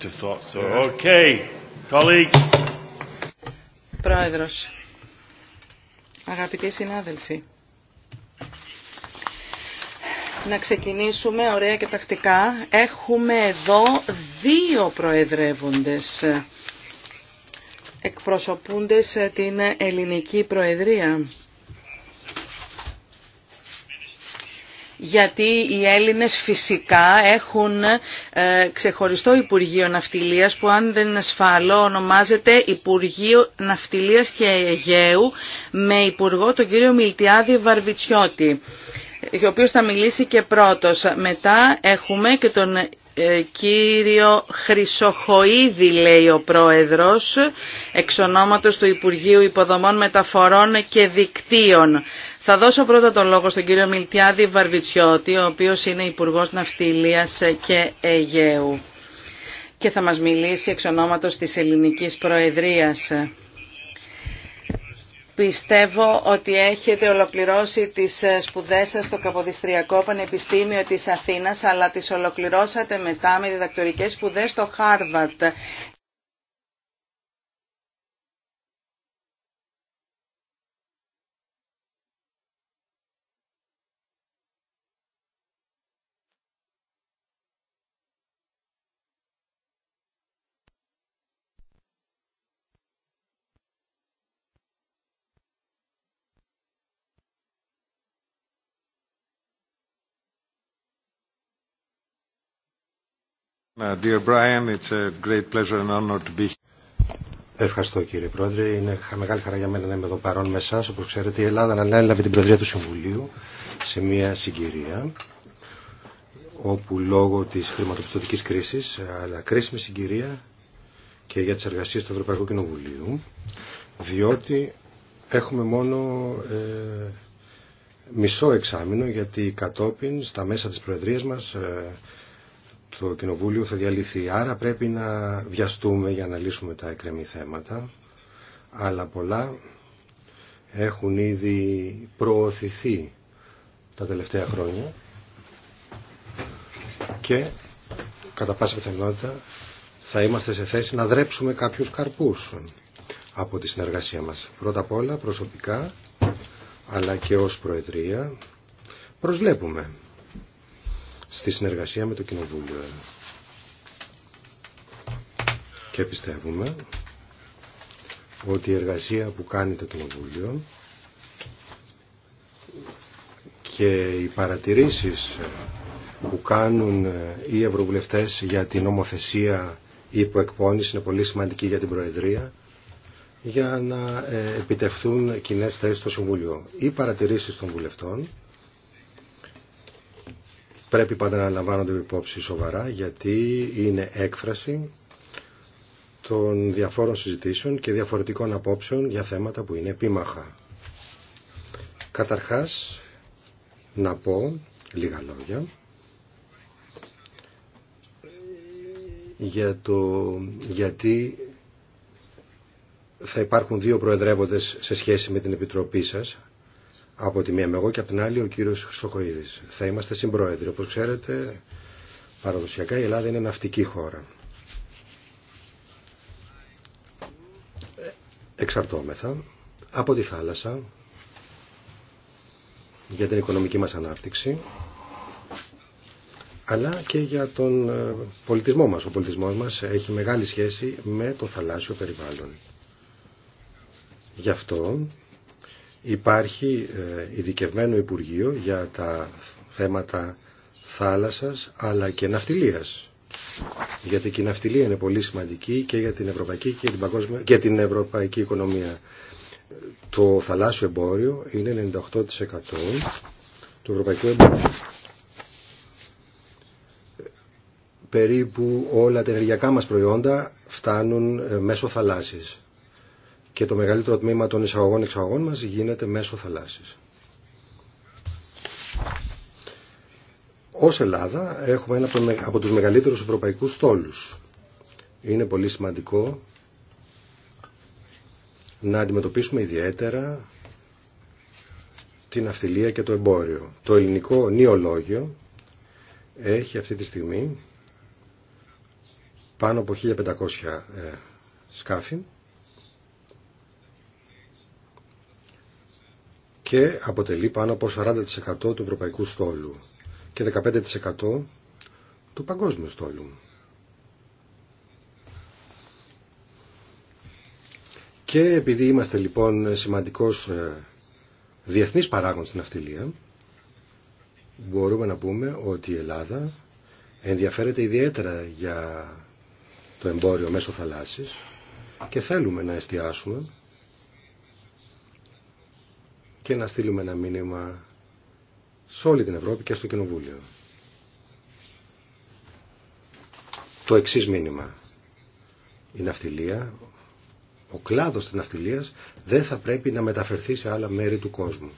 Πρόεδρο. thought so. Okay, colleagues. Πρόεδρος, αγαπητοί συνάδελφοι, να ξεκινήσουμε ωραία και τακτικά. Έχουμε εδώ δύο προεδρεύοντες εκπροσωπούντες την ελληνική προεδρία. γιατί οι Έλληνες φυσικά έχουν ε, ξεχωριστό Υπουργείο Ναυτιλίας που αν δεν είναι ασφαλό ονομάζεται Υπουργείο Ναυτιλίας και Αιγαίου με Υπουργό τον κύριο Μιλτιάδη Βαρβιτσιώτη ο οποίος θα μιλήσει και πρώτος. Μετά έχουμε και τον ε, κύριο Χρυσοχοίδη λέει ο πρόεδρος εξ ονόματος του Υπουργείου Υποδομών Μεταφορών και Δικτύων θα δώσω πρώτα τον λόγο στον κύριο Μιλτιάδη Βαρβιτσιώτη, ο οποίος είναι Υπουργός Ναυτιλίας και Αιγαίου και θα μας μιλήσει εξ ονόματος της Ελληνικής Προεδρίας. Πιστεύω ότι έχετε ολοκληρώσει τις σπουδές σας στο Καποδιστριακό Πανεπιστήμιο της Αθήνας, αλλά τις ολοκληρώσατε μετά με διδακτορικές σπουδές στο Χάρβαρτ. Ευχαριστώ κύριε Πρόεδρε. Είναι μεγάλη χαρά για μένα να είμαι εδώ παρόν με εσά. Όπω ξέρετε, η Ελλάδα ανέλαβε την Προεδρία του Συμβουλίου σε μια συγκυρία όπου λόγω τη χρηματοπιστωτική κρίση, αλλά κρίσιμη συγκυρία και για τι εργασίε του Ευρωπαϊκού Κοινοβουλίου, διότι έχουμε μόνο ε, μισό εξάμεινο γιατί κατόπιν στα μέσα της Προεδρίας μας ε, το Κοινοβούλιο θα διαλυθεί. Άρα πρέπει να βιαστούμε για να λύσουμε τα εκκρεμή θέματα, αλλά πολλά έχουν ήδη προωθηθεί τα τελευταία χρόνια και κατά πάσα πιθανότητα θα είμαστε σε θέση να δρέψουμε κάποιους καρπούς από τη συνεργασία μας. Πρώτα απ' όλα προσωπικά αλλά και ως Προεδρία προσβλέπουμε στη συνεργασία με το Κοινοβούλιο. Και πιστεύουμε ότι η εργασία που κάνει το Κοινοβούλιο και οι παρατηρήσεις που κάνουν οι ευρωβουλευτές για την νομοθεσία ή που εκπώνηση είναι πολύ σημαντική για την Προεδρία για να ε, επιτευχθούν κοινέ θέσει στο Συμβουλίο. Οι παρατηρήσεις των βουλευτών πρέπει πάντα να λαμβάνονται υπόψη σοβαρά γιατί είναι έκφραση των διαφόρων συζητήσεων και διαφορετικών απόψεων για θέματα που είναι επίμαχα. Καταρχάς, να πω λίγα λόγια για το γιατί θα υπάρχουν δύο προεδρεύοντες σε σχέση με την Επιτροπή σας από τη μία με εγώ και από την άλλη ο κύριος Χρυσοκοίδη. Θα είμαστε συμπρόεδροι. Όπως ξέρετε, παραδοσιακά η Ελλάδα είναι ναυτική χώρα. Εξαρτώμεθα από τη θάλασσα για την οικονομική μας ανάπτυξη αλλά και για τον ε, πολιτισμό μας. Ο πολιτισμός μας έχει μεγάλη σχέση με το θαλάσσιο περιβάλλον. Γι' αυτό Υπάρχει ε, ειδικευμένο Υπουργείο για τα θέματα θάλασσας αλλά και ναυτιλίας. Γιατί και η ναυτιλία είναι πολύ σημαντική και για την ευρωπαϊκή και, την παγκόσμια, και την ευρωπαϊκή οικονομία. Το θαλάσσιο εμπόριο είναι 98% του ευρωπαϊκού εμπόριου. Περίπου όλα τα ενεργειακά μας προϊόντα φτάνουν ε, μέσω θαλάσσης και το μεγαλύτερο τμήμα των εισαγωγών-εξαγωγών μας γίνεται μέσω θαλάσσης. Ως Ελλάδα έχουμε ένα από τους μεγαλύτερους ευρωπαϊκούς στόλους. Είναι πολύ σημαντικό να αντιμετωπίσουμε ιδιαίτερα την αυτιλία και το εμπόριο. Το ελληνικό νεολόγιο έχει αυτή τη στιγμή πάνω από 1500 ε, σκάφη και αποτελεί πάνω από 40% του ευρωπαϊκού στόλου και 15% του παγκόσμιου στόλου. Και επειδή είμαστε λοιπόν σημαντικός ε, διεθνής παράγοντας στην αυτιλία, μπορούμε να πούμε ότι η Ελλάδα ενδιαφέρεται ιδιαίτερα για το εμπόριο μέσω θαλάσσης και θέλουμε να εστιάσουμε και να στείλουμε ένα μήνυμα σε όλη την Ευρώπη και στο Κοινοβούλιο. Το εξή μήνυμα. Η ναυτιλία, ο κλάδος της ναυτιλίας δεν θα πρέπει να μεταφερθεί σε άλλα μέρη του κόσμου.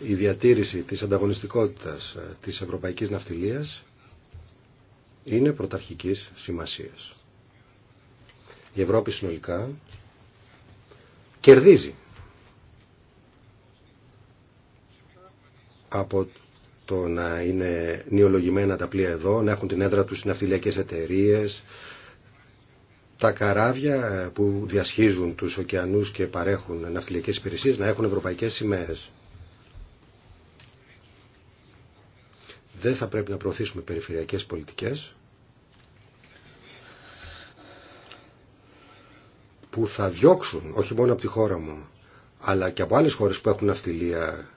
Η διατήρηση της ανταγωνιστικότητας ε, της ευρωπαϊκής ναυτιλίας είναι πρωταρχικής σημασίας. Η Ευρώπη συνολικά κερδίζει από το να είναι νεολογημένα τα πλοία εδώ, να έχουν την έδρα τους ναυτιλιακές εταιρείε, τα καράβια που διασχίζουν τους ωκεανούς και παρέχουν ναυτιλιακές υπηρεσίες να έχουν ευρωπαϊκές σημαίες. Δεν θα πρέπει να προωθήσουμε περιφερειακές πολιτικές που θα διώξουν όχι μόνο από τη χώρα μου αλλά και από άλλες χώρες που έχουν ναυτιλία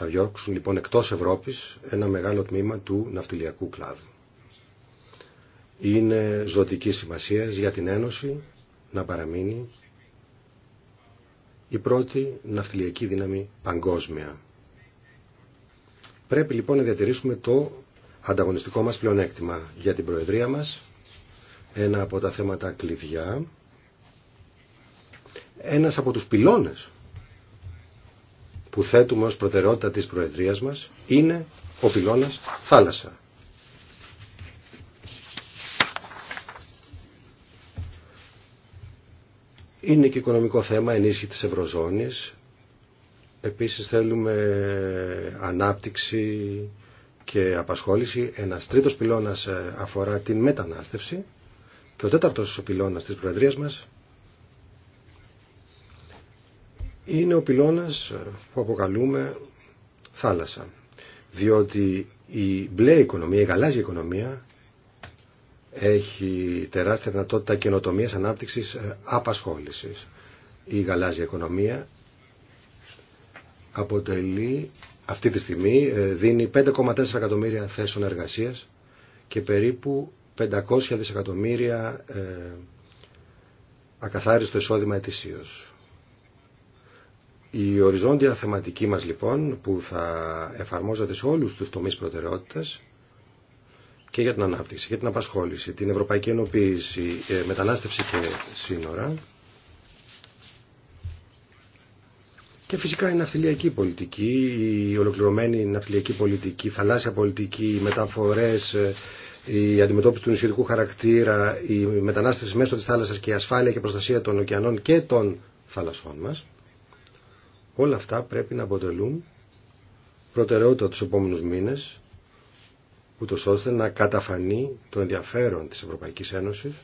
θα διώξουν λοιπόν εκτός Ευρώπης ένα μεγάλο τμήμα του ναυτιλιακού κλάδου. Είναι ζωτική σημασία για την Ένωση να παραμείνει η πρώτη ναυτιλιακή δύναμη παγκόσμια. Πρέπει λοιπόν να διατηρήσουμε το ανταγωνιστικό μας πλεονέκτημα για την Προεδρία μας, ένα από τα θέματα κλειδιά, ένας από τους πυλώνες που θέτουμε ως προτεραιότητα της Προεδρίας μας είναι ο πυλώνας θάλασσα. Είναι και οικονομικό θέμα ενίσχυση της Ευρωζώνης. Επίσης θέλουμε ανάπτυξη και απασχόληση. Ένας τρίτος πυλώνας ε, αφορά την μετανάστευση. Και ο τέταρτος πυλώνας της Προεδρίας μας είναι ο πυλώνας που αποκαλούμε θάλασσα. Διότι η μπλε οικονομία, η γαλάζια οικονομία έχει τεράστια δυνατότητα καινοτομίας, ανάπτυξης, ε, απασχόλησης. Η γαλάζια οικονομία αποτελεί αυτή τη στιγμή ε, δίνει 5,4 εκατομμύρια θέσεων εργασίας και περίπου 500 δισεκατομμύρια ε, ακαθάριστο εισόδημα ετησίως. Η οριζόντια θεματική μας λοιπόν που θα εφαρμόζεται σε όλους τους τομείς προτεραιότητας και για την ανάπτυξη, για την απασχόληση, την ευρωπαϊκή ενοποίηση, ε, μετανάστευση και σύνορα και φυσικά η ναυτιλιακή πολιτική, η ολοκληρωμένη ναυτιλιακή πολιτική, η θαλάσσια πολιτική, οι μεταφορές, ε, η αντιμετώπιση του νησιωτικού χαρακτήρα, η μετανάστευση μέσω της θάλασσας και η ασφάλεια και προστασία των ωκεανών και των θαλασσών μας. Όλα αυτά πρέπει να αποτελούν προτεραιότητα τους επόμενους μήνες, ούτω ώστε να καταφανεί το ενδιαφέρον της Ευρωπαϊκής Ένωσης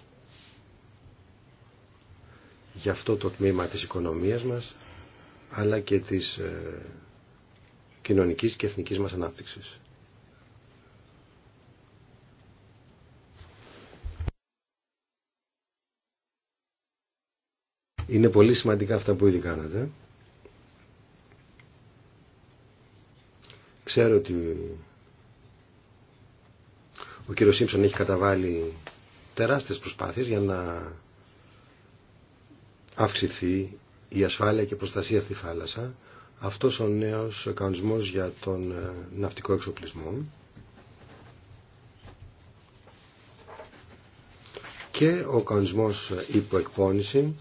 για αυτό το τμήμα της οικονομίας μας, αλλά και της ε, κοινωνικής και εθνικής μας ανάπτυξης. Είναι πολύ σημαντικά αυτά που ήδη κάνατε. Ξέρω ότι ο κύριος Σίμψον έχει καταβάλει τεράστιες προσπάθειες για να αυξηθεί η ασφάλεια και προστασία στη θάλασσα. Αυτός ο νέος κανονισμός για τον ε, ναυτικό εξοπλισμό και ο κανονισμός υποεκπώνηση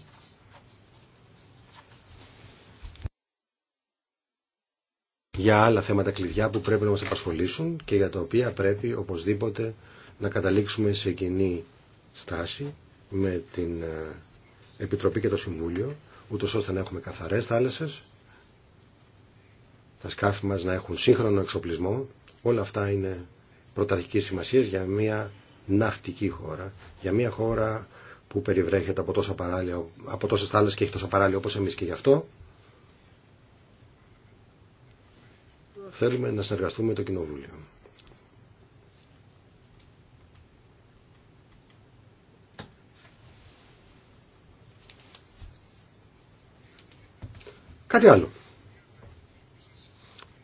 για άλλα θέματα κλειδιά που πρέπει να μας απασχολήσουν και για τα οποία πρέπει οπωσδήποτε να καταλήξουμε σε κοινή στάση με την ε, Επιτροπή και το Συμβούλιο, ούτως ώστε να έχουμε καθαρές θάλασσες, τα σκάφη μας να έχουν σύγχρονο εξοπλισμό. Όλα αυτά είναι πρωταρχική σημασία για μια ναυτική χώρα, για μια χώρα που περιβρέχεται από, τόσα παράλια, από τόσες θάλασσες και έχει τόσα παράλια όπως εμείς και γι' αυτό θέλουμε να συνεργαστούμε με το Κοινοβούλιο. Κάτι άλλο,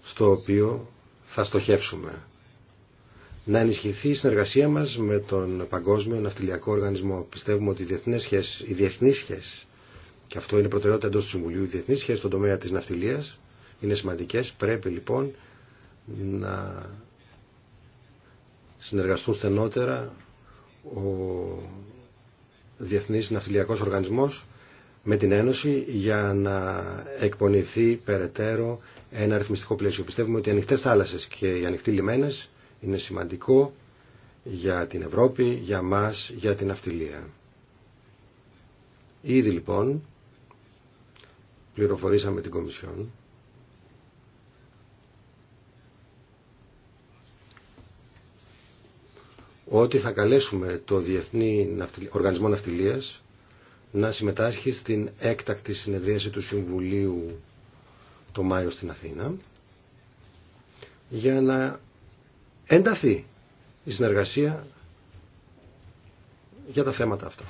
στο οποίο θα στοχεύσουμε. Να ενισχυθεί η συνεργασία μας με τον Παγκόσμιο Ναυτιλιακό Οργανισμό. Πιστεύουμε ότι οι διεθνείς σχέσεις, οι διεθνείς σχέσεις και αυτό είναι προτεραιότητα εντός του Συμβουλίου, οι διεθνείς σχέσεις στον τομέα της ναυτιλίας είναι σημαντικές. Πρέπει λοιπόν να συνεργαστούν στενότερα ο Διεθνής Ναυτιλιακός Οργανισμός με την Ένωση για να εκπονηθεί περαιτέρω ένα αριθμιστικό πλαίσιο. Πιστεύουμε ότι οι ανοιχτέ θάλασσε και οι ανοιχτοί λιμένες είναι σημαντικό για την Ευρώπη, για μας, για την ναυτιλία. Ήδη λοιπόν πληροφορήσαμε την Κομισιόν ότι θα καλέσουμε το Διεθνή Οργανισμό Ναυτιλίας να συμμετάσχει στην έκτακτη συνεδρίαση του Συμβουλίου το Μάιο στην Αθήνα για να ενταθεί η συνεργασία για τα θέματα αυτά.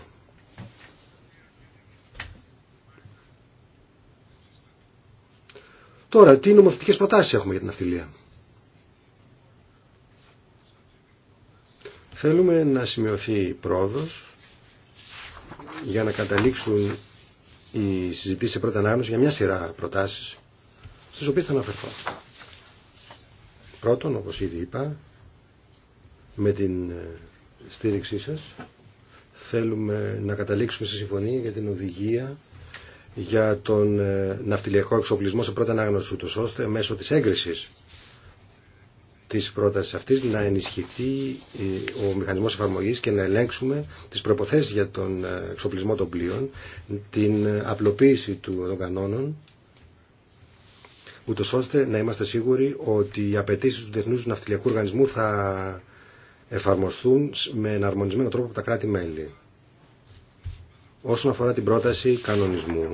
Τώρα, τι νομοθετικές προτάσεις έχουμε για την αυτιλία. Θέλουμε να σημειωθεί πρόοδος για να καταλήξουν οι συζητήσεις σε πρώτη ανάγνωση για μια σειρά προτάσεις στις οποίες θα αναφερθώ. Πρώτον, όπως ήδη είπα, με την ε, στήριξή σας θέλουμε να καταλήξουμε σε συμφωνία για την οδηγία για τον ε, ναυτιλιακό εξοπλισμό σε πρώτη ανάγνωση του ώστε μέσω της έγκρισης της πρότασης αυτής να ενισχυθεί ε, ο μηχανισμός εφαρμογής και να ελέγξουμε τις προποθέσει για τον ε, εξοπλισμό των πλοίων, την ε, απλοποίηση των κανόνων, ούτω ώστε να είμαστε σίγουροι ότι οι απαιτήσει του Διεθνού Ναυτιλιακού Οργανισμού θα εφαρμοστούν με εναρμονισμένο τρόπο από τα κράτη-μέλη. Όσον αφορά την πρόταση κανονισμού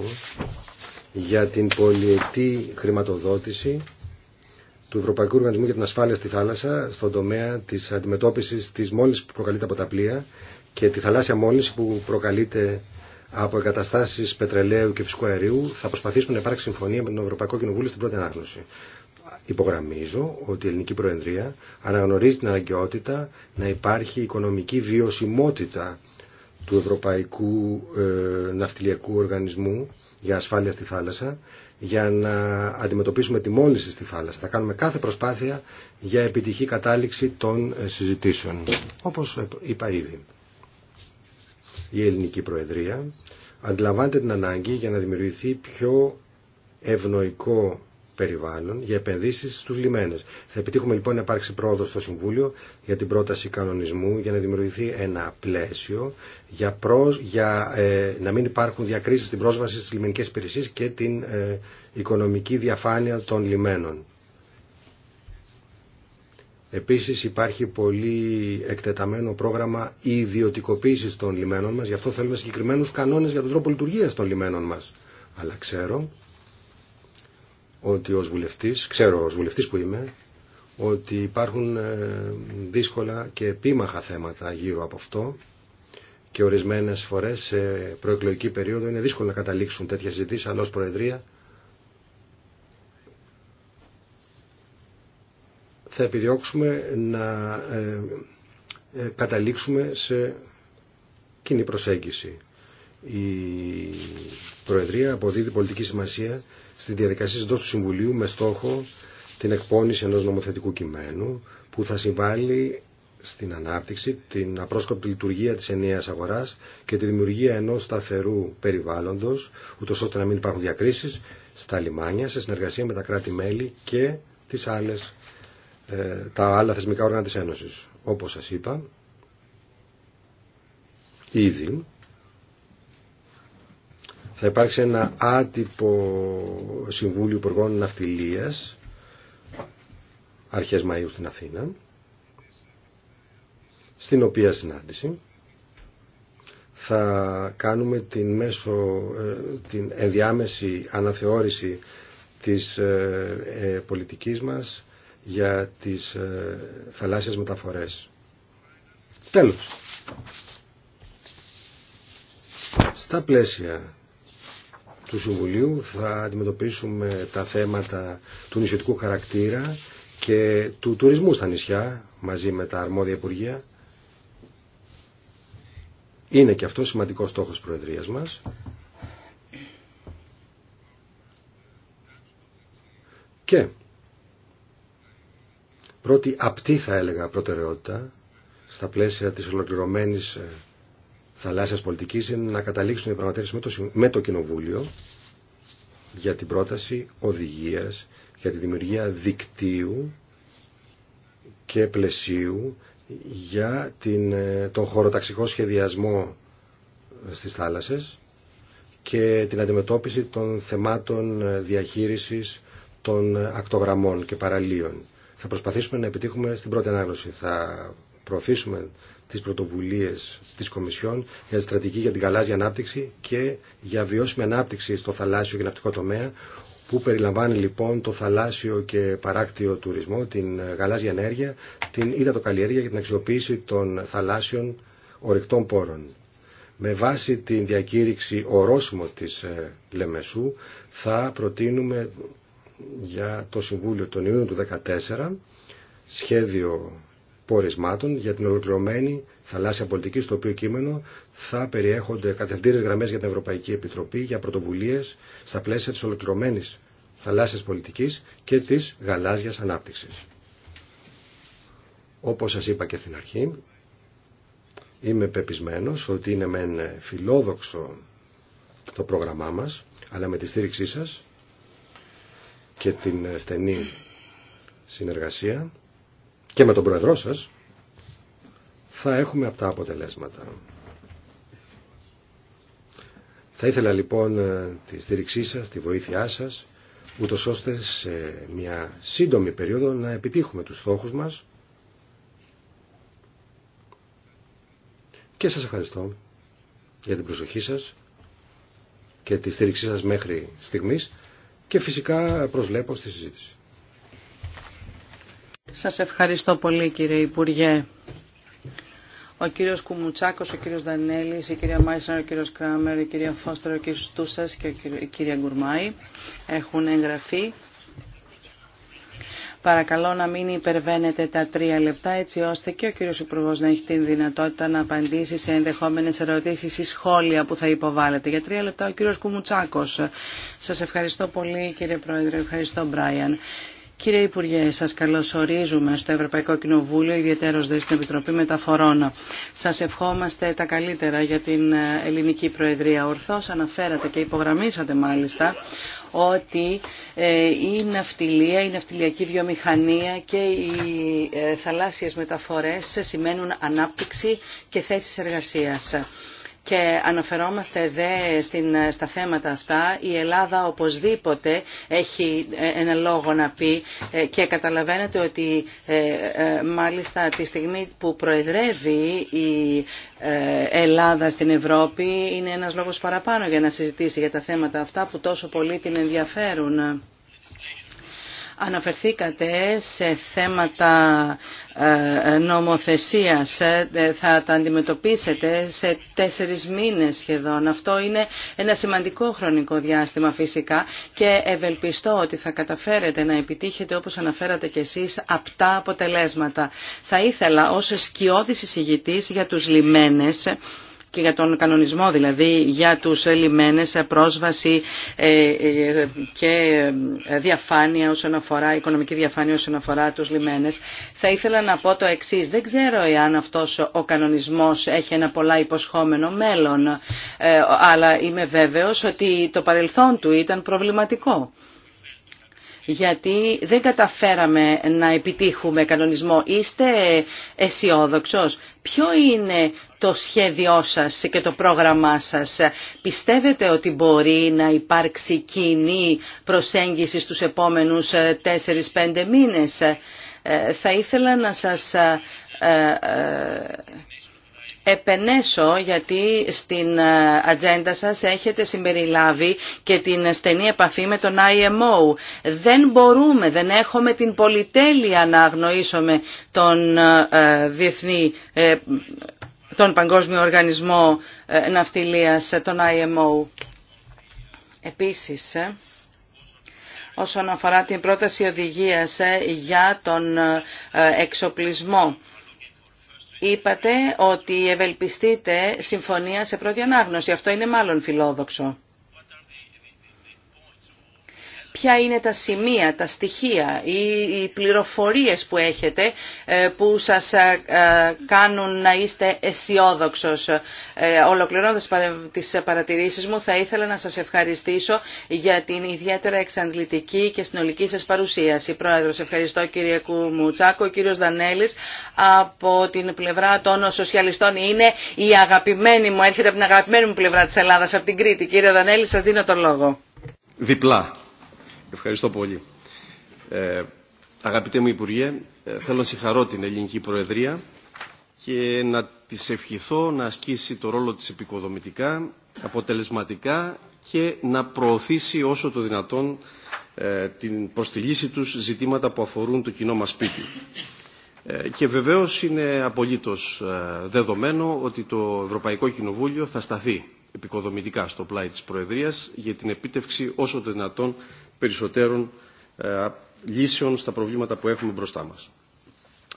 για την πολιετή χρηματοδότηση, του Ευρωπαϊκού Οργανισμού για την Ασφάλεια στη Θάλασσα στον τομέα τη αντιμετώπιση τη μόλυνση που προκαλείται από τα πλοία και τη θαλάσσια μόλυνση που προκαλείται από εγκαταστάσει πετρελαίου και φυσικού αερίου θα προσπαθήσουμε να υπάρξει συμφωνία με τον Ευρωπαϊκό Κοινοβούλιο στην πρώτη ανάγνωση. Υπογραμμίζω ότι η Ελληνική Προεδρία αναγνωρίζει την αναγκαιότητα να υπάρχει οικονομική βιωσιμότητα του Ευρωπαϊκού ε, Ναυτιλιακού Οργανισμού για ασφάλεια στη θάλασσα για να αντιμετωπίσουμε τη μόλυνση στη θάλασσα. Θα κάνουμε κάθε προσπάθεια για επιτυχή κατάληξη των ε, συζητήσεων. Όπως ε, είπα ήδη, η Ελληνική Προεδρία αντιλαμβάνεται την ανάγκη για να δημιουργηθεί πιο ευνοϊκό περιβάλλον για επενδύσεις στους λιμένες. Θα επιτύχουμε λοιπόν να υπάρξει πρόοδο στο Συμβούλιο για την πρόταση κανονισμού για να δημιουργηθεί ένα πλαίσιο για, για ε, να μην υπάρχουν διακρίσεις στην πρόσβαση στις λιμενικές υπηρεσίες και την ε, οικονομική διαφάνεια των λιμένων. Επίσης υπάρχει πολύ εκτεταμένο πρόγραμμα ιδιωτικοποίησης των λιμένων μας, γι' αυτό θέλουμε συγκεκριμένους κανόνες για τον τρόπο λειτουργίας των λιμένων μας. Αλλά ξέρω ότι ως βουλευτής, ξέρω ως βουλευτής που είμαι, ότι υπάρχουν ε, δύσκολα και επίμαχα θέματα γύρω από αυτό και ορισμένες φορές σε προεκλογική περίοδο είναι δύσκολο να καταλήξουν τέτοια συζητήσεις, αλλά ως Προεδρία θα επιδιώξουμε να ε, ε, καταλήξουμε σε κοινή προσέγγιση. Η Προεδρία αποδίδει πολιτική σημασία Στη διαδικασία εντό του Συμβουλίου με στόχο την εκπόνηση ενό νομοθετικού κειμένου που θα συμβάλλει στην ανάπτυξη, την απρόσκοπτη λειτουργία τη ενιαία αγορά και τη δημιουργία ενό σταθερού περιβάλλοντο, ούτω ώστε να μην υπάρχουν διακρίσει στα λιμάνια, σε συνεργασία με τα κράτη-μέλη και τις άλλες, ε, τα άλλα θεσμικά όργανα της Ένωσης. Όπως σας είπα, ήδη θα υπάρξει ένα άτυπο Συμβούλιο Υπουργών Ναυτιλίας αρχές Μαΐου στην Αθήνα στην οποία συνάντηση θα κάνουμε την, μέσο, ε, την ενδιάμεση αναθεώρηση της ε, ε, πολιτικής μας για τις θαλάσσιες μεταφορές. Τέλος. Στα πλαίσια του Συμβουλίου θα αντιμετωπίσουμε τα θέματα του νησιωτικού χαρακτήρα και του τουρισμού στα νησιά μαζί με τα αρμόδια υπουργεία. Είναι και αυτό σημαντικό στόχος της Προεδρίας μας. Και πρώτη απτή θα έλεγα προτεραιότητα στα πλαίσια της ολοκληρωμένης ε, θαλάσσιας πολιτικής είναι να καταλήξουν οι πραγματεύσεις με το Κοινοβούλιο για την πρόταση οδηγίας για τη δημιουργία δικτύου και πλαισίου για την, ε, τον χωροταξικό σχεδιασμό στις θάλασσες και την αντιμετώπιση των θεμάτων ε, διαχείρισης των ε, ακτογραμμών και παραλίων. Θα προσπαθήσουμε να επιτύχουμε στην πρώτη ανάγνωση. Θα προωθήσουμε τις πρωτοβουλίες της Κομισιόν για τη στρατηγική για την γαλάζια ανάπτυξη και για βιώσιμη ανάπτυξη στο θαλάσσιο και ναυτικό τομέα που περιλαμβάνει λοιπόν το θαλάσσιο και παράκτιο τουρισμό, την γαλάζια ενέργεια, την καλλιέργεια και την αξιοποίηση των θαλάσσιων ορεικτών πόρων. Με βάση την διακήρυξη ορόσημο της ε, Λεμεσού θα προτείνουμε για το Συμβούλιο τον Ιούνιο του 2014 σχέδιο πορισμάτων για την ολοκληρωμένη θαλάσσια πολιτική, στο οποίο κείμενο θα περιέχονται κατευθύνσεις γραμμές για την Ευρωπαϊκή Επιτροπή για πρωτοβουλίες στα πλαίσια της ολοκληρωμένης θαλάσσιας πολιτικής και της γαλάζιας ανάπτυξης. Όπως σας είπα και στην αρχή, είμαι πεπισμένος ότι είναι μεν φιλόδοξο το πρόγραμμά μας, αλλά με τη στήριξή σας και την στενή συνεργασία και με τον Πρόεδρό σας θα έχουμε αυτά αποτελέσματα. Θα ήθελα λοιπόν ε, τη στήριξή σας, τη βοήθειά σας, ούτως ώστε σε μια σύντομη περίοδο να επιτύχουμε τους στόχους μας και σας ευχαριστώ για την προσοχή σας και τη στήριξή σας μέχρι στιγμής και φυσικά προσλέπω στη συζήτηση. Σας ευχαριστώ πολύ κύριε Υπουργέ. Ο κύριος Κουμουτσάκος, ο κύριος Δανέλης, η κυρία Μάισνερ, ο κύριος Κράμερ, η κυρία Φώστερ, ο κύριος Στούσας και η κυρία Γκουρμάη έχουν εγγραφεί. Παρακαλώ να μην υπερβαίνετε τα τρία λεπτά έτσι ώστε και ο κύριος Υπουργό να έχει την δυνατότητα να απαντήσει σε ενδεχόμενες ερωτήσεις ή σχόλια που θα υποβάλλετε. Για τρία λεπτά ο κύριος Κουμουτσάκος. Σας ευχαριστώ πολύ κύριε Πρόεδρε, ευχαριστώ Μπράιαν. Κύριε Υπουργέ, σα καλωσορίζουμε στο Ευρωπαϊκό Κοινοβούλιο, ιδιαίτερω δε στην Επιτροπή Μεταφορών. Σα ευχόμαστε τα καλύτερα για την ε, ελληνική Προεδρία. Ορθώ, αναφέρατε και υπογραμμίσατε μάλιστα ότι ε, η ναυτιλία, η ναυτιλιακή βιομηχανία και οι ε, θαλάσσιες μεταφορές σημαίνουν ανάπτυξη και θέσεις εργασίας και αναφερόμαστε δε στην, στα θέματα αυτά, η Ελλάδα οπωσδήποτε έχει ε, ένα λόγο να πει ε, και καταλαβαίνετε ότι ε, μάλιστα τη στιγμή που προεδρεύει η Ελλάδα στην Ευρώπη είναι ένας λόγος παραπάνω για να συζητήσει για τα θέματα αυτά που τόσο πολύ την ενδιαφέρουν. Αναφερθήκατε σε θέματα ε, νομοθεσίας, ε, θα τα αντιμετωπίσετε σε τέσσερις μήνες σχεδόν. Αυτό είναι ένα σημαντικό χρονικό διάστημα φυσικά και ευελπιστώ ότι θα καταφέρετε να επιτύχετε όπως αναφέρατε και εσείς απτά αποτελέσματα. Θα ήθελα ως σκιώδης εισηγητής για τους λιμένες και για τον κανονισμό δηλαδή για τους λιμένες πρόσβαση ε, ε, και διαφάνεια όσον αφορά, οικονομική διαφάνεια όσον αφορά τους λιμένες. Θα ήθελα να πω το εξή. δεν ξέρω εάν αυτός ο κανονισμός έχει ένα πολλά υποσχόμενο μέλλον, ε, αλλά είμαι βέβαιος ότι το παρελθόν του ήταν προβληματικό γιατί δεν καταφέραμε να επιτύχουμε κανονισμό. Είστε αισιόδοξο. Ποιο είναι το σχέδιό σας και το πρόγραμμά σας. Πιστεύετε ότι μπορεί να υπάρξει κοινή προσέγγιση στους επόμενους 4-5 ε, μήνες. Ε, θα ήθελα να σας ε, επενέσω γιατί στην ατζέντα σας έχετε συμπεριλάβει και την στενή επαφή με τον IMO. Δεν μπορούμε, δεν έχουμε την πολυτέλεια να αγνοήσουμε τον διεθνή τον Παγκόσμιο Οργανισμό ε, Ναυτιλίας, ε, τον IMO. Επίσης, ε, όσον αφορά την πρόταση οδηγίας για τον εξοπλισμό, είπατε ότι ευελπιστείτε συμφωνία σε πρώτη ανάγνωση. Αυτό είναι μάλλον φιλόδοξο ποια είναι τα σημεία, τα στοιχεία ή οι πληροφορίες που έχετε ε, που σας ε, ε, κάνουν να είστε αισιόδοξο. Ολοκληρώνοντας τις παρατηρήσεις μου θα ήθελα να σας ευχαριστήσω για την ιδιαίτερα εξαντλητική και συνολική σας παρουσίαση. Πρόεδρος, ευχαριστώ κύριε Κουμουτσάκο. Ο κύριος Δανέλης από την πλευρά των σοσιαλιστών είναι η αγαπημένη μου, έρχεται από την αγαπημένη μου πλευρά της Ελλάδας, από την Κρήτη. Κύριε Δανέλη, σας δίνω τον λόγο. Διπλά. Ευχαριστώ πολύ. Ε, αγαπητέ μου Υπουργέ, ε, θέλω να συγχαρώ την Ελληνική Προεδρία και να της ευχηθώ να ασκήσει το ρόλο της επικοδομητικά, αποτελεσματικά και να προωθήσει όσο το δυνατόν ε, την προστιλήση τους ζητήματα που αφορούν το κοινό μας σπίτι. Ε, και βεβαίως είναι απολύτως δεδομένο ότι το Ευρωπαϊκό Κοινοβούλιο θα σταθεί επικοδομητικά στο πλάι της Προεδρίας για την επίτευξη όσο το δυνατόν περισσότερων ε, λύσεων στα προβλήματα που έχουμε μπροστά μας.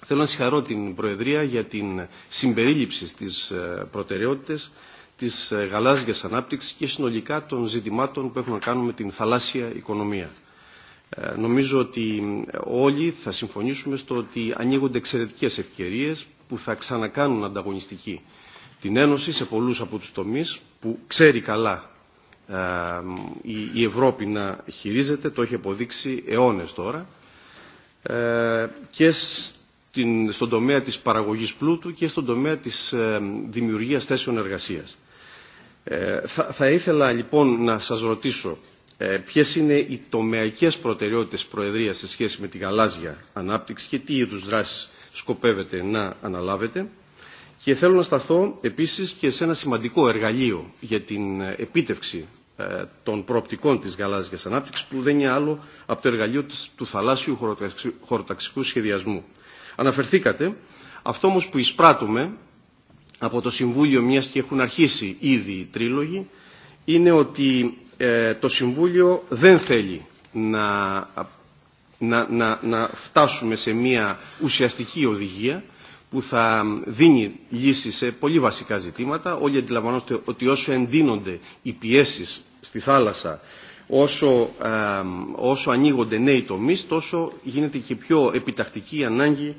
Θέλω να συγχαρώ την Προεδρία για την συμπερίληψη στις ε, προτεραιότητες της ε, γαλάζιας ανάπτυξης και συνολικά των ζητημάτων που έχουν να κάνουν με την θαλάσσια οικονομία. Νομίζω ότι όλοι θα συμφωνήσουμε στο ότι ανοίγονται εξαιρετικές ευκαιρίες που θα ξανακάνουν ανταγωνιστική την Ένωση σε πολλούς από τους τομείς που ξέρει καλά ε, η Ευρώπη να χειρίζεται, το έχει αποδείξει αιώνες τώρα ε, και στον τομέα της παραγωγής πλούτου και στον τομέα της ε, δημιουργίας θέσεων εργασίας. Θα ήθελα λοιπόν να σας ρωτήσω ποιες είναι οι τομεακές προτεραιότητες Προεδρίας σε σχέση με τη γαλάζια ανάπτυξη και τι είδους δράσεις σκοπεύετε να αναλάβετε. Και θέλω να σταθώ επίσης και σε ένα σημαντικό εργαλείο για την επίτευξη ε, των προοπτικών της γαλάζιας ανάπτυξης που δεν είναι άλλο από το εργαλείο του θαλάσσιου χωροταξικού σχεδιασμού. Αναφερθήκατε, αυτό όμως που εισπράττουμε από το Συμβούλιο μιας και έχουν αρχίσει ήδη οι τρίλογοι είναι ότι ε, το Συμβούλιο δεν θέλει να, να, να, να φτάσουμε σε μια ουσιαστική οδηγία που θα δίνει λύσεις σε πολύ βασικά ζητήματα. Όλοι αντιλαμβανόμαστε ότι όσο εντείνονται οι πιέσεις στη θάλασσα, όσο, όσο ανοίγονται νέοι τομείς, τόσο γίνεται και πιο επιτακτική η ανάγκη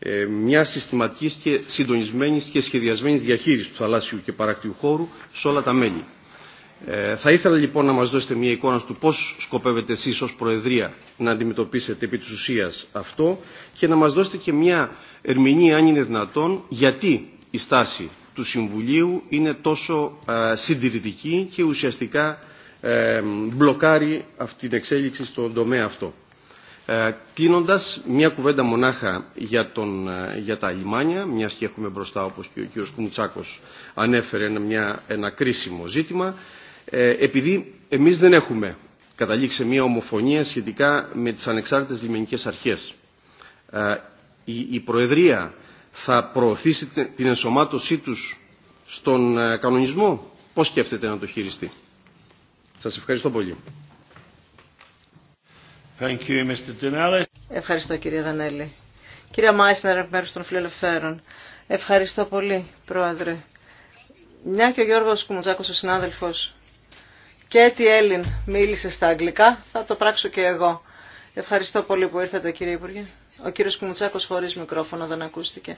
ε, μια συστηματικής και συντονισμένης και σχεδιασμένης διαχείρισης του θαλάσσιου και παρακτηριού χώρου σε όλα τα μέλη. Ε, θα ήθελα λοιπόν να μας δώσετε μια εικόνα του πώς σκοπεύετε εσείς ως Προεδρία να αντιμετωπίσετε επί της ουσίας αυτό και να μας δώσετε και μια ερμηνεία, αν είναι δυνατόν, γιατί η στάση του Συμβουλίου είναι τόσο ε, συντηρητική και ουσιαστικά ε, μπλοκάρει αυτή την εξέλιξη στον τομέα αυτό. Κλείνοντα, μια κουβέντα μονάχα για, τον, για τα λιμάνια, μια και έχουμε μπροστά, όπω και ο κ. Κουμουτσάκο ανέφερε, ένα, μια, ένα κρίσιμο ζήτημα. Ε, επειδή εμείς δεν έχουμε καταλήξει μια ομοφωνία σχετικά με τις ανεξάρτητες λιμενικές αρχές. Ε, η Προεδρία θα προωθήσει την ενσωμάτωσή τους στον ε, κανονισμό. Πώς σκέφτεται να το χειριστεί. Σας ευχαριστώ πολύ. Thank you, Mr. Ευχαριστώ κύριε Δανέλη. Κύριε Μάισνερ, μέρος των Φιλελευθέρων. Ευχαριστώ πολύ, Πρόεδρε. Μια και ο Γιώργος Κουμουτζάκος, ο συνάδελφος, και έτσι Έλλην μίλησε στα αγγλικά, θα το πράξω και εγώ. Ευχαριστώ πολύ που ήρθατε κύριε Υπουργέ. Ο κύριος Κουμουτσάκος χωρίς μικρόφωνο δεν ακούστηκε.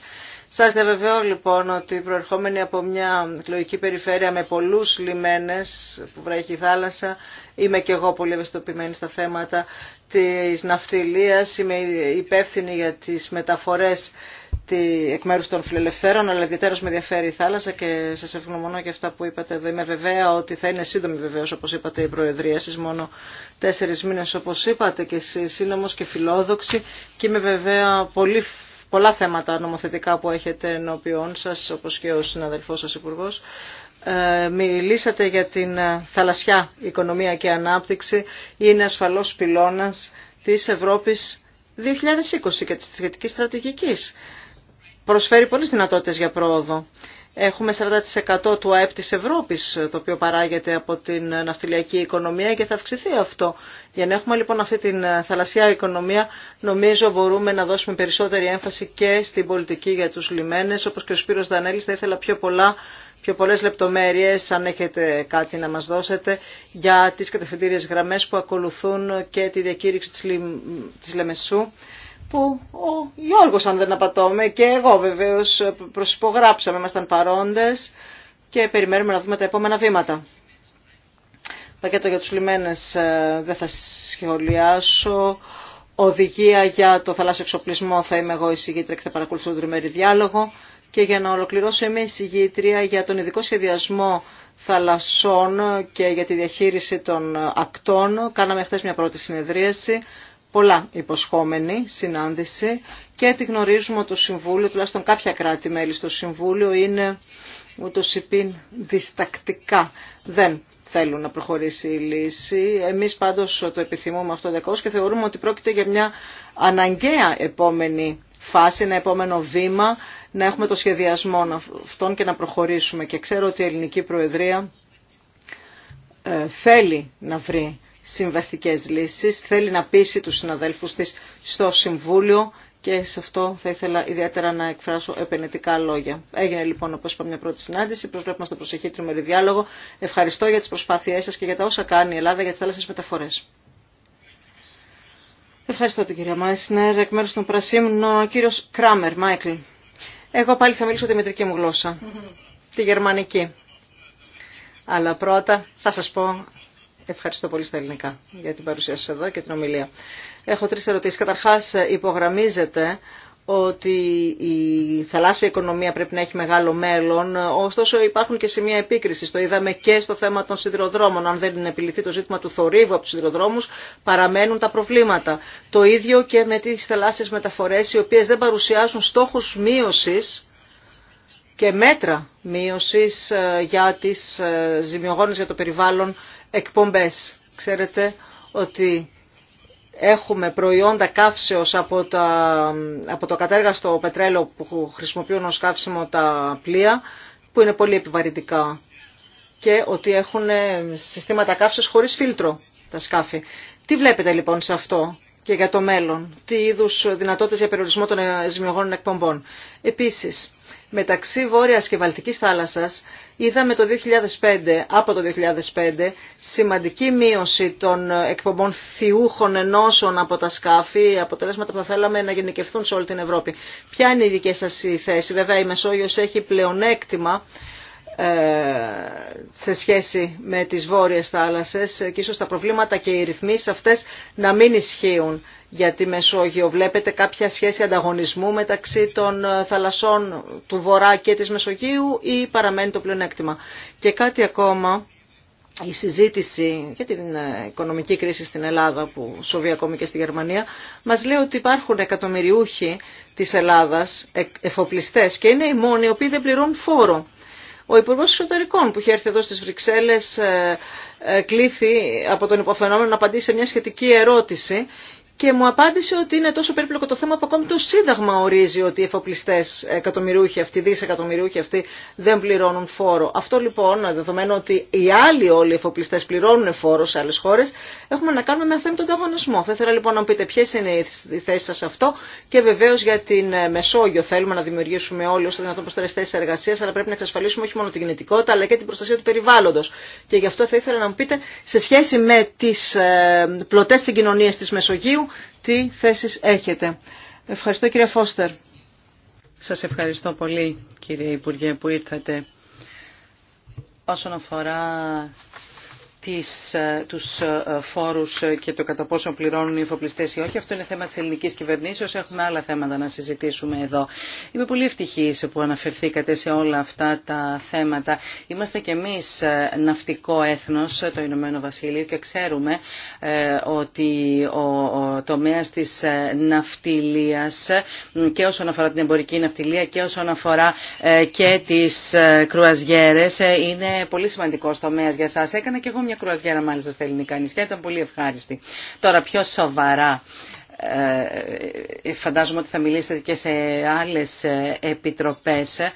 Σας διαβεβαιώ λοιπόν ότι προερχόμενοι από μια εκλογική περιφέρεια με πολλούς λιμένες που βράχει η θάλασσα, είμαι και εγώ πολύ ευαισθητοποιημένη στα θέματα της ναυτιλίας, είμαι υπεύθυνη για τις μεταφορές εκ μέρου των φιλελευθέρων, αλλά ιδιαίτερω με ενδιαφέρει η θάλασσα και σα ευγνωμονώ για αυτά που είπατε εδώ. Είμαι βεβαία ότι θα είναι σύντομη βεβαίω, όπως είπατε, η Προεδρία σας, μόνο τέσσερι μήνε, όπως είπατε, και είναι σύνομο και φιλόδοξη. Και είμαι βεβαία πολύ, πολλά θέματα νομοθετικά που έχετε ενώπιον σας, όπως και ο συναδελφό σας Υπουργός. Ε, μιλήσατε για την ε, θαλασσιά οικονομία και ανάπτυξη είναι ασφαλώς πυλώνας της Ευρώπης 2020 και της θετικής στρατηγικής. Προσφέρει πολλές δυνατότητες για πρόοδο. Έχουμε 40% του ΑΕΠ της Ευρώπης, ε, το οποίο παράγεται από την ναυτιλιακή οικονομία και θα αυξηθεί αυτό. Για να έχουμε λοιπόν αυτή την θαλασσιά οικονομία, νομίζω μπορούμε να δώσουμε περισσότερη έμφαση και στην πολιτική για τους λιμένες. Όπως και ο Σπύρος Δανέλης θα ήθελα πιο πολλά πιο πολλές λεπτομέρειες, αν έχετε κάτι να μας δώσετε, για τις κατευθυντήριες γραμμές που ακολουθούν και τη διακήρυξη της, Λεμεσού, που ο Γιώργος, αν δεν απατώμε, και εγώ βεβαίως προσυπογράψαμε, ήμασταν παρόντες και περιμένουμε να δούμε τα επόμενα βήματα. Πακέτο για τους λιμένες ε, δεν θα σχολιάσω. Οδηγία για το θαλάσσιο εξοπλισμό θα είμαι εγώ εισηγήτρια και θα παρακολουθήσω τον διάλογο. Και για να ολοκληρώσω είμαι εισηγήτρια για τον ειδικό σχεδιασμό θαλασσών και για τη διαχείριση των ακτών. Κάναμε χθε μια πρώτη συνεδρίαση, πολλά υποσχόμενη συνάντηση και τη γνωρίζουμε το Συμβούλιο, τουλάχιστον κάποια κράτη-μέλη στο Συμβούλιο, είναι η υπήν διστακτικά. Δεν θέλουν να προχωρήσει η λύση. Εμεί πάντω το επιθυμούμε αυτό δεκώς και θεωρούμε ότι πρόκειται για μια αναγκαία επόμενη φάση, ένα επόμενο βήμα, να έχουμε το σχεδιασμό αυτών και να προχωρήσουμε. Και ξέρω ότι η Ελληνική Προεδρία ε, θέλει να βρει συμβαστικές λύσεις, θέλει να πείσει τους συναδέλφους της στο Συμβούλιο και σε αυτό θα ήθελα ιδιαίτερα να εκφράσω επενετικά λόγια. Έγινε λοιπόν, όπως είπα, μια πρώτη συνάντηση. Προσβλέπουμε στο προσεχή τριμερή διάλογο. Ευχαριστώ για τις προσπάθειές σας και για τα όσα κάνει η Ελλάδα για τι θάλασσες μεταφορές. Ευχαριστώ την κυρία Μάισνερ. Εκ μέρους των Πρασίμων, ο κύριο Κράμερ, Μάικλ. Εγώ πάλι θα μιλήσω τη μητρική μου γλώσσα, τη γερμανική. Αλλά πρώτα θα σας πω Ευχαριστώ πολύ στα ελληνικά για την παρουσία σα εδώ και την ομιλία. Έχω τρεις ερωτήσεις. Καταρχάς υπογραμμίζεται ότι η θαλάσσια οικονομία πρέπει να έχει μεγάλο μέλλον, ωστόσο υπάρχουν και σημεία επίκριση. Το είδαμε και στο θέμα των σιδηροδρόμων. Αν δεν επιληθεί το ζήτημα του θορύβου από του σιδηροδρόμου, παραμένουν τα προβλήματα. Το ίδιο και με τι θαλάσσιε μεταφορέ, οι οποίε δεν παρουσιάζουν στόχου μείωση και μέτρα μείωση ε, για τι ε, ζημιογόνε για το περιβάλλον εκπομπέ. Ξέρετε ότι έχουμε προϊόντα καύσεως από, τα, από το κατέργαστο πετρέλαιο που χρησιμοποιούν ως καύσιμο τα πλοία, που είναι πολύ επιβαρυντικά και ότι έχουν ε, συστήματα καύσεως χωρίς φίλτρο τα σκάφη. Τι βλέπετε λοιπόν σε αυτό και για το μέλλον, τι είδους δυνατότητες για περιορισμό των ζημιογόνων εκπομπών. Επίσης, μεταξύ Βόρειας και Βαλτικής θάλασσας είδαμε το 2005, από το 2005 σημαντική μείωση των εκπομπών θιούχων ενώσεων από τα σκάφη, αποτελέσματα που θα θέλαμε να γενικευθούν σε όλη την Ευρώπη. Ποια είναι η δική σας θέση. Βέβαια η Μεσόγειος έχει πλεονέκτημα ε, σε σχέση με τις βόρειες θάλασσες και ίσως τα προβλήματα και οι ρυθμίσεις αυτές να μην ισχύουν για τη Μεσόγειο. Βλέπετε κάποια σχέση ανταγωνισμού μεταξύ των ε, θαλασσών του Βορρά και της Μεσογείου ή παραμένει το πλεονέκτημα. Και κάτι ακόμα, η συζήτηση για την ε, οικονομική κρίση στην Ελλάδα που σοβεί ακόμη και στη Γερμανία μας λέει ότι υπάρχουν εκατομμυριούχοι της Ελλάδας, εφοπλιστές και είναι οι μόνοι οι οποίοι δεν πληρώνουν φόρο. Ο Υπουργό Εξωτερικών που είχε έρθει εδώ στι Βρυξέλλε ε, ε, κλήθη από τον υποφαινόμενο να απαντήσει σε μια σχετική ερώτηση και μου απάντησε ότι είναι τόσο περίπλοκο το θέμα που ακόμη το Σύνταγμα ορίζει ότι οι εφοπλιστέ εκατομμυριούχοι αυτοί, δισεκατομμυριούχοι αυτοί δεν πληρώνουν φόρο. Αυτό λοιπόν, δεδομένου ότι οι άλλοι όλοι οι εφοπλιστέ πληρώνουν φόρο σε άλλε χώρε, έχουμε να κάνουμε με θέμα τον ανταγωνισμό. Θα ήθελα λοιπόν να μου πείτε ποιε είναι οι θέσει σα σε αυτό και βεβαίω για την ε, Μεσόγειο θέλουμε να δημιουργήσουμε όλοι όσο δυνατόν προσθέτει θέσει εργασία, αλλά πρέπει να εξασφαλίσουμε όχι μόνο την κινητικότητα αλλά και την προστασία του περιβάλλοντο. Και γι' αυτό θα ήθελα να μου πείτε σε σχέση με τι ε, πλωτέ συγκοινωνίε τη Μεσογείου, τι θέσεις έχετε. Ευχαριστώ κύριε Φώστερ. Σας ευχαριστώ πολύ κύριε Υπουργέ που ήρθατε. Όσον αφορά τις, ε, τους ε, φόρους ε, και το κατά πόσο πληρώνουν οι εφοπλιστές ή όχι. Αυτό είναι θέμα της ελληνικής κυβερνήσεως. Έχουμε άλλα θέματα να συζητήσουμε εδώ. Είμαι πολύ ευτυχής που αναφερθήκατε σε όλα αυτά τα θέματα. Είμαστε κι εμείς ναυτικό έθνος, το Ηνωμένο Βασίλειο, και ξέρουμε ότι ο, ο τομέας της ναυτιλίας και όσον αφορά την εμπορική ναυτιλία και όσον αφορά και τις κρουαζιέρες είναι πολύ σημαντικός τομέας για σας. Έκανα μια κρουαζιέρα μάλιστα στα ελληνικά νησιά, ήταν πολύ ευχάριστη. Τώρα πιο σοβαρά ε, φαντάζομαι ότι θα μιλήσετε και σε άλλες ε, επιτροπές ε,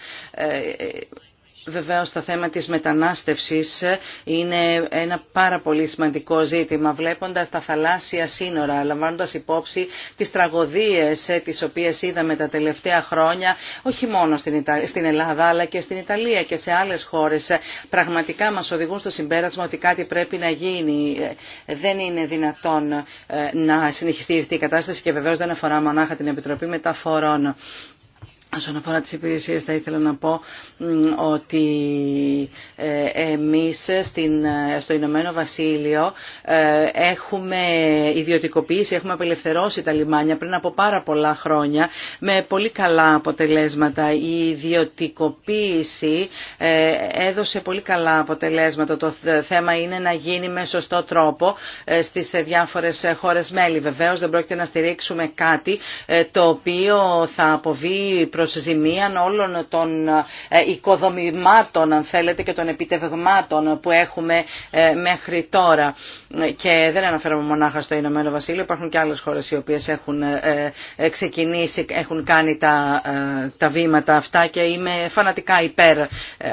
Βεβαίως το θέμα της μετανάστευσης είναι ένα πάρα πολύ σημαντικό ζήτημα. Βλέποντας τα θαλάσσια σύνορα, λαμβάνοντας υπόψη τις τραγωδίες τις οποίες είδαμε τα τελευταία χρόνια, όχι μόνο στην Ελλάδα αλλά και στην Ιταλία και σε άλλες χώρες, πραγματικά μας οδηγούν στο συμπέρασμα ότι κάτι πρέπει να γίνει. Δεν είναι δυνατόν ε, να συνεχιστεί αυτή η κατάσταση και βεβαίως δεν αφορά μονάχα την Επιτροπή Μεταφορών. Όσον αφορά τις υπηρεσίες θα ήθελα να πω ότι ε, εμείς στην, ε, στο Ηνωμένο Βασίλειο ε, έχουμε ιδιωτικοποιήσει, έχουμε απελευθερώσει τα λιμάνια πριν από πάρα πολλά χρόνια με πολύ καλά αποτελέσματα. Η ιδιωτικοποίηση έδωσε πολύ καλά αποτελέσματα. Το θέμα είναι να γίνει με σωστό τρόπο στις διάφορες χώρες μέλη. Βεβαίως δεν πρόκειται να στηρίξουμε κάτι το οποίο θα αποβεί προς ζημίαν όλων των ε, οικοδομημάτων αν θέλετε και των επιτευγμάτων που έχουμε ε, μέχρι τώρα. Και δεν αναφέρομαι μονάχα στο Ηνωμένο Βασίλειο, υπάρχουν και άλλες χώρες οι οποίες έχουν ε, ξεκινήσει, έχουν κάνει τα, τα βήματα αυτά και είμαι φανατικά υπέρ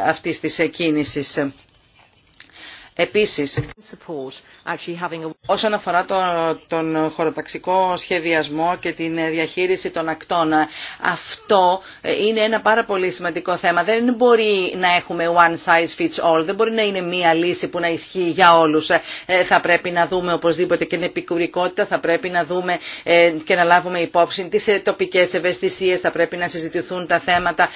αυτής της κίνησης. Επίσης, όσον αφορά τον χωροταξικό σχεδιασμό και την διαχείριση των ακτών, αυτό είναι ένα πάρα πολύ σημαντικό θέμα. Δεν μπορεί να έχουμε one size fits all, δεν μπορεί να είναι μία λύση που να ισχύει για όλους. Ε, θα πρέπει να δούμε οπωσδήποτε και την επικουρικότητα, θα πρέπει να δούμε ε, και να λάβουμε υπόψη τις ε, τοπικές ευαισθησίες, θα πρέπει να συζητηθούν τα θέματα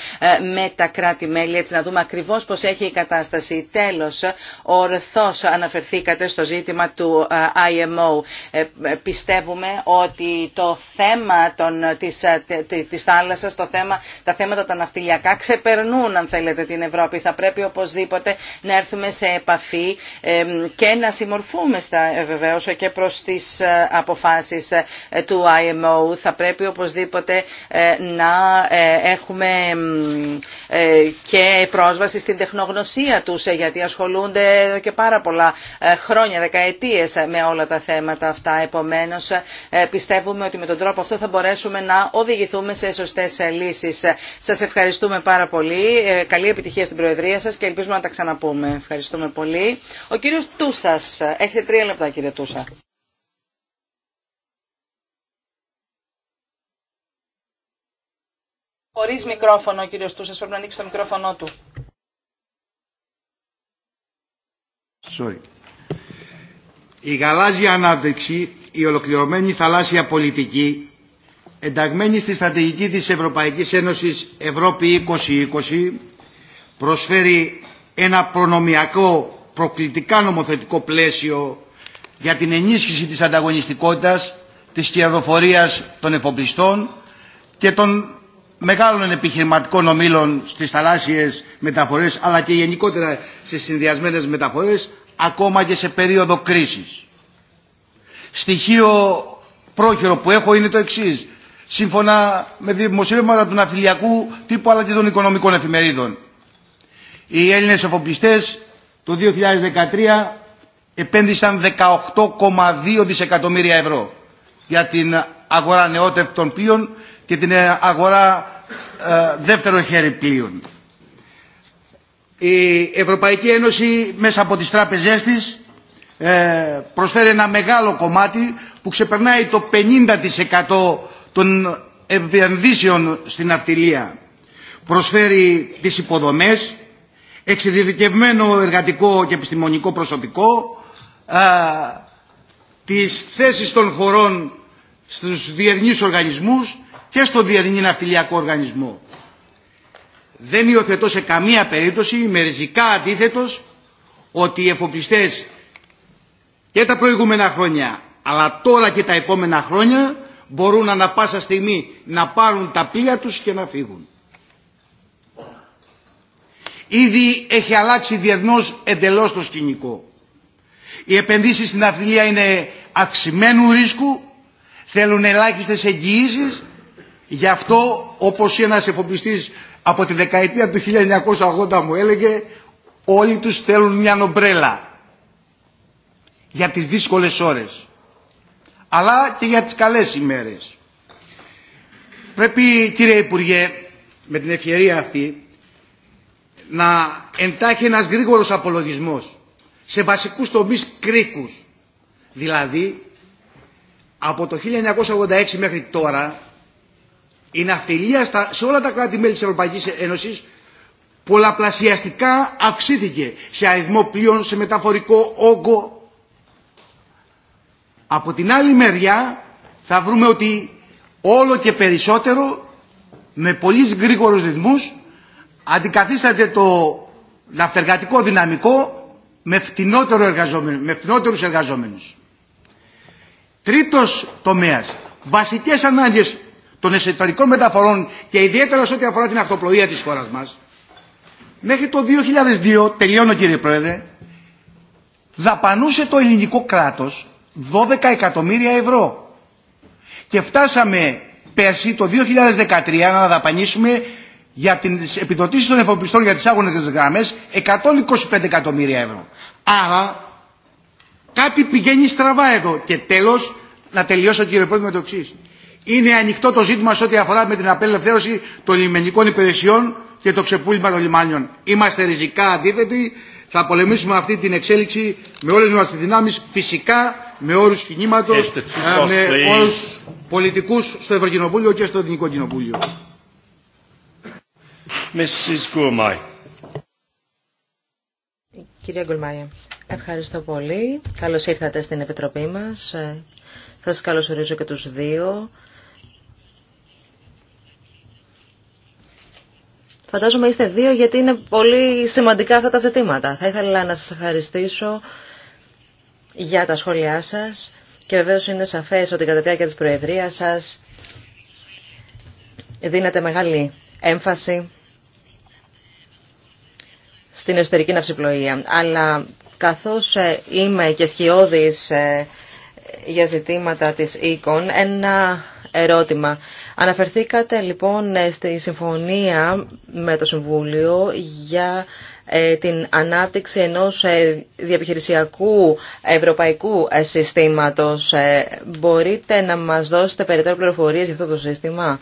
με τα κράτη-μέλη, έτσι να δούμε ακριβώς πώς έχει η κατάσταση. Τέλος, ο ευθώς αναφερθήκατε στο ζήτημα του ε, IMO. Ε, ε, πιστεύουμε ότι το θέμα των, της, της θάλασσας, το θέμα, τα θέματα τα ναυτιλιακά ξεπερνούν αν θέλετε την Ευρώπη. Θα πρέπει οπωσδήποτε να έρθουμε σε επαφή και να συμμορφούμε στα, και προς τις αποφάσεις του IMO. Θα πρέπει οπωσδήποτε να έχουμε και πρόσβαση στην τεχνογνωσία τους γιατί ασχολούνται και πάρα πολλά ε, χρόνια, δεκαετίες ε, με όλα τα θέματα αυτά. Επομένως ε, πιστεύουμε ότι με τον τρόπο αυτό θα μπορέσουμε να οδηγηθούμε σε σωστές λύσεις. Σας ευχαριστούμε πάρα πολύ. Καλή επιτυχία στην Προεδρία σας και ελπίζουμε να τα ξαναπούμε. Ευχαριστούμε πολύ. Ο κύριος Τουσα. Έχετε τρία λεπτά κύριε Τούσα. Χωρίς μικρόφωνο κύριος Τούσας. Πρέπει να ανοίξει το μικρόφωνο του. Sorry. Η γαλάζια ανάπτυξη, η ολοκληρωμένη θαλάσσια πολιτική, ενταγμένη στη στρατηγική της Ευρωπαϊκής Ένωσης Ευρώπη 2020, προσφέρει ένα προνομιακό προκλητικά νομοθετικό πλαίσιο για την ενίσχυση της ανταγωνιστικότητας, της κερδοφορίας των εφοπλιστών και των μεγάλων επιχειρηματικών ομήλων στις θαλάσσιες μεταφορές αλλά και γενικότερα σε συνδυασμένες μεταφορές ακόμα και σε περίοδο κρίσης. Στοιχείο πρόχειρο που έχω είναι το εξή. Σύμφωνα με δημοσιεύματα του αφιλιακού τύπου αλλά και των οικονομικών εφημερίδων. Οι Έλληνες εφοπλιστές το 2013 επένδυσαν 18,2 δισεκατομμύρια ευρώ για την αγορά νεότευτων πλοίων και την ε, αγορά ε, δεύτερο χέρι πλοίων. Η Ευρωπαϊκή Ένωση μέσα από τις τράπεζές της ε, προσφέρει ένα μεγάλο κομμάτι που ξεπερνάει το 50% των επενδύσεων στην αυτιλία. Προσφέρει τις υποδομές, εξειδικευμένο εργατικό και επιστημονικό προσωπικό, τις θέσεις των χωρών στους διεθνείς οργανισμούς και στο Διεθνή Ναυτιλιακό Οργανισμό. Δεν υιοθετώ σε καμία περίπτωση, είμαι ριζικά αντίθετος, ότι οι εφοπλιστές και τα προηγούμενα χρόνια, αλλά τώρα και τα επόμενα χρόνια, μπορούν ανα πάσα στιγμή να πάρουν τα πλοία τους και να φύγουν. Ήδη έχει αλλάξει διεθνώς εντελώς το σκηνικό. Οι επενδύσεις στην ναυτιλία είναι αυξημένου ρίσκου, θέλουν ελάχιστες εγγυήσεις Γι' αυτό όπως ένας εφοπλιστής από τη δεκαετία του 1980 μου έλεγε όλοι τους θέλουν μια νομπρέλα για τις δύσκολες ώρες αλλά και για τις καλές ημέρες. Πρέπει κύριε Υπουργέ με την ευκαιρία αυτή να εντάχει ένας γρήγορος απολογισμός σε βασικούς τομείς κρίκους. Δηλαδή από το 1986 μέχρι τώρα η ναυτιλία σε όλα τα κράτη-μέλη της Ευρωπαϊκής Ένωσης πολλαπλασιαστικά αυξήθηκε σε αριθμό πλοίων, σε μεταφορικό όγκο. Από την άλλη μεριά θα βρούμε ότι όλο και περισσότερο με πολύ γρήγορους ρυθμούς αντικαθίσταται το ναυτεργατικό δυναμικό με, φτηνότερο εργαζόμενο, με φτηνότερους εργαζόμενους. Τρίτος τομέας, βασικές ανάγκες των εσωτερικών μεταφορών και ιδιαίτερα σε ό,τι αφορά την αυτοπλοεία της χώρας μας, μέχρι το 2002, τελειώνω κύριε Πρόεδρε, δαπανούσε το ελληνικό κράτος 12 εκατομμύρια ευρώ. Και φτάσαμε πέρσι το 2013 να δαπανίσουμε για τις επιδοτήσεις των εφοπλιστών για τις άγωνες γραμμές 125 εκατομμύρια ευρώ. Άρα κάτι πηγαίνει στραβά εδώ. Και τέλος, να τελειώσω κύριε Πρόεδρε με το εξή. Είναι ανοιχτό το ζήτημα σε ό,τι αφορά με την απελευθέρωση των λιμενικών υπηρεσιών και το ξεπούλημα των λιμάνιων. Είμαστε ριζικά αντίθετοι. Θα πολεμήσουμε αυτή την εξέλιξη με όλες μας τις δυνάμεις, φυσικά με όρους κινήματος, ε, με τους πολιτικούς στο Ευρωκοινοβούλιο και στο Εθνικό Κοινοβούλιο. Κυρία Γκουλμάια, ευχαριστώ πολύ. Καλώς ήρθατε στην Επιτροπή μας. Ε, θα σας καλωσορίζω και τους δύο. Φαντάζομαι είστε δύο γιατί είναι πολύ σημαντικά αυτά τα ζητήματα. Θα ήθελα να σας ευχαριστήσω για τα σχόλιά σας και βεβαίως είναι σαφές ότι κατά τη διάρκεια της Προεδρίας σας δίνετε μεγάλη έμφαση στην εσωτερική ναυσιπλοεία. Αλλά καθώς ε, είμαι και σκιώδης ε, για ζητήματα της οίκων, ένα ερώτημα. Αναφερθήκατε λοιπόν ε, στη συμφωνία με το Συμβούλιο για ε, την ανάπτυξη ενός ε, διαπιχειρησιακού ευρωπαϊκού συστήματος. Μπορείτε να μας δώσετε περαιτέρω πληροφορίες για αυτό το σύστημα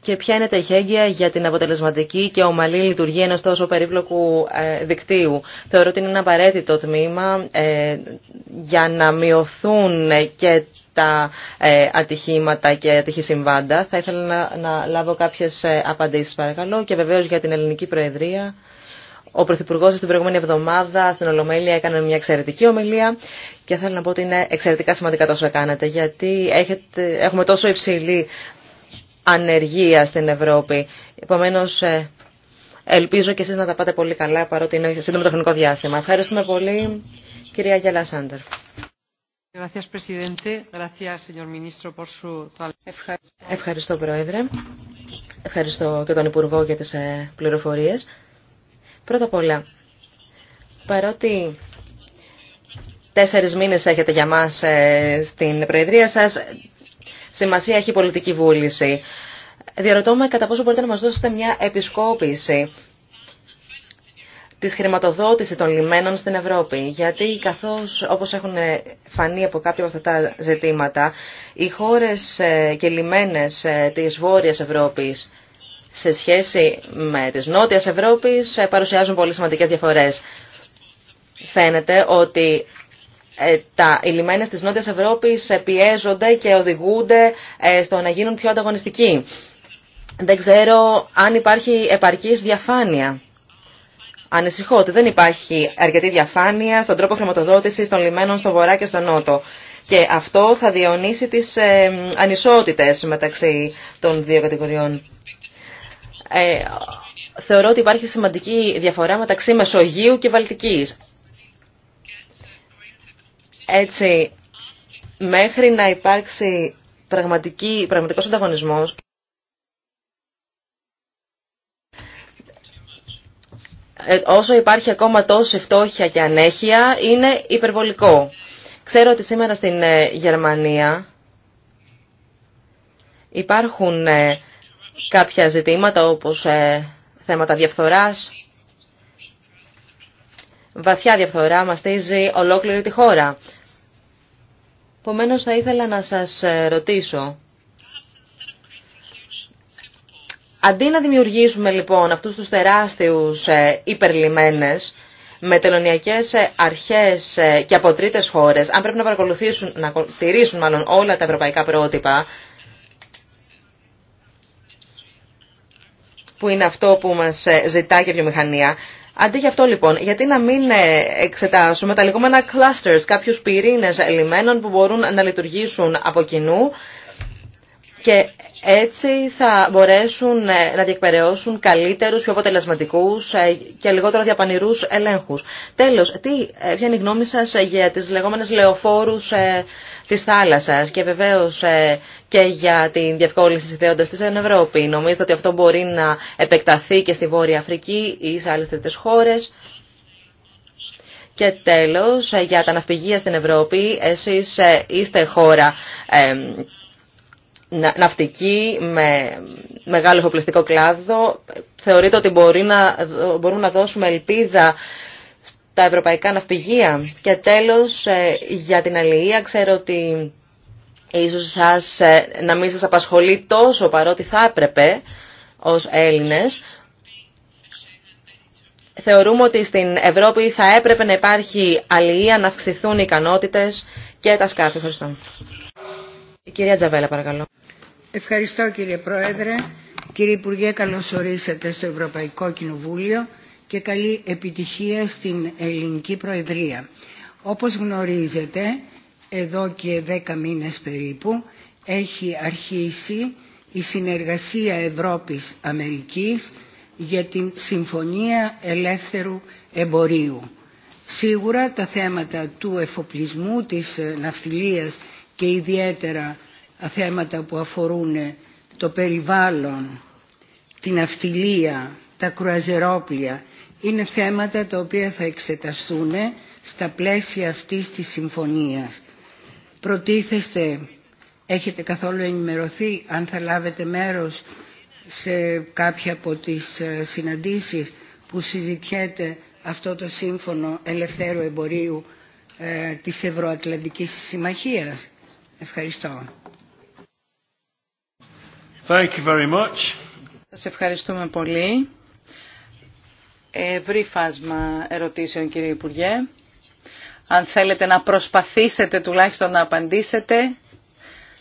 και ποια είναι τα ηχέγγυα για την αποτελεσματική και ομαλή λειτουργία ενός τόσο περίπλοκου ε, δικτύου. Θεωρώ ότι είναι ένα απαραίτητο τμήμα ε, για να μειωθούν ε, και τα ατυχήματα και ατυχή συμβάντα. Θα ήθελα να, να λάβω κάποιες απαντήσεις παρακαλώ και βεβαίως για την ελληνική προεδρία. Ο Πρωθυπουργό την προηγούμενη εβδομάδα στην Ολομέλεια έκανε μια εξαιρετική ομιλία και θέλω να πω ότι είναι εξαιρετικά σημαντικά τόσο κάνατε γιατί έχετε, έχουμε τόσο υψηλή ανεργία στην Ευρώπη. Επομένως, ε, ελπίζω και εσείς να τα πάτε πολύ καλά, παρότι είναι σύντομο το χρονικό διάστημα. Ευχαριστούμε πολύ, κυρία Γιάννα Σάντερ. Ευχαριστώ, Πρόεδρε. Ευχαριστώ και τον Υπουργό για τις ε, πληροφορίες. Πρώτα απ' όλα, παρότι τέσσερις μήνες έχετε για μας ε, στην Προεδρία σας, Σημασία έχει η πολιτική βούληση. Διαρωτώ με κατά πόσο μπορείτε να μας δώσετε μια επισκόπηση της χρηματοδότησης των λιμένων στην Ευρώπη. Γιατί καθώς όπως έχουν φανεί από κάποια από αυτά τα ζητήματα, οι χώρες ε, και λιμένες ε, της Βόρειας Ευρώπης σε σχέση με τις Νότιας Ευρώπης ε, παρουσιάζουν πολύ σημαντικές διαφορές. Φαίνεται ότι ε, τα, οι της Νότιας Ευρώπης ε, πιέζονται και οδηγούνται ε, στο να γίνουν πιο ανταγωνιστικοί. Δεν ξέρω αν υπάρχει επαρκής διαφάνεια. Ανησυχώ ότι δεν υπάρχει αρκετή διαφάνεια στον τρόπο χρηματοδότησης των λιμένων στο βορρά και στο νότο. Και αυτό θα διονύσει τις ανισότητες μεταξύ των δύο κατηγοριών. Θεωρώ ότι υπάρχει σημαντική διαφορά μεταξύ Μεσογείου και Βαλτικής. Έτσι, μέχρι να υπάρξει πραγματική, πραγματικός ανταγωνισμός, ε, όσο υπάρχει ακόμα τόση φτώχεια και ανέχεια, είναι υπερβολικό. Ξέρω ότι σήμερα στην ε, Γερμανία υπάρχουν ε, κάποια ζητήματα όπως θέματα διαφθοράς. Βαθιά διαφθορά μαστίζει ολόκληρη τη χώρα. Επομένω θα ήθελα να σας ε, ρωτήσω. Αντί να δημιουργήσουμε λοιπόν αυτούς τους τεράστιους ε, υπερλιμένες με τελωνιακές ε, αρχές και από τρίτε χώρες, αν πρέπει να παρακολουθήσουν, να τηρήσουν μάλλον όλα τα ευρωπαϊκά πρότυπα, που είναι αυτό που μας ζητάει και η βιομηχανία, Αντί για αυτό λοιπόν, γιατί να μην ε, εξετάσουμε τα λεγόμενα clusters, κάποιους πυρήνες λιμένων που μπορούν να λειτουργήσουν από κοινού και έτσι θα μπορέσουν ε, να διεκπαιρεώσουν καλύτερους, πιο αποτελεσματικούς ε, και λιγότερο διαπανηρούς ελέγχους. Τέλος, τι, ε, ποια είναι η γνώμη σας για τις λεγόμενες λεωφόρους της θάλασσας και βεβαίως και για την διευκόλυνση συνδέοντας της στην Ευρώπη. Νομίζετε ότι αυτό μπορεί να επεκταθεί και στη Βόρεια Αφρική ή σε άλλες τρίτες χώρες. Και τέλος, για τα ναυπηγεία στην Ευρώπη, εσείς είστε χώρα ναυτική με μεγάλο εφοπλιστικό κλάδο. Θεωρείτε ότι μπορεί να, μπορούμε να δώσουμε ελπίδα στα ευρωπαϊκά ναυπηγεία. Και τέλος, ε, για την αλληλεία, ξέρω ότι ίσως σας, ε, να μην σας απασχολεί τόσο παρότι θα έπρεπε ως Έλληνες. Θεωρούμε ότι στην Ευρώπη θα έπρεπε να υπάρχει αλληλεία, να αυξηθούν οι ικανότητες και τα σκάφη. Ευχαριστώ. Η κυρία Τζαβέλα, παρακαλώ. Ευχαριστώ κύριε Πρόεδρε. Κύριε Υπουργέ, καλώς ορίσατε στο Ευρωπαϊκό Κοινοβούλιο και καλή επιτυχία στην ελληνική Προεδρία. Όπως γνωρίζετε, εδώ και δέκα μήνες περίπου, έχει αρχίσει η συνεργασία Ευρώπης-Αμερικής για την Συμφωνία Ελεύθερου Εμπορίου. Σίγουρα τα θέματα του εφοπλισμού, της ναυτιλίας και ιδιαίτερα θέματα που αφορούν το περιβάλλον, την αυτιλία, τα κρουαζερόπλια. Είναι θέματα τα οποία θα εξεταστούν στα πλαίσια αυτής της συμφωνίας. Προτίθεστε, έχετε καθόλου ενημερωθεί αν θα λάβετε μέρος σε κάποια από τις ε, συναντήσεις που συζητιέται αυτό το σύμφωνο ελευθέρου εμπορίου ε, της Ευρωατλαντικής Συμμαχίας. Ευχαριστώ. Thank you very much. Σας ευχαριστούμε πολύ. Ευρύ φάσμα ερωτήσεων κύριε Υπουργέ. Αν θέλετε να προσπαθήσετε τουλάχιστον να απαντήσετε.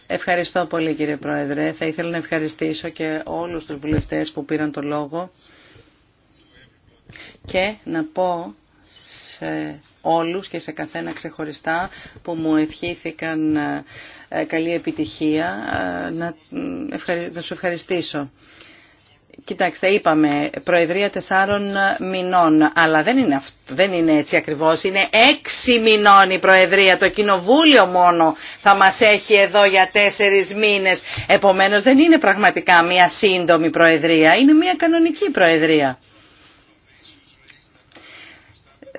Ευχαριστώ πολύ κύριε Πρόεδρε. Θα ήθελα να ευχαριστήσω και όλους τους βουλευτές που πήραν το λόγο και να πω σε όλους και σε καθένα ξεχωριστά που μου ευχήθηκαν ε, καλή επιτυχία. Ε, να, να σου ευχαριστήσω. Κοιτάξτε, είπαμε Προεδρία τεσσάρων μηνών, αλλά δεν είναι, δεν είναι έτσι ακριβώς. Είναι έξι μηνών η Προεδρία. Το Κοινοβούλιο μόνο θα μας έχει εδώ για τέσσερις μήνες. Επομένως δεν είναι πραγματικά μια σύντομη Προεδρία. Είναι μια κανονική Προεδρία.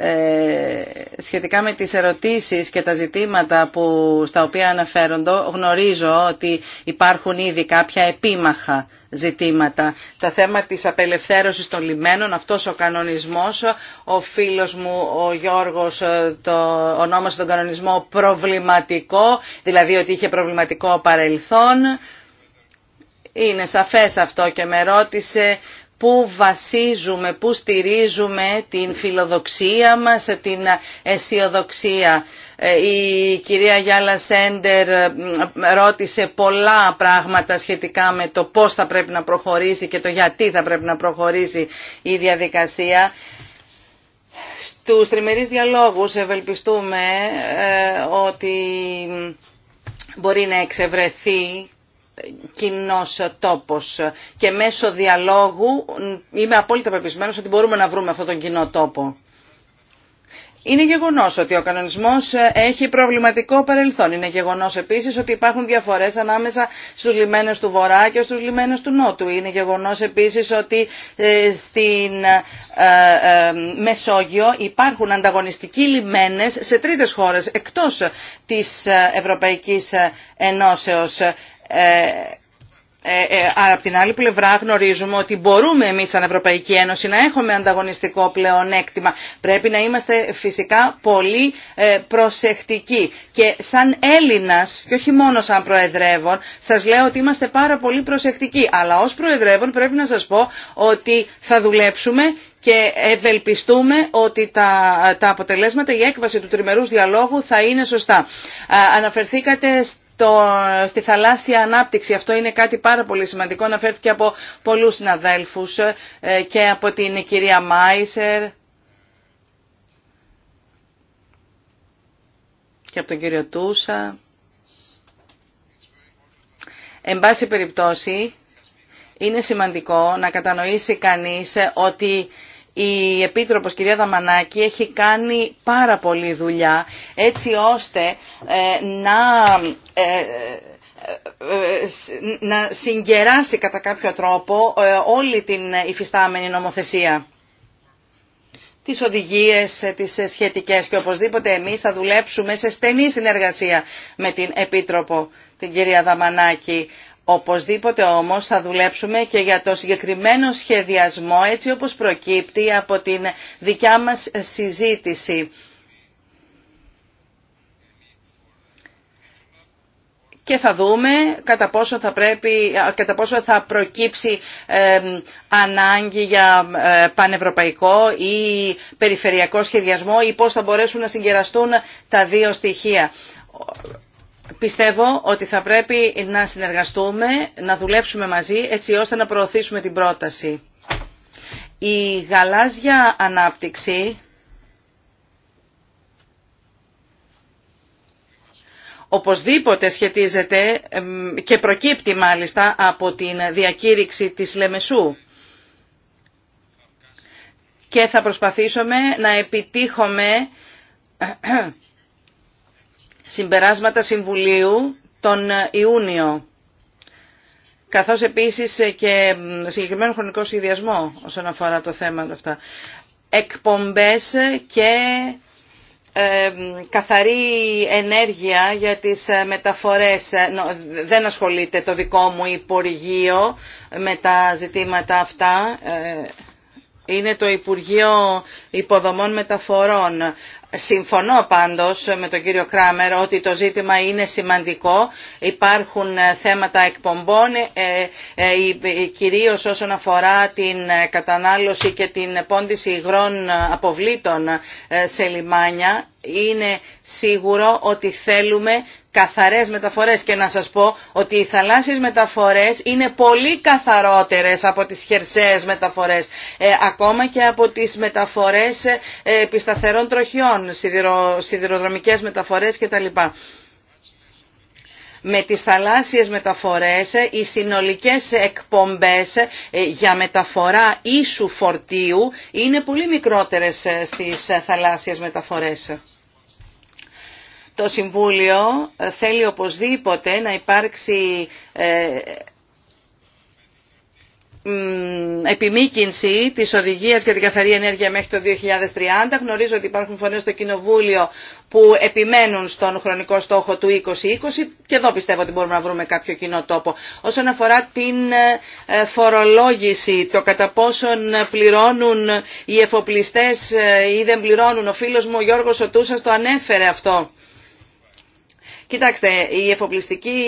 Ε, σχετικά με τις ερωτήσεις και τα ζητήματα που, στα οποία αναφέρονται, γνωρίζω ότι υπάρχουν ήδη κάποια επίμαχα ζητήματα. Τα θέμα της απελευθέρωσης των λιμένων, αυτός ο κανονισμός, ο φίλος μου ο Γιώργος ε, το ονόμασε τον κανονισμό προβληματικό, δηλαδή ότι είχε προβληματικό παρελθόν. Είναι σαφές αυτό και με ρώτησε πού βασίζουμε, πού στηρίζουμε την φιλοδοξία μας, την αισιοδοξία. Ε, η κυρία Γιάλα Σέντερ ε, ρώτησε πολλά πράγματα σχετικά με το πώς θα πρέπει να προχωρήσει και το γιατί θα πρέπει να προχωρήσει η διαδικασία. Στους τριμερείς διαλόγους ευελπιστούμε ε, ότι μπορεί να εξευρεθεί κοινό τόπος και μέσω διαλόγου είμαι απόλυτα πεπισμένος ότι μπορούμε να βρούμε αυτόν τον κοινό τόπο. Είναι γεγονό ότι ο κανονισμό έχει προβληματικό παρελθόν. Είναι γεγονό επίση ότι υπάρχουν διαφορέ ανάμεσα στου λιμένες του Βορρά και στου λιμένες του Νότου. Είναι γεγονό επίση ότι ε, στην ε, ε, Μεσόγειο υπάρχουν ανταγωνιστικοί λιμένε σε τρίτε χώρε εκτό τη Ευρωπαϊκή Ενώσεω. Ε, ε, ε, από την άλλη πλευρά γνωρίζουμε ότι μπορούμε εμείς σαν Ευρωπαϊκή Ένωση να έχουμε ανταγωνιστικό πλεονέκτημα. Πρέπει να είμαστε φυσικά πολύ προσεκτικοί και σαν Έλληνας και όχι μόνο σαν Προεδρεύων σας λέω ότι είμαστε πάρα πολύ προσεκτικοί αλλά ως Προεδρεύων πρέπει να σας πω ότι θα δουλέψουμε και ευελπιστούμε ότι τα, τα αποτελέσματα, η έκβαση του τριμερούς διαλόγου θα είναι σωστά. αναφερθήκατε στη θαλάσσια ανάπτυξη. Αυτό είναι κάτι πάρα πολύ σημαντικό. Αναφέρθηκε από πολλούς συναδέλφους ε, και από την κυρία Μάισερ και από τον κύριο Τούσα. Εν πάση περιπτώσει, είναι σημαντικό να κατανοήσει κανείς ότι η Επίτροπος κυρία Δαμανάκη έχει κάνει πάρα πολλή δουλειά έτσι ώστε ε, να ε, ε, να συγκεράσει κατά κάποιο τρόπο όλη την υφιστάμενη νομοθεσία τις οδηγίες τις σχετικές και οπωσδήποτε εμείς θα δουλέψουμε σε στενή συνεργασία με την Επίτροπο την κυρία Δαμανάκη Οπωσδήποτε όμως θα δουλέψουμε και για το συγκεκριμένο σχεδιασμό έτσι όπως προκύπτει από την δικιά μας συζήτηση. και θα δούμε κατά πόσο θα, πρέπει, κατά πόσο θα προκύψει ανάγκη για ε, πανευρωπαϊκό ή περιφερειακό σχεδιασμό ή πώς θα μπορέσουν να συγκεραστούν τα δύο στοιχεία. Πιστεύω ότι θα πρέπει να συνεργαστούμε, να δουλέψουμε μαζί έτσι ώστε να προωθήσουμε την πρόταση. Η γαλάζια ανάπτυξη οπωσδήποτε σχετίζεται και προκύπτει μάλιστα από την διακήρυξη της Λεμεσού και θα προσπαθήσουμε να επιτύχουμε συμπεράσματα Συμβουλίου τον Ιούνιο, καθώς επίσης και συγκεκριμένο χρονικό σχεδιασμό όσον αφορά το θέμα αυτά. Εκπομπές και ε, καθαρή ενέργεια για τις ε, μεταφορές. Δεν ασχολείται το δικό μου υπουργείο με τα ζητήματα αυτά. Ε, είναι το Υπουργείο Υποδομών Μεταφορών. Συμφωνώ πάντως με τον κύριο Κράμερ ότι το ζήτημα είναι σημαντικό. Υπάρχουν ε, θέματα εκπομπών, ε, ε, κυρίως όσον αφορά την κατανάλωση και την πόντιση υγρών αποβλήτων σε λιμάνια. Είναι σίγουρο ότι θέλουμε καθαρές μεταφορές και να σας πω ότι οι θαλάσσιες μεταφορές είναι πολύ καθαρότερες από τις χερσαίες μεταφορές ε, ακόμα και από τις μεταφορές ε, επισταθερών τροχιών, σιδηρο, σιδηροδρομικές μεταφορές κτλ. Με τις θαλάσσιες μεταφορές ε, οι συνολικές εκπομπές ε, για μεταφορά ίσου φορτίου είναι πολύ μικρότερες στις θαλάσσιες μεταφορές. Το Συμβούλιο θέλει οπωσδήποτε να υπάρξει ε, επιμήκυνση της οδηγίας για την καθαρή ενέργεια μέχρι το 2030. Γνωρίζω ότι υπάρχουν φωνές στο Κοινοβούλιο που επιμένουν στον χρονικό στόχο του 2020 και εδώ πιστεύω ότι μπορούμε να βρούμε κάποιο κοινό τόπο. Όσον αφορά την ε, φορολόγηση, το κατά πόσον πληρώνουν οι εφοπλιστές ε, ή δεν πληρώνουν, ο φίλος μου ο Γιώργος Σωτούσας το ανέφερε αυτό. Κοιτάξτε, η εφοπλιστική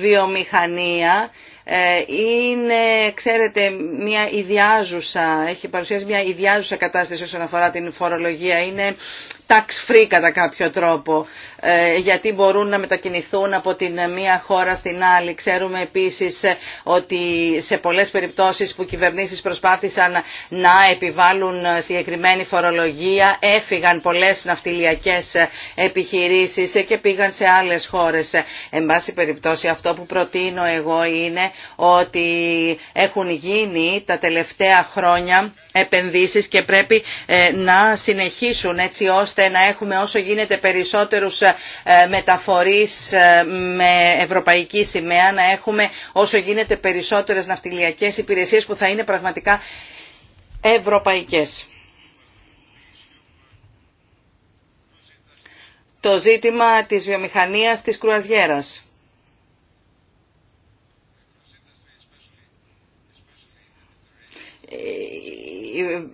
βιομηχανία ε, είναι, ξέρετε, μια ιδιάζουσα, έχει παρουσιάσει μια ιδιάζουσα κατάσταση όσον αφορά την φορολογία. Είναι tax free κατά κάποιο τρόπο ε, γιατί μπορούν να μετακινηθούν από την μία χώρα στην άλλη. Ξέρουμε επίσης ε, ότι σε πολλές περιπτώσεις που κυβερνήσεις προσπάθησαν να επιβάλλουν συγκεκριμένη φορολογία έφυγαν πολλές ναυτιλιακές ε, επιχειρήσεις και πήγαν σε άλλες χώρες. Εν πάση περιπτώσει αυτό που προτείνω εγώ είναι ότι έχουν γίνει τα τελευταία χρόνια επενδύσεις και πρέπει ε, να συνεχίσουν έτσι ώστε να έχουμε όσο γίνεται περισσότερους ε, μεταφορείς ε, με ευρωπαϊκή σημαία, να έχουμε όσο γίνεται περισσότερες ναυτιλιακές υπηρεσίες που θα είναι πραγματικά ευρωπαϊκές. Το ζήτημα της βιομηχανίας της κρουαζιέρας.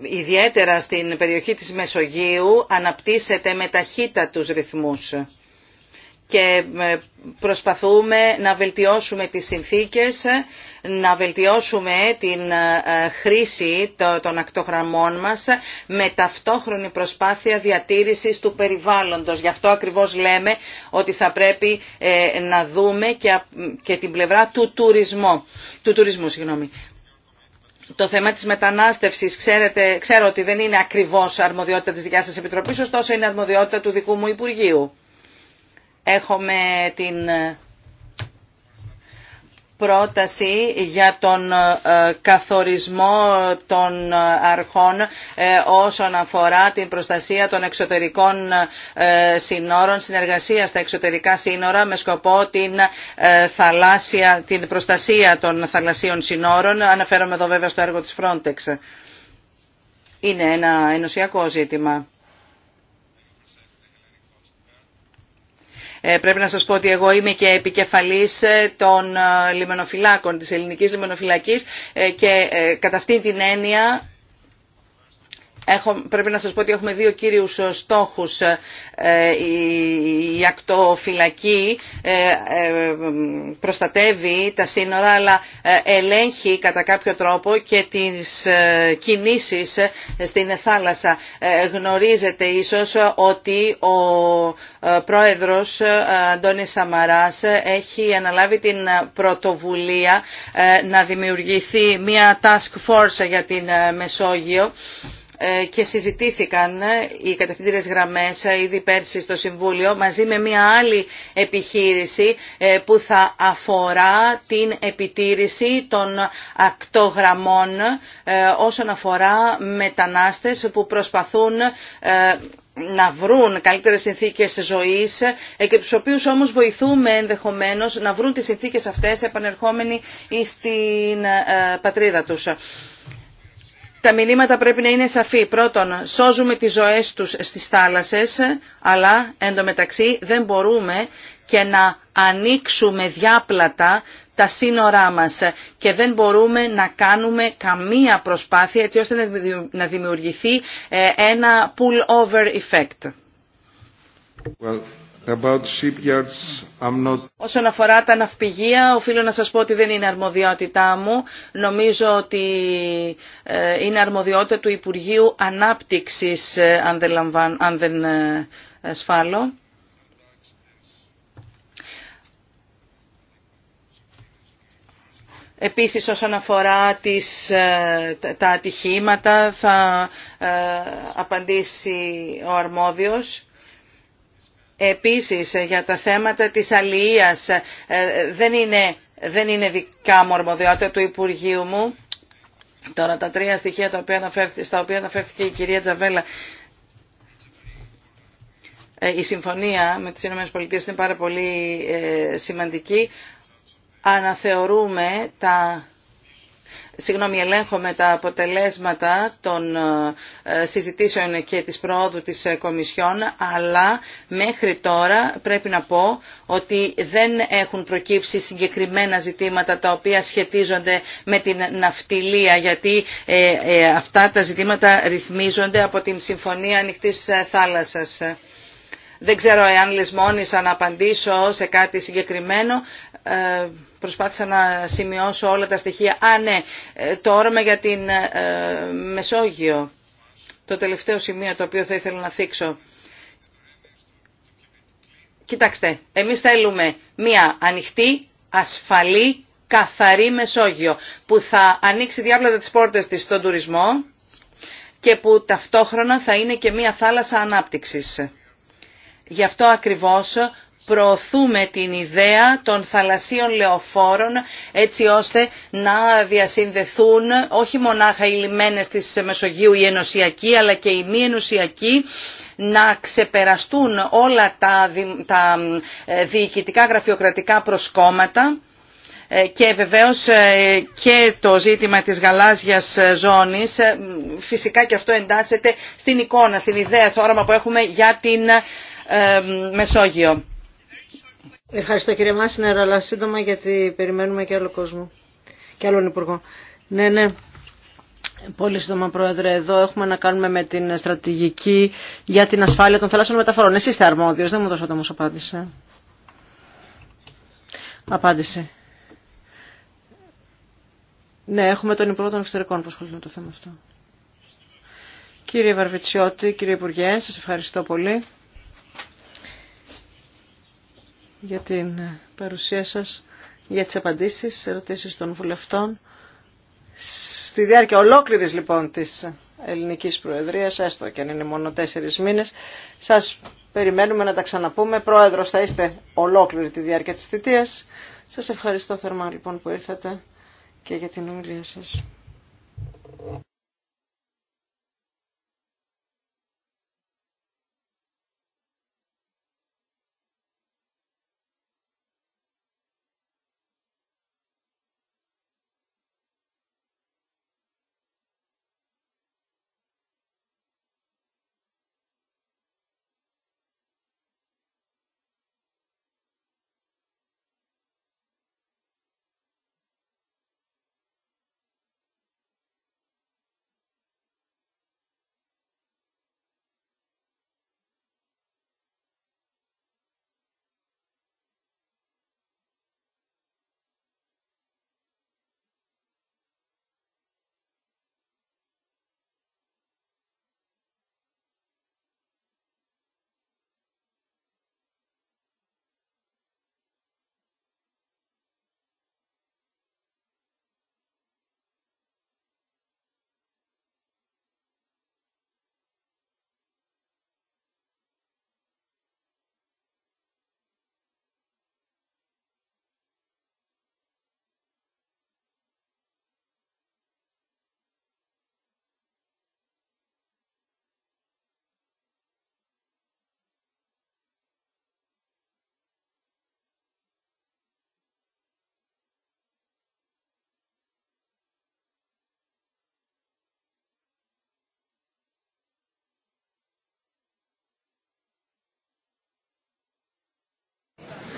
ιδιαίτερα στην περιοχή της Μεσογείου αναπτύσσεται με τους ρυθμούς και ε, προσπαθούμε να βελτιώσουμε τις συνθήκες, να βελτιώσουμε την ε, χρήση των ακτογραμμών μας με ταυτόχρονη προσπάθεια διατήρησης του περιβάλλοντος. Γι' αυτό ακριβώς λέμε ότι θα πρέπει ε, να δούμε και την πλευρά του τουρισμού. Του τουρισμού το θέμα της μετανάστευσης, ξέρετε, ξέρω ότι δεν είναι ακριβώς αρμοδιότητα της δικιάς σας Επιτροπής, ωστόσο είναι αρμοδιότητα του δικού μου Υπουργείου. Έχουμε την πρόταση για τον ε, καθορισμό των ε, αρχών ε, όσον αφορά την προστασία των εξωτερικών συνόρων, συνεργασία στα εξωτερικά σύνορα με σκοπό την, θαλάσσια, την προστασία των θαλασσίων συνόρων. Αναφέρομαι εδώ βέβαια στο έργο της Frontex. Είναι ένα ενωσιακό ζήτημα. Ε, πρέπει να σας πω ότι εγώ είμαι και επικεφαλής ε, των ε, λιμενοφυλάκων, της ελληνικής λιμενοφυλακής και κατά αυτήν την έννοια Έχω, πρέπει να σας πω ότι έχουμε δύο κύριους ε, στόχους. Ε, η ακτοφυλακή ε, προστατεύει τα σύνορα αλλά ελέγχει κατά κάποιο τρόπο και τις κινήσεις στην θάλασσα. Γνωρίζετε ίσως ότι ο πρόεδρος Αντώνης Σαμαράς έχει αναλάβει την πρωτοβουλία να δημιουργηθεί μια task force για την Μεσόγειο ε, και συζητήθηκαν οι κατευθυντήρες γραμμές ε, ήδη πέρσι στο Συμβούλιο μαζί με μια άλλη επιχείρηση ε, που θα αφορά την επιτήρηση των ακτογραμμών όσον αφορά μετανάστες που προσπαθούν να βρουν καλύτερες συνθήκες ζωής και τους οποίους όμως βοηθούμε ενδεχομένως να βρουν τις συνθήκες αυτές επανερχόμενοι στην πατρίδα τους. Τα μηνύματα πρέπει να είναι σαφή. Πρώτον, σώζουμε τις ζωές τους στις θάλασσες, αλλά εντωμεταξύ δεν μπορούμε και να ανοίξουμε διάπλατα τα σύνορά μας και δεν μπορούμε να κάνουμε καμία προσπάθεια έτσι ώστε να δημιουργηθεί ε, ένα pull-over effect. About shipyards, I'm not... Όσον αφορά τα ναυπηγεία, οφείλω να σας πω ότι δεν είναι αρμοδιότητά μου. Νομίζω ότι ε, είναι αρμοδιότητα του Υπουργείου Ανάπτυξης, ε, αν δεν, λαμβάν, αν δεν ε, σφάλω. Επίσης όσον αφορά τις, τα ατυχήματα θα απαντήσει ο αρμόδιος. Επίσης ε, για τα θέματα της αλληλείας ε, δεν είναι, δεν είναι δικά μου αρμοδιότητα του Υπουργείου μου. Τώρα τα τρία στοιχεία τα οποία στα οποία αναφέρθηκε η κυρία Τζαβέλα ε, η συμφωνία με τις ΗΠΑ είναι πάρα πολύ σημαντική. Αναθεωρούμε τα συγγνώμη, ελέγχομαι τα αποτελέσματα των ε, συζητήσεων και της προόδου της ε, Κομισιόν, αλλά μέχρι τώρα πρέπει να πω ότι δεν έχουν προκύψει συγκεκριμένα ζητήματα τα οποία σχετίζονται με την ναυτιλία, γιατί ε, αυτά τα ζητήματα ρυθμίζονται από την Συμφωνία Ανοιχτής Θάλασσας. Δεν ξέρω εάν λησμόνησα να απαντήσω σε κάτι συγκεκριμένο. Ε, προσπάθησα να σημειώσω όλα τα στοιχεία. Α, ναι, ε, το όρομα για την ε, Μεσόγειο. Το τελευταίο σημείο το οποίο θα ήθελα να θίξω. Κοιτάξτε, εμείς θέλουμε μία ανοιχτή, ασφαλή, καθαρή Μεσόγειο που θα ανοίξει διάβλατα τις πόρτες της στον τουρισμό και που ταυτόχρονα θα είναι και μία θάλασσα ανάπτυξης. Γι' αυτό ακριβώς προωθούμε την ιδέα των θαλασσίων λεωφόρων έτσι ώστε να διασυνδεθούν όχι μονάχα οι λιμένες της Μεσογείου οι ενωσιακοί αλλά και οι μη ενωσιακοί να ξεπεραστούν όλα τα, τα ε, διοικητικά γραφειοκρατικά προσκόμματα ε, και βεβαίως ε, και το ζήτημα της γαλάζιας ζώνης φυσικά και αυτό εντάσσεται στην εικόνα, στην ιδέα, το όραμα που έχουμε για την Μεσόγειο. Ευχαριστώ κύριε Μάσινερ, αλλά σύντομα γιατί περιμένουμε και άλλο κόσμο και άλλον υπουργό. Ναι, ναι. Πολύ σύντομα, Πρόεδρε. Εδώ έχουμε να κάνουμε με την στρατηγική για την ασφάλεια των θαλάσσιων μεταφορών. Εσύ είστε αρμόδιο, δεν μου δώσατε όμω απάντηση. Απάντηση. Ναι, έχουμε τον Υπουργό των Εξωτερικών που ασχολείται με το θέμα αυτό. Κύριε Βαρβιτσιώτη, κύριε Υπουργέ, σα ευχαριστώ πολύ για την παρουσία σας, για τις απαντήσεις, ερωτήσεις των βουλευτών. Στη διάρκεια ολόκληρης λοιπόν της ελληνικής προεδρίας, έστω και αν είναι μόνο τέσσερις μήνες, σας περιμένουμε να τα ξαναπούμε. Πρόεδρος θα είστε ολόκληρη τη διάρκεια της θητείας. Σας ευχαριστώ θερμά λοιπόν που ήρθατε και για την ομιλία σας.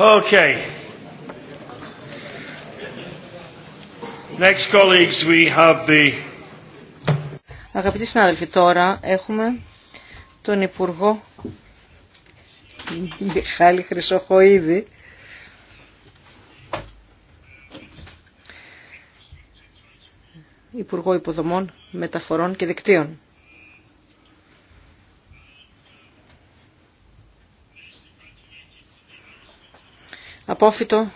Okay. Next colleagues, Αγαπητοί συνάδελφοι, τώρα έχουμε τον Υπουργό Μιχάλη Χρυσοχοίδη Υπουργό Υποδομών, Μεταφορών και Δικτύων. απόφυτο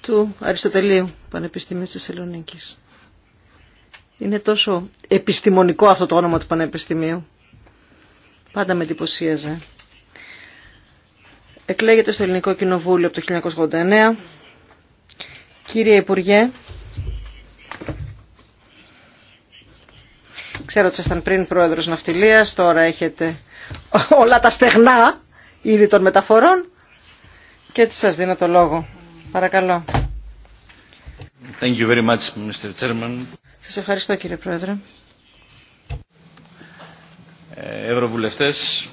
του Αριστοτελείου Πανεπιστημίου της Θεσσαλονίκη. Είναι τόσο επιστημονικό αυτό το όνομα του Πανεπιστημίου. Πάντα με εντυπωσίαζε. Εκλέγεται στο Ελληνικό Κοινοβούλιο από το 1989. Κύριε Υπουργέ, ξέρω ότι ήσασταν πριν πρόεδρος ναυτιλίας, τώρα έχετε όλα τα στεγνά ήδη των μεταφορών. Και έτσι σας δίνω το λόγο. Παρακαλώ. Thank you very much, Mr. Chairman. Σας ευχαριστώ κύριε Πρόεδρε. Ε, Ευρωβουλευτές,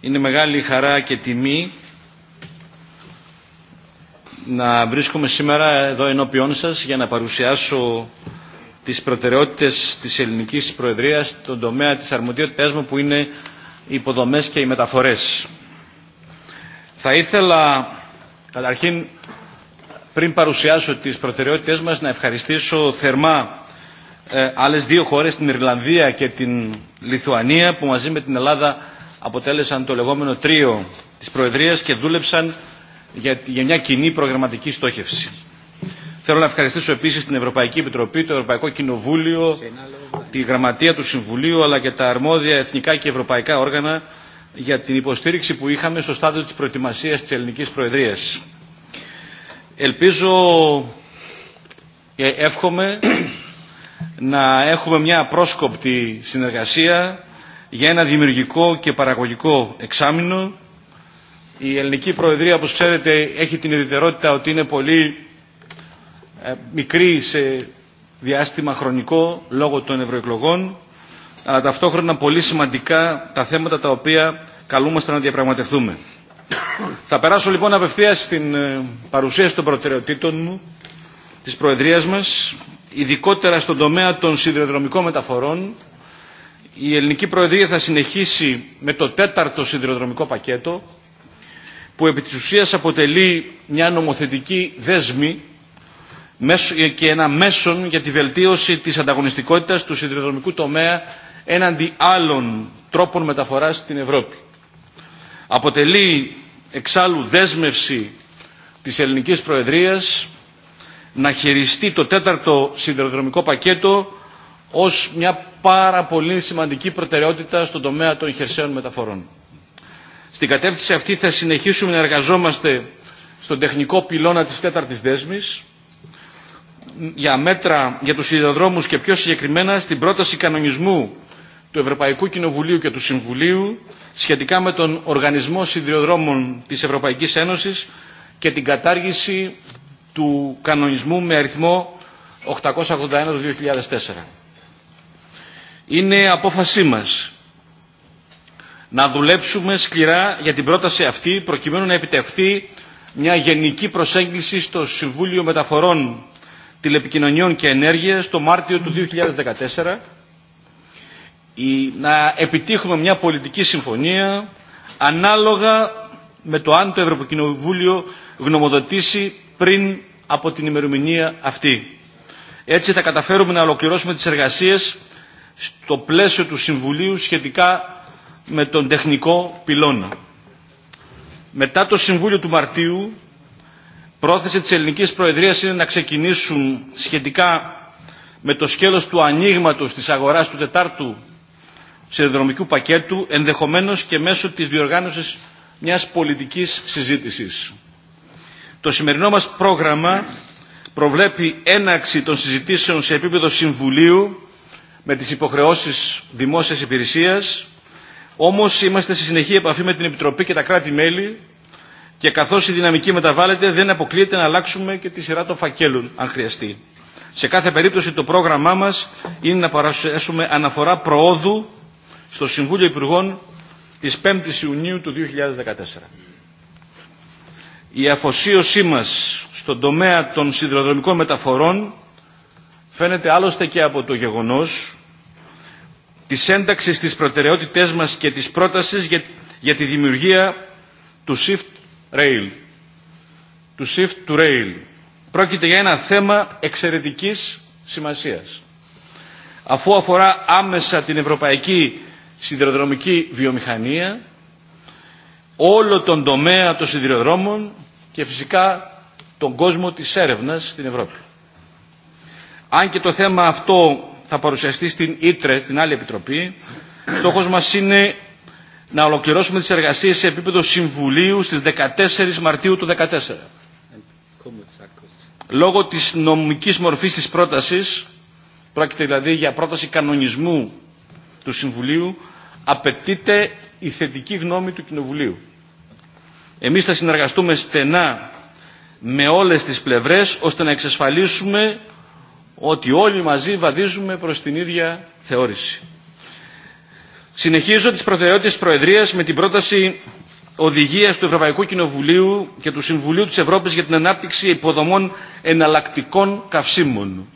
είναι μεγάλη χαρά και τιμή να βρίσκομαι σήμερα εδώ ενώπιόν σας για να παρουσιάσω τις προτεραιότητες της ελληνικής προεδρίας στον τομέα της αρμοδιότητάς μου που είναι οι υποδομές και οι μεταφορές. Θα ήθελα καταρχήν πριν παρουσιάσω τις προτεραιότητες μας να ευχαριστήσω θερμά ε, άλλες δύο χώρες, την Ιρλανδία και την Λιθουανία που μαζί με την Ελλάδα αποτέλεσαν το λεγόμενο τρίο της Προεδρίας και δούλεψαν για, για μια κοινή προγραμματική στόχευση. Θέλω να ευχαριστήσω επίσης την Ευρωπαϊκή Επιτροπή, το Ευρωπαϊκό Κοινοβούλιο, τη Γραμματεία του Συμβουλίου αλλά και τα αρμόδια εθνικά και ευρωπαϊκά όργανα για την υποστήριξη που είχαμε στο στάδιο της προετοιμασίας της ελληνικής προεδρίας. Ελπίζω και εύχομαι να έχουμε μια πρόσκοπτη συνεργασία για ένα δημιουργικό και παραγωγικό εξάμεινο. Η ελληνική προεδρία, όπως ξέρετε, έχει την ιδιαιτερότητα ότι είναι πολύ ε, μικρή σε διάστημα χρονικό λόγω των ευρωεκλογών αλλά ταυτόχρονα πολύ σημαντικά τα θέματα τα οποία καλούμαστε να διαπραγματευτούμε. Θα περάσω λοιπόν απευθεία στην ε, παρουσίαση των προτεραιοτήτων μου της Προεδρίας μας, ειδικότερα στον τομέα των σιδηροδρομικών μεταφορών. Η Ελληνική Προεδρία θα συνεχίσει με το τέταρτο σιδηροδρομικό πακέτο, που επί της ουσίας αποτελεί μια νομοθετική δέσμη και ένα μέσον για τη βελτίωση της ανταγωνιστικότητας του σιδηροδρομικού τομέα έναντι άλλων τρόπων μεταφοράς στην Ευρώπη. Αποτελεί εξάλλου δέσμευση της ελληνικής προεδρίας να χειριστεί το τέταρτο σιδηροδρομικό πακέτο ως μια πάρα πολύ σημαντική προτεραιότητα στον τομέα των χερσαίων μεταφορών. Στην κατεύθυνση αυτή θα συνεχίσουμε να εργαζόμαστε στον τεχνικό πυλώνα της τέταρτης δέσμης για μέτρα για τους σιδηροδρόμους και πιο συγκεκριμένα στην πρόταση κανονισμού του Ευρωπαϊκού Κοινοβουλίου και του Συμβουλίου σχετικά με τον Οργανισμό Σιδηροδρόμων της Ευρωπαϊκής Ένωσης και την κατάργηση του κανονισμού με αριθμό 881 του 2004. Είναι απόφασή μας να δουλέψουμε σκληρά για την πρόταση αυτή προκειμένου να επιτευχθεί μια γενική προσέγγιση στο Συμβούλιο Μεταφορών Τηλεπικοινωνιών και Ενέργειας το Μάρτιο του 2014 να επιτύχουμε μια πολιτική συμφωνία ανάλογα με το αν το Ευρωκοινοβούλιο γνωμοδοτήσει πριν από την ημερομηνία αυτή. Έτσι θα καταφέρουμε να ολοκληρώσουμε τις εργασίες στο πλαίσιο του Συμβουλίου σχετικά με τον τεχνικό πυλώνα. Μετά το Συμβούλιο του Μαρτίου, πρόθεση της Ελληνικής Προεδρίας είναι να ξεκινήσουν σχετικά με το σκέλος του ανοίγματο της αγοράς του τετάρτου σιδηροδρομικού πακέτου, ενδεχομένως και μέσω της διοργάνωσης μιας πολιτικής συζήτησης. Το σημερινό μας πρόγραμμα προβλέπει έναξη των συζητήσεων σε επίπεδο Συμβουλίου με τις υποχρεώσεις δημόσιας υπηρεσίας, όμως είμαστε σε συνεχή επαφή με την Επιτροπή και τα κράτη-μέλη και καθώς η δυναμική μεταβάλλεται δεν αποκλείεται να αλλάξουμε και τη σειρά των φακέλων αν χρειαστεί. Σε κάθε περίπτωση το πρόγραμμά μας είναι να παρουσιάσουμε αναφορά προόδου στο Συμβούλιο Υπουργών της 5ης Ιουνίου του 2014. Η αφοσίωσή μας στον τομέα των σιδηροδρομικών μεταφορών φαίνεται άλλωστε και από το γεγονός της ένταξης της προτεραιότητές μας και της πρότασης για, τη δημιουργία του Shift Rail. Του Shift to Rail. Πρόκειται για ένα θέμα εξαιρετικής σημασίας. Αφού αφορά άμεσα την ευρωπαϊκή σιδηροδρομική βιομηχανία, όλο τον τομέα των σιδηροδρόμων και φυσικά τον κόσμο της έρευνας στην Ευρώπη. Αν και το θέμα αυτό θα παρουσιαστεί στην Ήτρε, την άλλη επιτροπή, στόχος μας είναι να ολοκληρώσουμε τις εργασίες σε επίπεδο Συμβουλίου στις 14 Μαρτίου του 2014. Λόγω της νομικής μορφής της πρότασης, πρόκειται δηλαδή για πρόταση κανονισμού του Συμβουλίου, απαιτείται η θετική γνώμη του Κοινοβουλίου. Εμείς θα συνεργαστούμε στενά με όλες τις πλευρές ώστε να εξασφαλίσουμε ότι όλοι μαζί βαδίζουμε προς την ίδια θεώρηση. Συνεχίζω τις προτεραιότητες της Προεδρίας με την πρόταση οδηγίας του Ευρωπαϊκού Κοινοβουλίου και του Συμβουλίου της Ευρώπης για την ανάπτυξη υποδομών εναλλακτικών καυσίμων.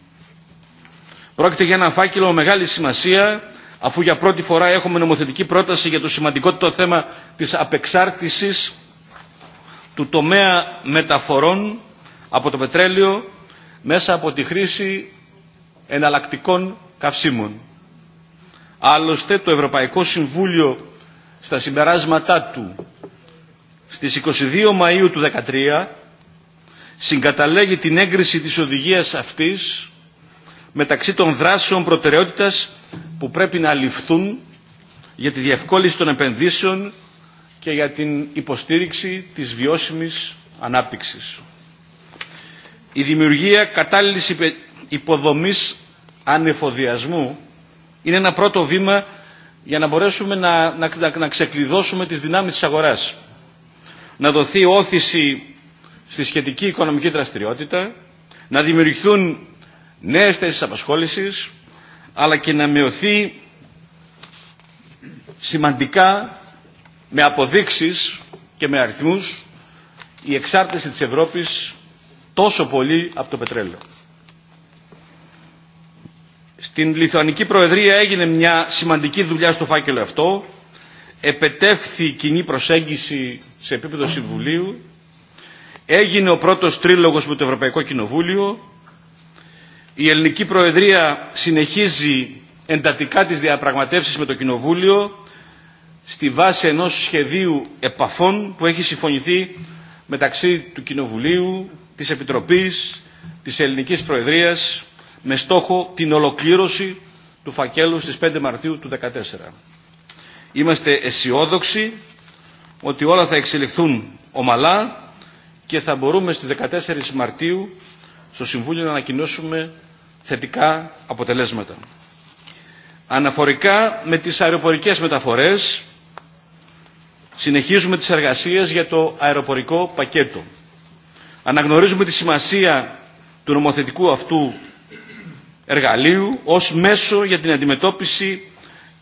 Πρόκειται για ένα φάκελο μεγάλη σημασία αφού για πρώτη φορά έχουμε νομοθετική πρόταση για το σημαντικότερο θέμα της απεξάρτησης του τομέα μεταφορών από το πετρέλαιο μέσα από τη χρήση εναλλακτικών καυσίμων. Άλλωστε το Ευρωπαϊκό Συμβούλιο στα συμπεράσματά του στις 22 Μαΐου του 2013 συγκαταλέγει την έγκριση της οδηγίας αυτής μεταξύ των δράσεων προτεραιότητας που πρέπει να ληφθούν για τη διευκόλυνση των επενδύσεων και για την υποστήριξη της βιώσιμης ανάπτυξης. Η δημιουργία κατάλληλης υποδομής ανεφοδιασμού είναι ένα πρώτο βήμα για να μπορέσουμε να, να, να ξεκλειδώσουμε τις δυνάμεις της αγοράς. Να δοθεί όθηση στη σχετική οικονομική δραστηριότητα, να δημιουργηθούν νέες θέσεις απασχόλησης, αλλά και να μειωθεί σημαντικά με αποδείξεις και με αριθμούς η εξάρτηση της Ευρώπης τόσο πολύ από το πετρέλαιο. Στην Λιθουανική Προεδρία έγινε μια σημαντική δουλειά στο φάκελο αυτό. Επετεύχθη κοινή προσέγγιση σε επίπεδο Συμβουλίου. Έγινε ο πρώτος τρίλογος με το Ευρωπαϊκό Κοινοβούλιο η ελληνική προεδρία συνεχίζει εντατικά τις διαπραγματεύσεις με το Κοινοβούλιο στη βάση ενός σχεδίου επαφών που έχει συμφωνηθεί μεταξύ του Κοινοβουλίου, της Επιτροπής, της Ελληνικής Προεδρίας με στόχο την ολοκλήρωση του φακέλου στις 5 Μαρτίου του 2014. Είμαστε αισιόδοξοι ότι όλα θα εξελιχθούν ομαλά και θα μπορούμε στις 14 Μαρτίου στο Συμβούλιο να ανακοινώσουμε θετικά αποτελέσματα. Αναφορικά με τις αεροπορικές μεταφορές, συνεχίζουμε τις εργασίες για το αεροπορικό πακέτο. Αναγνωρίζουμε τη σημασία του νομοθετικού αυτού εργαλείου ως μέσο για την αντιμετώπιση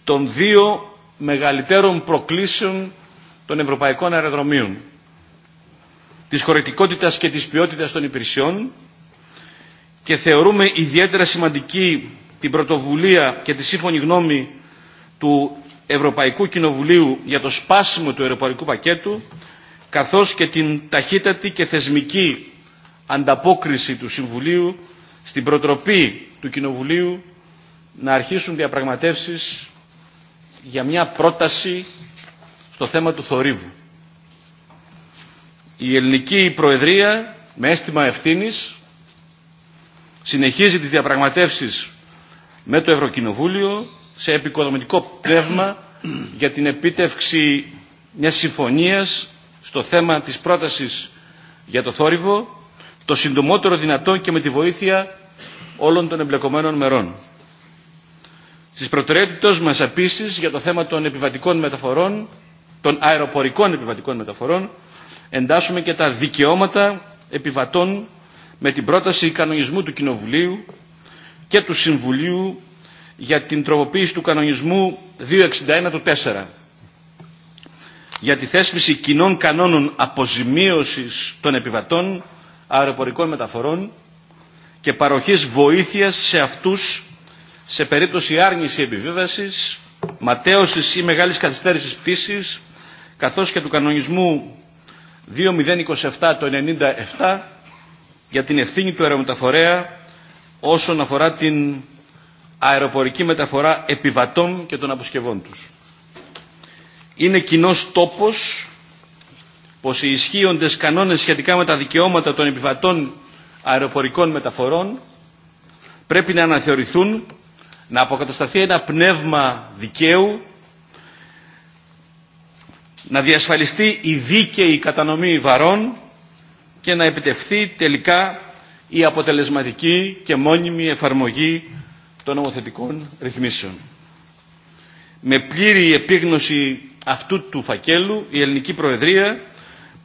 των δύο μεγαλύτερων προκλήσεων των ευρωπαϊκών αεροδρομίων. Της χωρητικότητας και της ποιότητας των υπηρεσιών και θεωρούμε ιδιαίτερα σημαντική την πρωτοβουλία και τη σύμφωνη γνώμη του Ευρωπαϊκού Κοινοβουλίου για το σπάσιμο του ευρωπαϊκού πακέτου, καθώς και την ταχύτατη και θεσμική ανταπόκριση του Συμβουλίου στην προτροπή του Κοινοβουλίου να αρχίσουν διαπραγματεύσεις για μια πρόταση στο θέμα του θορύβου. Η ελληνική Προεδρία, με αίσθημα ευθύνης, συνεχίζει τις διαπραγματεύσεις με το Ευρωκοινοβούλιο σε επικοδομητικό πνεύμα για την επίτευξη μιας συμφωνίας στο θέμα της πρότασης για το θόρυβο το συντομότερο δυνατόν και με τη βοήθεια όλων των εμπλεκομένων μερών. Στις προτεραιότητες μας επίσης για το θέμα των επιβατικών μεταφορών, των αεροπορικών επιβατικών μεταφορών, εντάσσουμε και τα δικαιώματα επιβατών με την πρόταση κανονισμού του Κοινοβουλίου και του Συμβουλίου για την τροποποίηση του κανονισμού 261 του 4 για τη θέσπιση κοινών κανόνων αποζημίωσης των επιβατών αεροπορικών μεταφορών και παροχής βοήθειας σε αυτούς σε περίπτωση άρνηση επιβίβασης, ματέωσης ή μεγάλης καθυστέρησης πτήσης, καθώς και του κανονισμού 2027 το 97 για την ευθύνη του αερομεταφορέα όσον αφορά την αεροπορική μεταφορά επιβατών και των αποσκευών τους. Είναι κοινό τόπος πως οι ισχύοντες κανόνες σχετικά με τα δικαιώματα των επιβατών αεροπορικών μεταφορών πρέπει να αναθεωρηθούν, να αποκατασταθεί ένα πνεύμα δικαίου, να διασφαλιστεί η δίκαιη κατανομή βαρών και να επιτευχθεί τελικά η αποτελεσματική και μόνιμη εφαρμογή των νομοθετικών ρυθμίσεων. Με πλήρη επίγνωση αυτού του φακέλου η Ελληνική Προεδρία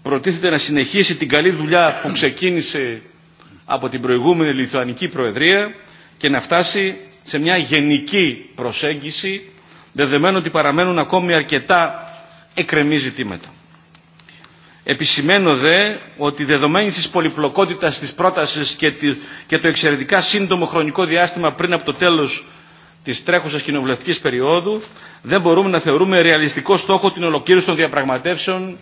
προτίθεται να συνεχίσει την καλή δουλειά που ξεκίνησε από την προηγούμενη Λιθουανική Προεδρία και να φτάσει σε μια γενική προσέγγιση δεδομένου ότι παραμένουν ακόμη αρκετά εκρεμή ζητήματα. Επισημένω δε ότι δεδομένη της πολυπλοκότητας της πρότασης και το εξαιρετικά σύντομο χρονικό διάστημα πριν από το τέλος της τρέχουσας κοινοβουλευτικής περίοδου δεν μπορούμε να θεωρούμε ρεαλιστικό στόχο την ολοκλήρωση των διαπραγματεύσεων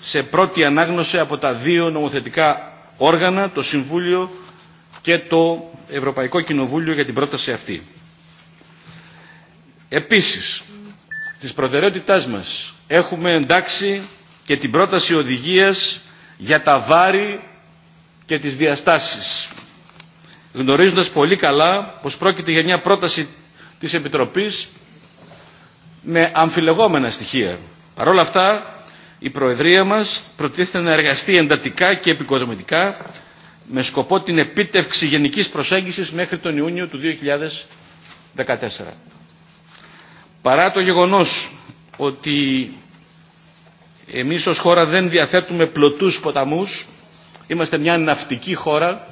σε πρώτη ανάγνωση από τα δύο νομοθετικά όργανα, το Συμβούλιο και το Ευρωπαϊκό Κοινοβούλιο για την πρόταση αυτή. Επίσης, στις προτεραιότητάς μας έχουμε εντάξει και την πρόταση οδηγίας για τα βάρη και τις διαστάσεις. Γνωρίζοντας πολύ καλά πως πρόκειται για μια πρόταση της Επιτροπής με αμφιλεγόμενα στοιχεία. Παρ' όλα αυτά η Προεδρία μας προτίθεται να εργαστεί εντατικά και επικοδομητικά με σκοπό την επίτευξη γενικής προσέγγισης μέχρι τον Ιούνιο του 2014. Παρά το γεγονός ότι εμείς ως χώρα δεν διαθέτουμε πλωτούς ποταμούς. Είμαστε μια ναυτική χώρα.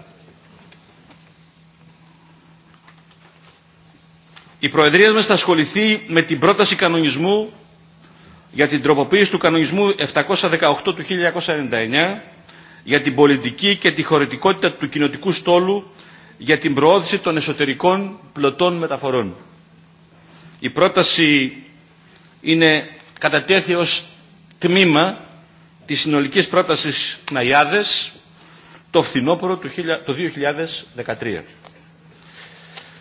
Η Προεδρία μας θα ασχοληθεί με την πρόταση κανονισμού για την τροποποίηση του κανονισμού 718 του 1999 για την πολιτική και τη χωρητικότητα του κοινοτικού στόλου για την προώθηση των εσωτερικών πλωτών μεταφορών. Η πρόταση είναι κατατέθη ως τμήμα της συνολικής πρότασης Ναϊάδες το φθινόπωρο του 2013.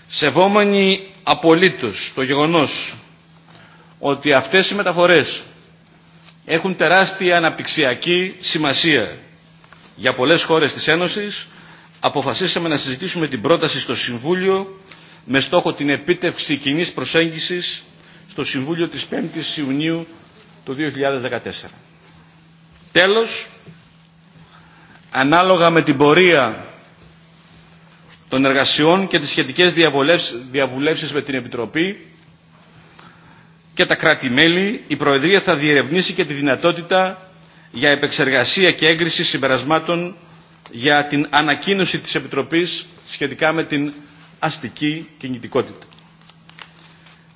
Σεβόμενοι απολύτως το γεγονός ότι αυτές οι μεταφορές έχουν τεράστια αναπτυξιακή σημασία για πολλές χώρες της Ένωσης, αποφασίσαμε να συζητήσουμε την πρόταση στο Συμβούλιο με στόχο την επίτευξη κοινή προσέγγισης στο Συμβούλιο της 5ης Ιουνίου το 2014. Τέλος, ανάλογα με την πορεία των εργασιών και τις σχετικές διαβουλεύσεις με την Επιτροπή και τα κράτη-μέλη, η Προεδρία θα διερευνήσει και τη δυνατότητα για επεξεργασία και έγκριση συμπερασμάτων για την ανακοίνωση της Επιτροπής σχετικά με την αστική κινητικότητα.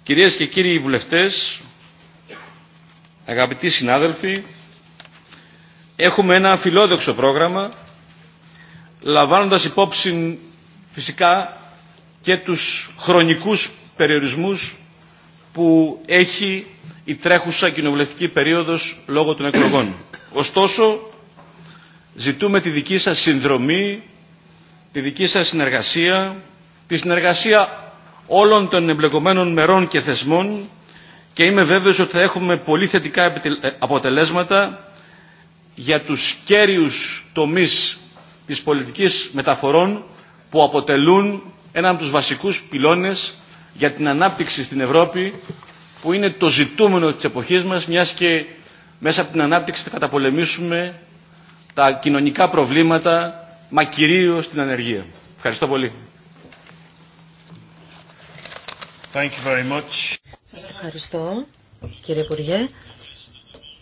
Κυρίες και κύριοι βουλευτές, Αγαπητοί συνάδελφοι, έχουμε ένα φιλόδοξο πρόγραμμα, λαμβάνοντας υπόψη φυσικά και τους χρονικούς περιορισμούς που έχει η τρέχουσα κοινοβουλευτική περίοδος λόγω των εκλογών. Ωστόσο, ζητούμε τη δική σας συνδρομή, τη δική σας συνεργασία, τη συνεργασία όλων των εμπλεκομένων μερών και θεσμών και είμαι βέβαιος ότι θα έχουμε πολύ θετικά ε, αποτελέσματα για τους κέριους τομείς της πολιτικής μεταφορών που αποτελούν έναν από τους βασικούς πυλώνες για την ανάπτυξη στην Ευρώπη που είναι το ζητούμενο της εποχής μας μιας και μέσα από την ανάπτυξη θα καταπολεμήσουμε τα κοινωνικά προβλήματα μα κυρίως την ανεργία. Ευχαριστώ πολύ. Ευχαριστώ, κύριε Υπουργέ.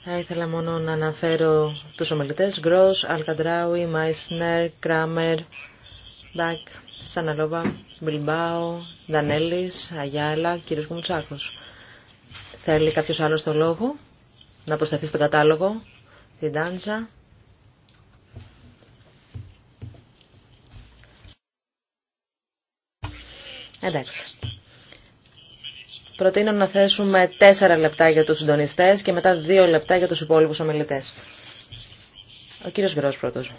Θα ήθελα μόνο να αναφέρω τους ομιλητές Γκρός, Αλκαντράουι, Μάισνερ, Κράμερ, Μπακ, Σαναλόβα, Μπιλμπάο, Δανέλης, Αγιάλα, κύριος Κουμουτσάκος. Θέλει κάποιος άλλος το λόγο να προσταθεί στον κατάλογο, την Τάντζα. Εντάξει. Προτείνω να θέσουμε τέσσερα λεπτά για τους συντονιστές και μετά δύο λεπτά για τους υπόλοιπους ομιλητές. Ο κύριος Γκρός πρώτος.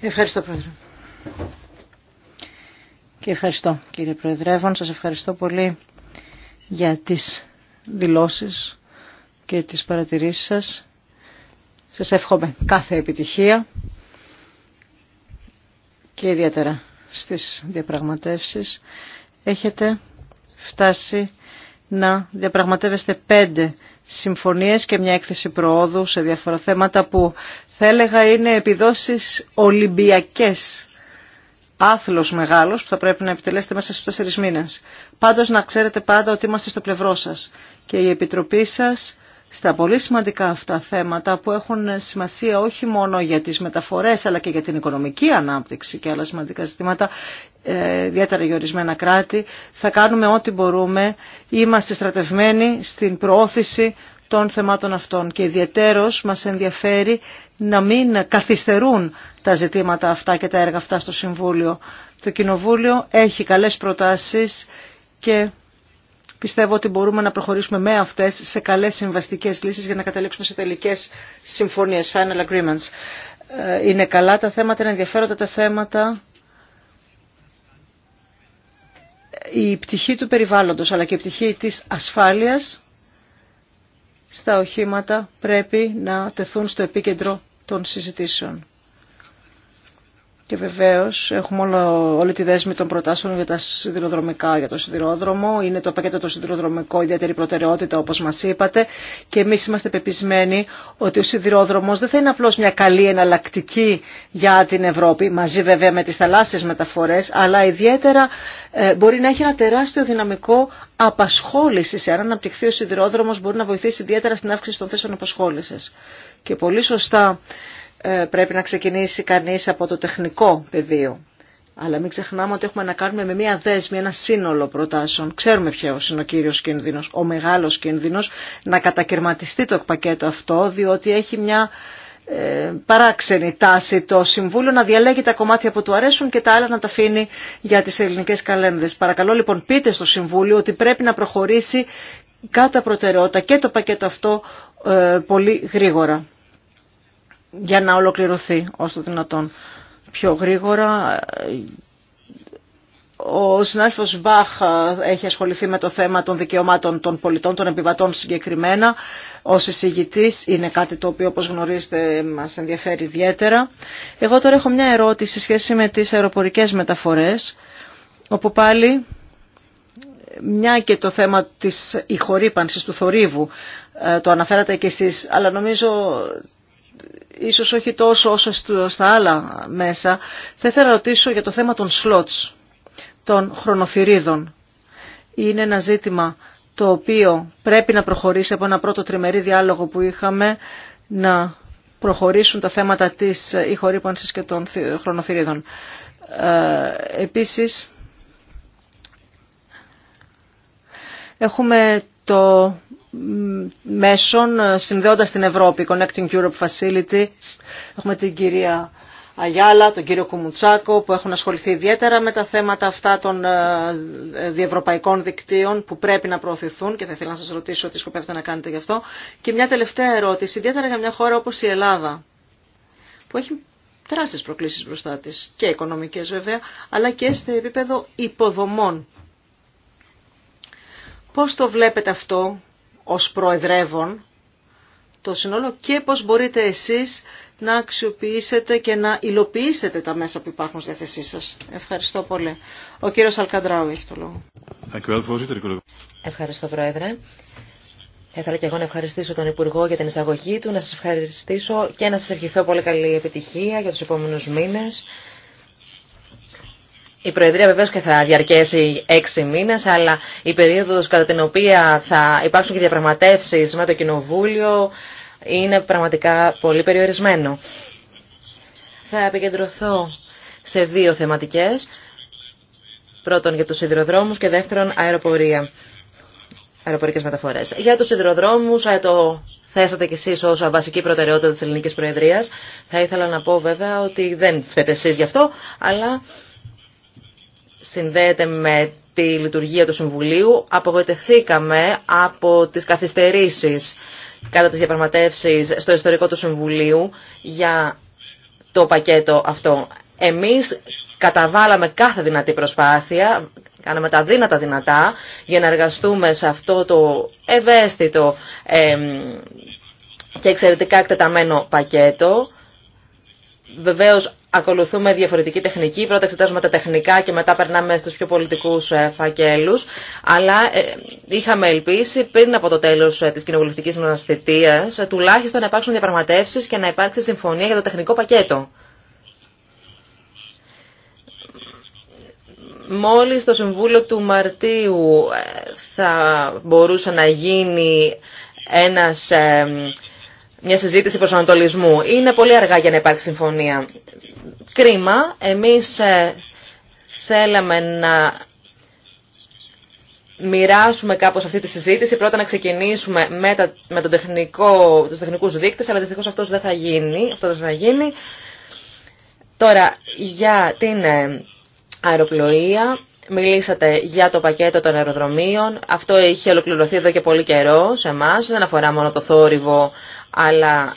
Ευχαριστώ πρόεδρε. Και ευχαριστώ κύριε Προεδρεύον. Σας ευχαριστώ πολύ για τις δηλώσεις και τις παρατηρήσεις σας. Σας εύχομαι κάθε επιτυχία και ιδιαίτερα στις διαπραγματεύσεις. Έχετε φτάσει να διαπραγματεύεστε πέντε συμφωνίες και μια έκθεση προόδου σε διάφορα θέματα που θα έλεγα είναι επιδόσεις ολυμπιακές. Άθλος μεγάλος που θα πρέπει να επιτελέσετε μέσα στους τέσσερις μήνες. Πάντως να ξέρετε πάντα ότι είμαστε στο πλευρό σας και η Επιτροπή σας στα πολύ σημαντικά αυτά θέματα που έχουν σημασία όχι μόνο για τις μεταφορές αλλά και για την οικονομική ανάπτυξη και άλλα σημαντικά ζητήματα ε, ιδιαίτερα για ορισμένα κράτη. Θα κάνουμε ό,τι μπορούμε. Είμαστε στρατευμένοι στην προώθηση των θεμάτων αυτών και ιδιαιτέρως μας ενδιαφέρει να μην καθυστερούν τα ζητήματα αυτά και τα έργα αυτά στο Συμβούλιο. Το Κοινοβούλιο έχει καλές προτάσεις και πιστεύω ότι μπορούμε να προχωρήσουμε με αυτές σε καλές συμβαστικές λύσεις για να καταλήξουμε σε τελικές συμφωνίες, final agreements. Ε, είναι καλά τα θέματα, είναι ενδιαφέροντα τα θέματα. η πτυχή του περιβάλλοντος αλλά και η πτυχή της ασφάλειας στα οχήματα πρέπει να τεθούν στο επίκεντρο των συζητήσεων. Και βεβαίω έχουμε όλο, όλη τη δέσμη των προτάσεων για τα σιδηροδρομικά, για το σιδηρόδρομο. Είναι το πακέτο το σιδηροδρομικό ιδιαίτερη προτεραιότητα, όπω μα είπατε. Και εμεί είμαστε πεπισμένοι ότι ο σιδηρόδρομο δεν θα είναι απλώ μια καλή εναλλακτική για την Ευρώπη, μαζί βέβαια με τι θαλάσσιε μεταφορέ, αλλά ιδιαίτερα ε, μπορεί να έχει ένα τεράστιο δυναμικό απασχόληση. Εάν αναπτυχθεί ο σιδηρόδρομο, μπορεί να βοηθήσει ιδιαίτερα στην αύξηση των θέσεων απασχόληση. Και πολύ σωστά ε, πρέπει να ξεκινήσει κανείς από το τεχνικό πεδίο. Αλλά μην ξεχνάμε ότι έχουμε να κάνουμε με μια δέσμη, ένα σύνολο προτάσεων. Ξέρουμε ποιο είναι ο κύριο κίνδυνο, ο μεγάλο κίνδυνο να κατακαιρματιστεί το πακέτο αυτό, διότι έχει μια ε, παράξενη τάση το Συμβούλιο να διαλέγει τα κομμάτια που του αρέσουν και τα άλλα να τα αφήνει για τις ελληνικές καλένδες. Παρακαλώ λοιπόν πείτε στο Συμβούλιο ότι πρέπει να προχωρήσει κατά προτεραιότητα και το πακέτο αυτό ε, πολύ γρήγορα για να ολοκληρωθεί όσο δυνατόν πιο γρήγορα. Ο συνάδελφος Μπαχ έχει ασχοληθεί με το θέμα των δικαιωμάτων των πολιτών, των επιβατών συγκεκριμένα. Ο εισηγητής είναι κάτι το οποίο όπως γνωρίζετε μας ενδιαφέρει ιδιαίτερα. Εγώ τώρα έχω μια ερώτηση σχέση με τις αεροπορικές μεταφορές, όπου πάλι μια και το θέμα της ηχορύπανσης του θορύβου ε, το αναφέρατε και εσείς, αλλά νομίζω ίσως όχι τόσο όσο στα άλλα μέσα, θα ήθελα να ρωτήσω για το θέμα των σλότς, των χρονοφυρίδων. Είναι ένα ζήτημα το οποίο πρέπει να προχωρήσει από ένα πρώτο τριμερή διάλογο που είχαμε να προχωρήσουν τα θέματα της ηχορύπανσης και των χρονοθυρίδων. Ε, επίσης, έχουμε το μέσων ε, συνδέοντας την Ευρώπη, Connecting Europe Facility. Έχουμε την κυρία Αγιάλα, τον κύριο Κουμουτσάκο που έχουν ασχοληθεί ιδιαίτερα με τα θέματα αυτά των ε, διευρωπαϊκών δικτύων που πρέπει να προωθηθούν και θα ήθελα να σας ρωτήσω τι σκοπεύετε να κάνετε γι' αυτό. Και μια τελευταία ερώτηση, ιδιαίτερα για μια χώρα όπως η Ελλάδα που έχει τεράστιες προκλήσεις μπροστά τη και οικονομικές βέβαια αλλά και σε επίπεδο υποδομών. Πώς το βλέπετε αυτό ως προεδρεύων το σύνολο και πώς μπορείτε εσείς να αξιοποιήσετε και να υλοποιήσετε τα μέσα που υπάρχουν στη διάθεσή σας. Ευχαριστώ πολύ. Ο κύριος Αλκαντράου έχει το λόγο. Ευχαριστώ Πρόεδρε. Θα ήθελα και εγώ να ευχαριστήσω τον Υπουργό για την εισαγωγή του, να σας ευχαριστήσω και να σας ευχηθώ πολύ καλή επιτυχία για τους επόμενους μήνες. Η Προεδρία βεβαίω και θα διαρκέσει έξι μήνε, αλλά η περίοδο κατά την οποία θα υπάρξουν και διαπραγματεύσει με το Κοινοβούλιο είναι πραγματικά πολύ περιορισμένο. Θα επικεντρωθώ σε δύο θεματικές. Πρώτον για τους σιδηροδρόμους και δεύτερον αεροπορία. Αεροπορικές μεταφορές. Για τους σιδηροδρόμους ε, το θέσατε κι εσείς ως βασική προτεραιότητα της ελληνικής προεδρίας. Θα ήθελα να πω βέβαια ότι δεν φταίτε εσείς γι' αυτό, αλλά συνδέεται με τη λειτουργία του Συμβουλίου. Απογοητευθήκαμε από τις καθυστερήσεις κατά τις διαπραγματεύσεις στο ιστορικό του Συμβουλίου για το πακέτο αυτό. Εμείς καταβάλαμε κάθε δυνατή προσπάθεια, κάναμε τα δύνατα δυνατά για να εργαστούμε σε αυτό το ευαίσθητο και εξαιρετικά εκτεταμένο πακέτο. Βεβαίως ακολουθούμε διαφορετική τεχνική. Πρώτα εξετάζουμε τα τεχνικά και μετά περνάμε στους πιο πολιτικούς ε, φακέλους. Αλλά ε, είχαμε ελπίσει πριν από το τέλος ε, της κοινοβουλευτικής μας τουλάχιστον να υπάρξουν διαπραγματεύσεις και να υπάρξει συμφωνία για το τεχνικό πακέτο. Μόλις το Συμβούλιο του Μαρτίου θα μπορούσε να γίνει ένας μια συζήτηση προσανατολισμού. Είναι πολύ αργά για να υπάρξει συμφωνία κρίμα. Εμείς ε, θέλαμε να μοιράσουμε κάπως αυτή τη συζήτηση. Πρώτα να ξεκινήσουμε με, τα, με τον τεχνικό, τους τεχνικούς δείκτες, αλλά δυστυχώς αυτός δεν θα γίνει. Αυτό δεν θα γίνει. Τώρα, για την ε, αεροπλοεία, μιλήσατε για το πακέτο των αεροδρομίων. Αυτό έχει ολοκληρωθεί εδώ και πολύ καιρό σε εμά. Δεν αφορά μόνο το θόρυβο, αλλά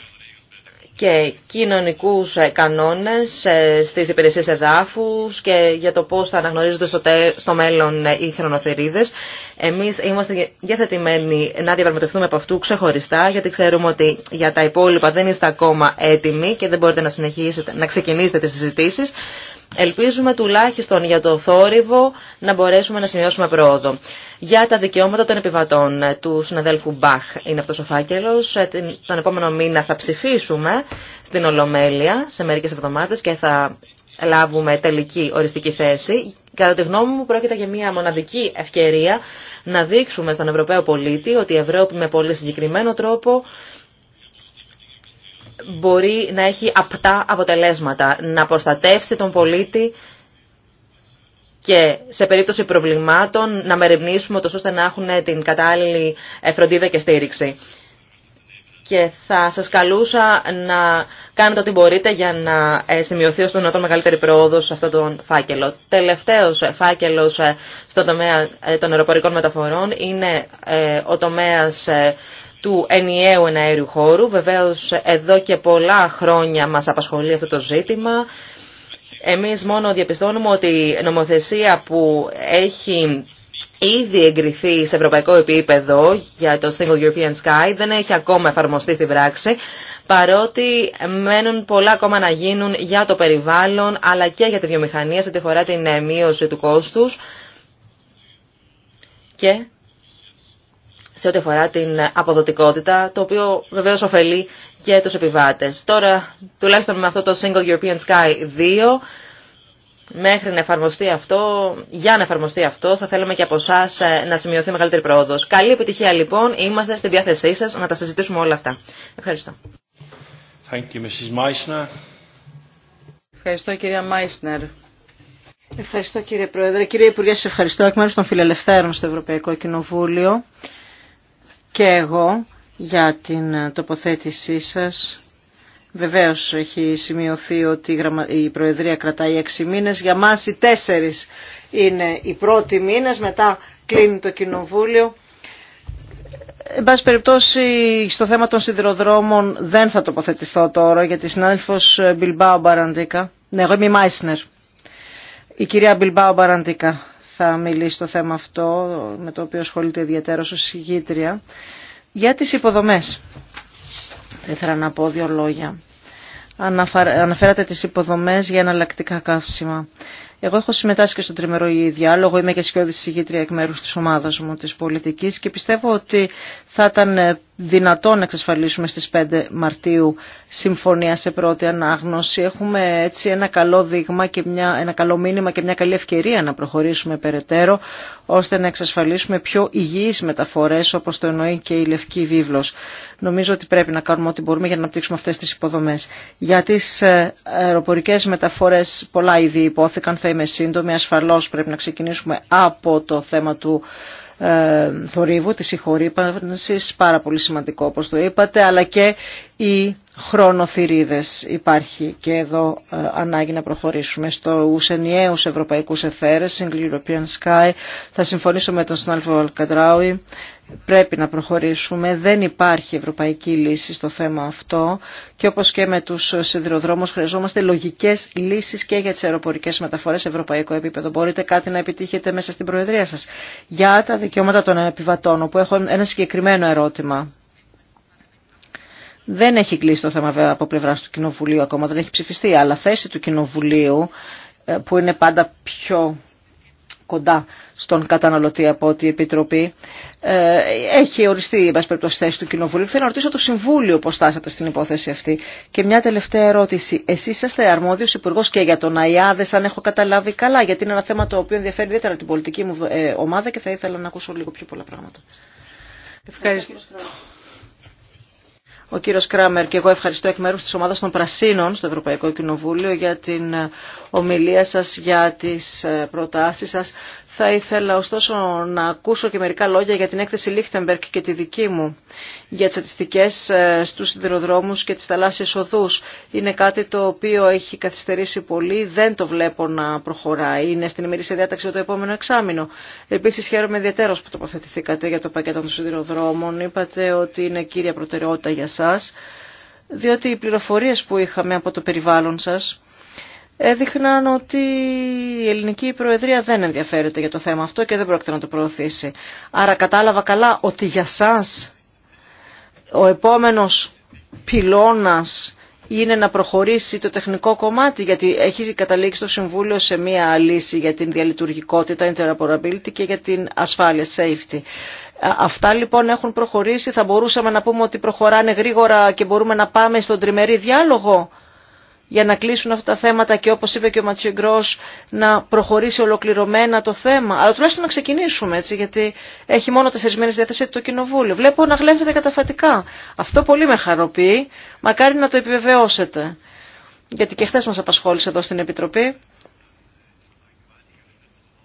και κοινωνικούς ε, κανόνες ε, στις υπηρεσίες εδάφους και για το πώς θα αναγνωρίζονται στο, μέλλον ε, οι χρονοθερίδες. Εμείς είμαστε διαθετημένοι να διαπραγματευτούμε από αυτού ξεχωριστά γιατί ξέρουμε ότι για τα υπόλοιπα δεν είστε ακόμα έτοιμοι και δεν μπορείτε να, συνεχίσετε, να ξεκινήσετε τις συζητήσεις. Ελπίζουμε τουλάχιστον για το θόρυβο να μπορέσουμε να σημειώσουμε πρόοδο. Για τα δικαιώματα των επιβατών ε, του συναδέλφου Μπαχ είναι αυτός ο φάκελος. Ε, τον επόμενο μήνα θα ψηφίσουμε στην Ολομέλεια σε μερικές εβδομάδες και θα λάβουμε τελική οριστική θέση. Κατά τη γνώμη μου πρόκειται για μια μοναδική ευκαιρία να δείξουμε στον Ευρωπαίο πολίτη ότι η Ευρώπη με πολύ συγκεκριμένο τρόπο μπορεί να έχει απτά αποτελέσματα, να προστατεύσει τον πολίτη και σε περίπτωση προβλημάτων να μερευνήσουμε τόσο ώστε να έχουν την κατάλληλη ε, φροντίδα και στήριξη. Και θα σας καλούσα να κάνετε ό,τι μπορείτε για να ε, σημειωθεί ως τον μεγαλύτερη πρόοδος σε αυτόν τον φάκελο. Τελευταίος φάκελος ε, στον τομέα των αεροπορικών μεταφορών είναι ο τομέας του ενιαίου εναέριου χώρου. Βεβαίως εδώ και πολλά χρόνια μας απασχολεί αυτό το ζήτημα. Εμείς μόνο διαπιστώνουμε ότι η νομοθεσία που έχει ήδη εγκριθεί σε ευρωπαϊκό επίπεδο για το Single European Sky δεν έχει ακόμα εφαρμοστεί στην πράξη παρότι μένουν πολλά ακόμα να γίνουν για το περιβάλλον αλλά και για τη βιομηχανία σε τη φορά την μείωση του κόστους και σε ό,τι αφορά την αποδοτικότητα, το οποίο βεβαίω ωφελεί και του επιβάτε. Τώρα, τουλάχιστον με αυτό το Single European Sky 2, μέχρι να εφαρμοστεί αυτό, για να εφαρμοστεί αυτό, θα θέλαμε και από εσά ε, να σημειωθεί μεγαλύτερη πρόοδο. Καλή επιτυχία λοιπόν, είμαστε στη διάθεσή σα να τα συζητήσουμε όλα αυτά. Ευχαριστώ. Thank Ευχαριστώ κυρία Μάισνερ. Ευχαριστώ κύριε Πρόεδρε. Κύριε Υπουργέ, σα ευχαριστώ εκ μέρου των φιλελευθέρων στο Ευρωπαϊκό Κοινοβούλιο και εγώ για την τοποθέτησή σας. Βεβαίως έχει σημειωθεί ότι η Προεδρία κρατάει έξι μήνες. Για μας οι τέσσερις είναι οι πρώτοι μήνες, μετά κλείνει το Κοινοβούλιο. Εν πάση περιπτώσει, στο θέμα των σιδηροδρόμων δεν θα τοποθετηθώ τώρα, γιατί συνάδελφος Μπιλμπάου Μπαραντίκα, ναι, εγώ είμαι η Μάισνερ, η κυρία Μπιλμπάου Μπαραντίκα θα μιλήσει στο θέμα αυτό, με το οποίο ασχολείται ιδιαίτερα ω συγγήτρια. Για τις υποδομές, θα ήθελα να πω δύο λόγια. Αναφέρατε τις υποδομές για εναλλακτικά καύσιμα. Εγώ έχω συμμετάσχει και στον τριμερό διάλογο, είμαι και σκιώδη συγγήτρια εκ μέρου τη ομάδα μου τη πολιτική και πιστεύω ότι θα ήταν ε, δυνατόν να εξασφαλίσουμε στις 5 Μαρτίου συμφωνία σε πρώτη ανάγνωση. Έχουμε έτσι ένα καλό δείγμα και μια, ένα καλό μήνυμα και μια καλή ευκαιρία να προχωρήσουμε περαιτέρω ώστε να εξασφαλίσουμε πιο υγιείς μεταφορές όπως το εννοεί και η Λευκή Βίβλος. Νομίζω ότι πρέπει να κάνουμε ό,τι μπορούμε για να αναπτύξουμε αυτές τις υποδομές. Για τις ε, αεροπορικές μεταφορές πολλά ήδη υπόθηκαν, θα είμαι σύντομη. Ασφαλώς πρέπει να ξεκινήσουμε από το θέμα του ε, θορύβου, τη συγχωρήπανση, πάρα πολύ σημαντικό όπως το είπατε, αλλά και οι χρονοθυρίδες υπάρχει και εδώ ε, ανάγκη να προχωρήσουμε στο ενιαίους ευρωπαϊκούς εθέρες, Single European Sky. Θα συμφωνήσω με τον Σνάλφο Αλκαντράουι πρέπει να προχωρήσουμε. Δεν υπάρχει ευρωπαϊκή λύση στο θέμα αυτό και όπως και με τους σιδηροδρόμους χρειαζόμαστε λογικές λύσεις και για τις αεροπορικές μεταφορές σε ευρωπαϊκό επίπεδο. Μπορείτε κάτι να επιτύχετε μέσα στην Προεδρία σας. Για τα δικαιώματα των επιβατών, όπου έχω ένα συγκεκριμένο ερώτημα. Δεν έχει κλείσει το θέμα βέβαια από πλευρά του Κοινοβουλίου ακόμα, δεν έχει ψηφιστεί, αλλά θέση του Κοινοβουλίου ε, που είναι πάντα πιο κοντά στον καταναλωτή από ό,τι η Επιτροπή. Ε, έχει οριστεί η περιπτώσει θέση του Κοινοβουλίου. Θέλω να ρωτήσω το Συμβούλιο πώ στάσατε στην υπόθεση αυτή. Και μια τελευταία ερώτηση. Εσεί είσαστε αρμόδιο υπουργό και για τον ΑΙΑΔΕ, αν έχω καταλάβει καλά, γιατί είναι ένα θέμα το οποίο ενδιαφέρει ιδιαίτερα την πολιτική μου ε, ομάδα και θα ήθελα να ακούσω λίγο πιο πολλά πράγματα. Ευχαριστώ ο κύριος Κράμερ και εγώ ευχαριστώ εκ μέρους της ομάδας των Πρασίνων στο Ευρωπαϊκό Κοινοβούλιο για την ε, ομιλία σας, για τις ε, προτάσεις σας. Θα ήθελα ωστόσο να ακούσω και μερικά λόγια για την έκθεση Λίχτεμπερκ και τη δική μου για τις στατιστικές ε, στους σιδηροδρόμους και τις θαλάσσιες οδούς. Είναι κάτι το οποίο έχει καθυστερήσει πολύ, δεν το βλέπω να προχωράει. Είναι στην ημερήσια διάταξη το επόμενο εξάμεινο. Επίσης χαίρομαι ιδιαίτερω που τοποθετηθήκατε για το πακέτο των σιδηροδρόμων. Είπατε ότι είναι κύρια προτεραιότητα για σας, διότι οι πληροφορίες που είχαμε από το περιβάλλον σας έδειχναν ότι η ελληνική προεδρία δεν ενδιαφέρεται για το θέμα αυτό και δεν πρόκειται να το προωθήσει. Άρα κατάλαβα καλά ότι για σας ο επόμενος πυλώνας είναι να προχωρήσει το τεχνικό κομμάτι, γιατί έχει καταλήξει το Συμβούλιο σε μία λύση για την διαλειτουργικότητα, interoperability και για την ασφάλεια, safety. Αυτά λοιπόν έχουν προχωρήσει, θα μπορούσαμε να πούμε ότι προχωράνε γρήγορα και μπορούμε να πάμε στον τριμερή διάλογο για να κλείσουν αυτά τα θέματα και όπως είπε και ο Ματσιέ Γκρός να προχωρήσει ολοκληρωμένα το θέμα. Αλλά τουλάχιστον να ξεκινήσουμε έτσι γιατί έχει μόνο τέσσερις μήνες διάθεση το κοινοβούλιο. Βλέπω να γλέφετε καταφατικά. Αυτό πολύ με χαροποιεί. Μακάρι να το επιβεβαιώσετε. Γιατί και χθε μας απασχόλησε εδώ στην Επιτροπή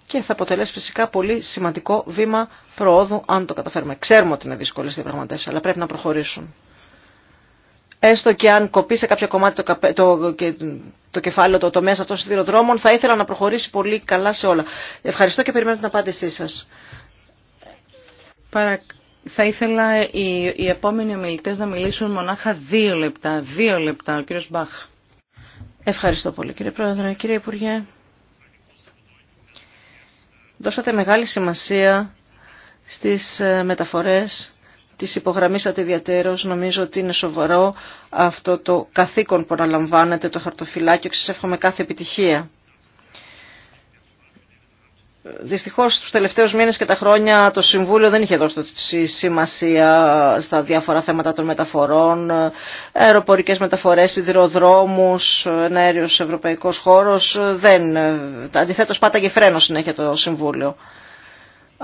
και θα αποτελέσει φυσικά πολύ σημαντικό βήμα προόδου αν το καταφέρουμε. Ξέρουμε ότι είναι δύσκολε διαπραγματεύσει, αλλά πρέπει να προχωρήσουν έστω και αν κοπεί σε κάποιο κομμάτι το, το, το κεφάλαιο, το τομέα αυτών των σιδηροδρόμων, θα ήθελα να προχωρήσει πολύ καλά σε όλα. Ευχαριστώ και περιμένω την απάντησή σα. Θα ήθελα οι, επόμενοι ομιλητέ να μιλήσουν μονάχα δύο λεπτά. Δύο λεπτά, ο κύριος Μπαχ. Ευχαριστώ πολύ κύριε Πρόεδρε. Κύριε Υπουργέ, δώσατε μεγάλη σημασία στις ε, μεταφορές τις υπογραμμίσατε ιδιαίτερως. Νομίζω ότι είναι σοβαρό αυτό το καθήκον που αναλαμβάνετε, το χαρτοφυλάκιο. Σας εύχομαι κάθε επιτυχία. Δυστυχώς τους τελευταίους μήνες και τα χρόνια το Συμβούλιο δεν είχε δώσει σημασία στα διάφορα θέματα των μεταφορών, αεροπορικές μεταφορές, σιδηροδρόμους, ένα αέριος ευρωπαϊκός χώρος. Δεν, αντιθέτως πάταγε φρένο συνέχεια το Συμβούλιο.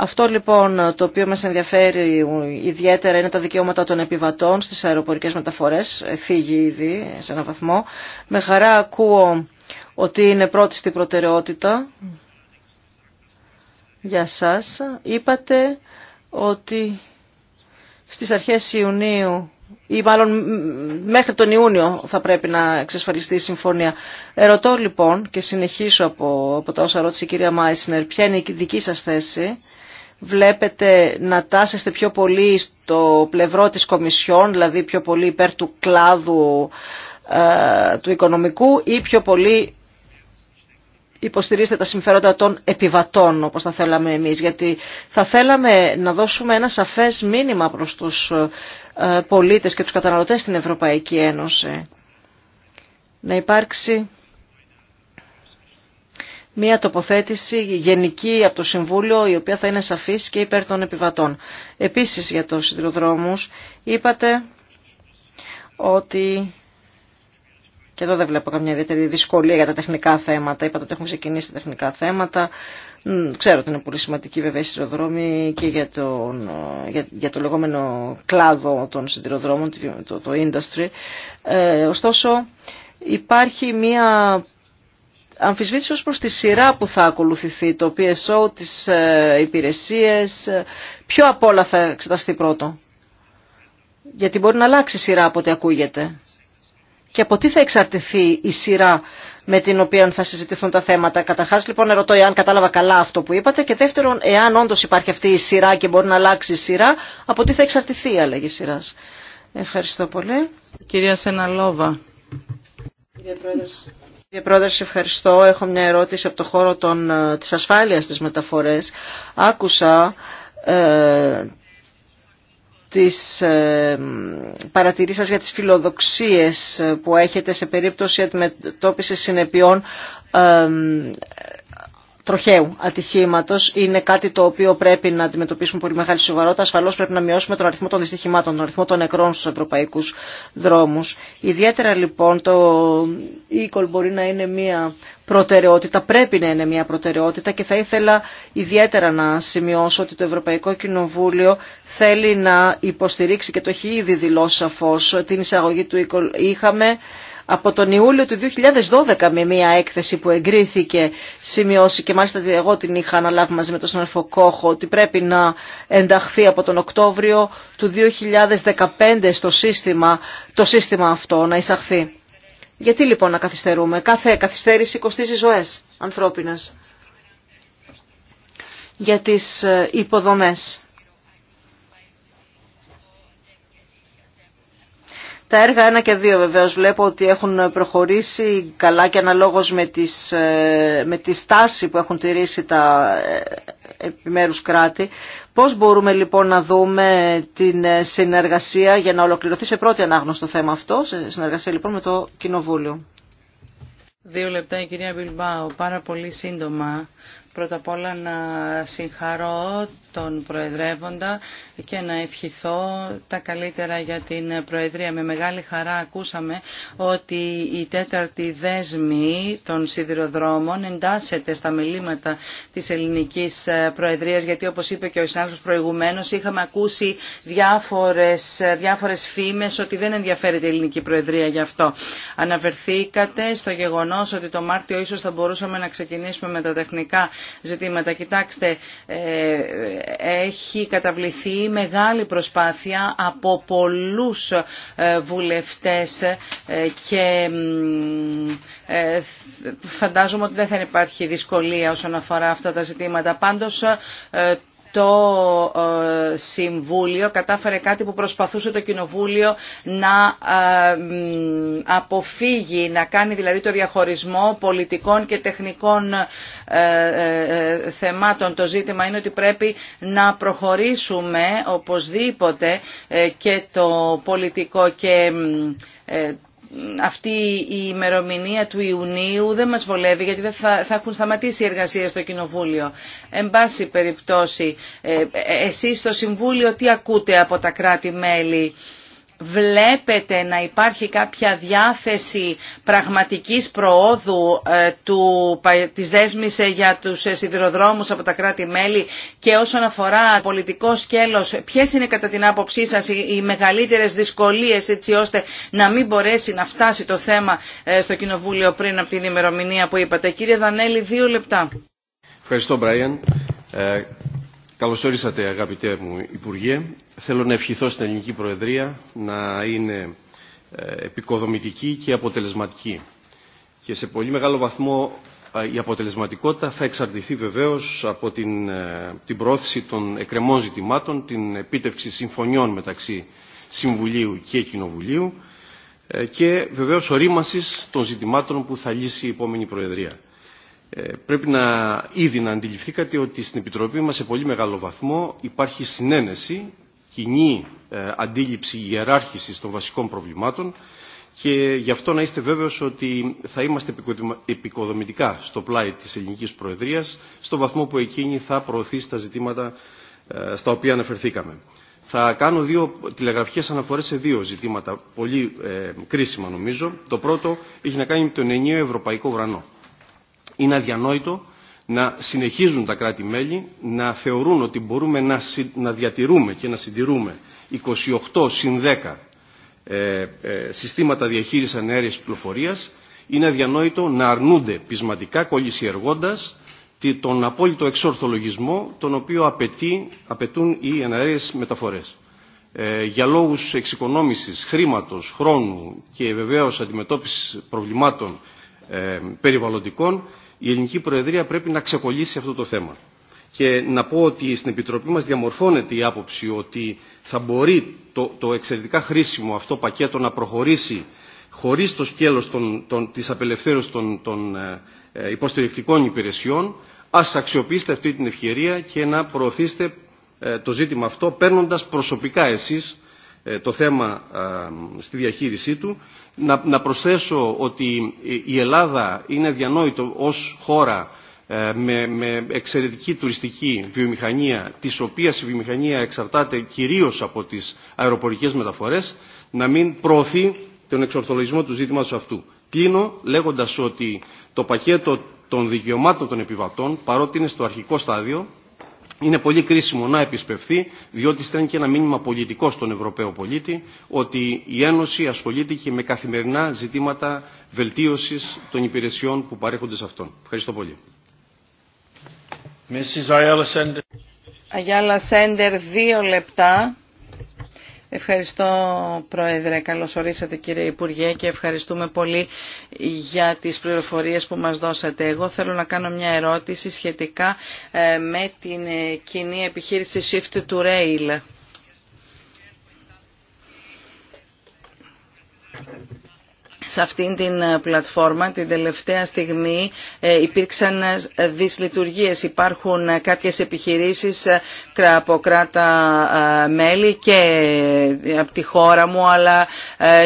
Αυτό λοιπόν το οποίο μας ενδιαφέρει ιδιαίτερα είναι τα δικαιώματα των επιβατών στις αεροπορικές μεταφορές, θίγει ήδη σε ένα βαθμό. Με χαρά ακούω ότι είναι πρώτη στην προτεραιότητα για σας. Είπατε ότι στις αρχές Ιουνίου ή μάλλον μέχρι τον Ιούνιο θα πρέπει να εξασφαλιστεί η συμφωνία. Ερωτώ λοιπόν και συνεχίσω από, από τα όσα ρώτησε η κυρία Μάισνερ, ποια είναι η δική σας θέση βλέπετε να τάσεστε πιο πολύ στο πλευρό της Κομισιόν, δηλαδή πιο πολύ υπέρ του κλάδου ε, του οικονομικού ή πιο πολύ υποστηρίζετε τα συμφέροντα των επιβατών όπως θα θέλαμε εμείς γιατί θα θέλαμε να δώσουμε ένα σαφές μήνυμα προς τους ε, πολίτες και τους καταναλωτές στην Ευρωπαϊκή Ένωση να υπάρξει μια τοποθέτηση γενική από το Συμβούλιο η οποία θα είναι σαφής και υπέρ των επιβατών. Επίσης για τους σιδηροδρόμους είπατε ότι και εδώ δεν βλέπω καμιά ιδιαίτερη δυσκολία για τα τεχνικά θέματα. Είπατε ότι έχουμε ξεκινήσει τα τεχνικά θέματα. Ξέρω ότι είναι πολύ σημαντική βέβαια η σιδηροδρόμη και για, τον, για, το λεγόμενο κλάδο των σιδηροδρόμων, το, το industry. Ε, ωστόσο υπάρχει μια αμφισβήτηση ως προς τη σειρά που θα ακολουθηθεί, το PSO, τις ε, υπηρεσίες, ποιο απ' όλα θα εξεταστεί πρώτο. Γιατί μπορεί να αλλάξει η σειρά από ό,τι ακούγεται. Και από τι θα εξαρτηθεί η σειρά με την οποία θα συζητηθούν τα θέματα. Καταρχά, λοιπόν, ρωτώ εάν κατάλαβα καλά αυτό που είπατε. Και δεύτερον, εάν όντω υπάρχει αυτή η σειρά και μπορεί να αλλάξει η σειρά, από τι θα εξαρτηθεί η αλλαγή σειρά. Ευχαριστώ πολύ. Κυρία Σεναλόβα. Κύριε Πρόεδρε. Κύριε Πρόεδρε, σε ευχαριστώ. Έχω μια ερώτηση από το χώρο των, ε, της ασφάλειας της μεταφορές. Άκουσα ε, τις ε, παρατηρήσεις για τις φιλοδοξίες ε, που έχετε σε περίπτωση αντιμετώπισης συνεπειών ε, τροχαίου ατυχήματο είναι κάτι το οποίο πρέπει να αντιμετωπίσουμε πολύ μεγάλη σοβαρότητα. Ασφαλώ πρέπει να μειώσουμε τον αριθμό των δυστυχημάτων, τον αριθμό των νεκρών στου ευρωπαϊκού δρόμου. Ιδιαίτερα λοιπόν το e-call μπορεί να είναι μια προτεραιότητα, πρέπει να είναι μια προτεραιότητα και θα ήθελα ιδιαίτερα να σημειώσω ότι το Ευρωπαϊκό Κοινοβούλιο θέλει να υποστηρίξει και το έχει ήδη δηλώσει σαφώ την εισαγωγή του e-call. Είχαμε από τον Ιούλιο του 2012 με μια έκθεση που εγκρίθηκε σημειώσει και μάλιστα εγώ την είχα αναλάβει μαζί με τον συναρφό Κόχο ότι πρέπει να ενταχθεί από τον Οκτώβριο του 2015 στο σύστημα, το σύστημα αυτό να εισαχθεί. Γιατί λοιπόν να καθυστερούμε. Κάθε καθυστέρηση κοστίζει ζωές ανθρώπινες για τις ε, υποδομές. Τα έργα 1 και 2 βεβαίως βλέπω ότι έχουν προχωρήσει καλά και αναλόγως με, τις, ε, με τη στάση που έχουν τηρήσει τα ε, επιμέρους κράτη. Πώς μπορούμε λοιπόν να δούμε την ε, συνεργασία για να ολοκληρωθεί σε πρώτη ανάγνωση το θέμα αυτό, σε συνεργασία λοιπόν με το Κοινοβούλιο. Δύο λεπτά η κυρία Μπιλμπάου, πάρα πολύ σύντομα. Πρώτα απ' όλα να συγχαρώ τον Προεδρεύοντα και να ευχηθώ τα καλύτερα για την Προεδρία. Με μεγάλη χαρά ακούσαμε ότι η τέταρτη δέσμη των σιδηροδρόμων εντάσσεται στα μιλήματα της ελληνικής Προεδρίας γιατί όπως είπε και ο συνάδελφος προηγουμένως είχαμε ακούσει διάφορες, διάφορες φήμες ότι δεν ενδιαφέρεται η ελληνική Προεδρία γι' αυτό. Αναβερθήκατε στο γεγονός ότι το Μάρτιο ίσως θα μπορούσαμε να ξεκινήσουμε με τα τεχνικά ζητήματα. Κοιτάξτε, ε, έχει καταβληθεί μεγάλη προσπάθεια από πολλούς ε, βουλευτές ε, και ε, φαντάζομαι ότι δεν θα υπάρχει δυσκολία όσον αφορά αυτά τα ζητήματα. Πάντως το ε, Συμβούλιο κατάφερε κάτι που προσπαθούσε το Κοινοβούλιο να ε, αποφύγει, να κάνει δηλαδή το διαχωρισμό πολιτικών και τεχνικών ε, θεμάτων. Το ζήτημα είναι ότι πρέπει να προχωρήσουμε οπωσδήποτε και το πολιτικό και αυτή η ημερομηνία του Ιουνίου δεν μας βολεύει γιατί δεν θα, θα έχουν σταματήσει οι εργασίες στο Κοινοβούλιο. Εν πάση περιπτώσει, ε, ε, εσείς στο Συμβούλιο τι ακούτε από τα κράτη-μέλη βλέπετε να υπάρχει κάποια διάθεση πραγματικής προόδου ε, του, της δέσμης ε, για τους ε, σιδηροδρόμους από τα κράτη-μέλη και όσον αφορά πολιτικό σκέλος, ποιες είναι κατά την άποψή σας οι μεγαλύτερες δυσκολίες έτσι ώστε να μην μπορέσει να φτάσει το θέμα στο Κοινοβούλιο πριν από την ημερομηνία που είπατε. Κύριε Δανέλη, δύο λεπτά. Ευχαριστώ, Ε, Καλώς όρισατε αγαπητέ μου Υπουργέ. Θέλω να ευχηθώ στην Ελληνική Προεδρία να είναι ε, επικοδομητική και αποτελεσματική. Και σε πολύ μεγάλο βαθμό ε, η αποτελεσματικότητα θα εξαρτηθεί βεβαίως από την, ε, την πρόθεση των εκκρεμών ζητημάτων, την επίτευξη συμφωνιών μεταξύ Συμβουλίου και Κοινοβουλίου και βεβαίως ορίμασης των ζητημάτων που θα λύσει η επόμενη Προεδρία. Ε, πρέπει να ήδη να αντιληφθήκατε ότι στην Επιτροπή μας σε πολύ μεγάλο βαθμό υπάρχει συνένεση, κοινή ε, αντίληψη ιεράρχηση των βασικών προβλημάτων και γι' αυτό να είστε βέβαιος ότι θα είμαστε επικοδομητικά στο πλάι της ελληνικής προεδρίας στο βαθμό που εκείνη θα προωθήσει τα ζητήματα ε, στα οποία αναφερθήκαμε. Θα κάνω δύο τηλεγραφικές αναφορές σε δύο ζητήματα, πολύ κρίσιμα νομίζω. Το πρώτο έχει να κάνει με τον ενίο ευρωπαϊκό ουρανό. Είναι αδιανόητο να συνεχίζουν τα κράτη-μέλη να θεωρούν ότι μπορούμε να, να διατηρούμε και να συντηρούμε 28 συν 10 ε, ε, συστήματα διαχείρισης ανέρειας πληροφορίας. Είναι αδιανόητο να αρνούνται πεισματικά κολλησιεργώντας τον απόλυτο εξορθολογισμό τον οποίο απαιτεί, απαιτούν οι εναέρειες μεταφορές. Ε, για λόγους εξοικονόμησης χρήματος, χρόνου και βεβαίως αντιμετώπισης προβλημάτων ε, περιβαλλοντικών η ελληνική προεδρία πρέπει να ξεκολλήσει αυτό το θέμα. Και να πω ότι στην Επιτροπή μας διαμορφώνεται η άποψη ότι θα μπορεί το, εξαιρετικά χρήσιμο αυτό πακέτο να προχωρήσει χωρίς το σκέλος των, των, της απελευθέρωσης των, των ε, ε, υποστηρικτικών υπηρεσιών. Ας αξιοποιήσετε αυτή την ευκαιρία και να προωθήσετε ε, το ζήτημα αυτό παίρνοντας προσωπικά εσείς το θέμα στη διαχείρισή του να, να προσθέσω ότι η Ελλάδα είναι διανόητο ως χώρα ε, με, με εξαιρετική τουριστική βιομηχανία, της οποίας η βιομηχανία εξαρτάται κυρίως από τις αεροπορικές μεταφορές, να μην προωθεί τον εξορθολογισμό του ζήτηματος αυτού. Κλείνω λέγοντας ότι το πακέτο των δικαιωμάτων των επιβατών, παρότι είναι στο αρχικό στάδιο, είναι πολύ κρίσιμο να επισπευθεί, διότι στέλνει και ένα μήνυμα πολιτικό στον Ευρωπαίο πολίτη, ότι η Ένωση ασχολείται και με καθημερινά ζητήματα βελτίωσης των υπηρεσιών που παρέχονται σε αυτόν. Ευχαριστώ πολύ. Αγιάλα Σέντερ, δύο λεπτά. Ευχαριστώ Πρόεδρε, καλώς ορίσατε κύριε Υπουργέ και ευχαριστούμε πολύ για τις πληροφορίες που μας δώσατε. Εγώ θέλω να κάνω μια ερώτηση σχετικά ε, με την ε, κοινή επιχείρηση Shift to Rail. σε αυτήν την ε, πλατφόρμα. Την τελευταία στιγμή ε, υπήρξαν ε, δυσλειτουργίες. Υπάρχουν κάποιες επιχειρήσεις από κράτα μέλη και από τη χώρα μου αλλά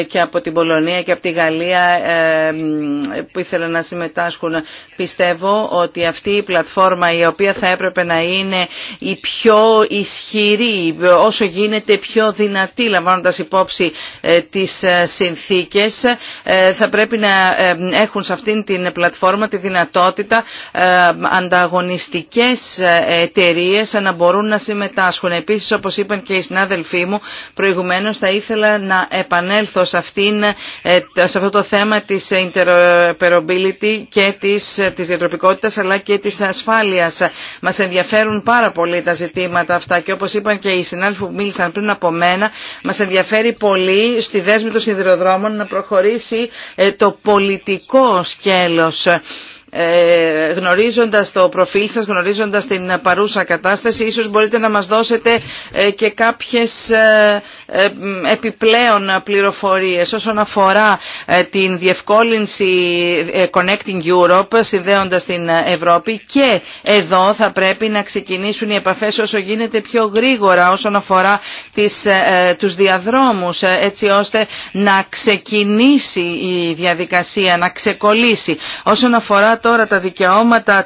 και από την Πολωνία και από τη Γαλλία που ήθελαν να συμμετάσχουν. Πιστεύω ότι αυτή η πλατφόρμα η οποία θα έπρεπε να είναι η πιο ισχυρή, όσο γίνεται πιο δυνατή λαμβάνοντας υπόψη τις συνθήκες ε, θα πρέπει να ε, έχουν σε αυτήν την πλατφόρμα τη δυνατότητα ε, ανταγωνιστικές εταιρείε να μπορούν να συμμετάσχουν. Επίσης, όπως είπαν και οι συνάδελφοί μου, προηγουμένως θα ήθελα να επανέλθω σε, αυτήν, σε αυτό το θέμα της interoperability και της, της διατροπικότητας αλλά και της ασφάλειας. Μας ενδιαφέρουν πάρα πολύ τα ζητήματα αυτά και όπως είπαν και οι συνάδελφοι που μίλησαν πριν από μένα, μας ενδιαφέρει πολύ στη δέσμη των σιδηροδρόμων να προχωρήσει ε, το πολιτικό σκέλος ε, ε, γνωρίζοντας το προφίλ σας, γνωρίζοντας την παρούσα κατάσταση, ίσως μπορείτε να μας δώσετε ε, και κάποιες ε, επιπλέον πληροφορίες όσον αφορά την διευκόλυνση Connecting Europe, συνδέοντας την Ευρώπη και εδώ θα πρέπει να ξεκινήσουν οι επαφές όσο γίνεται πιο γρήγορα όσον αφορά τις, τους διαδρόμους, έτσι ώστε να ξεκινήσει η διαδικασία, να ξεκολλήσει. Όσον αφορά τώρα τα δικαιώματα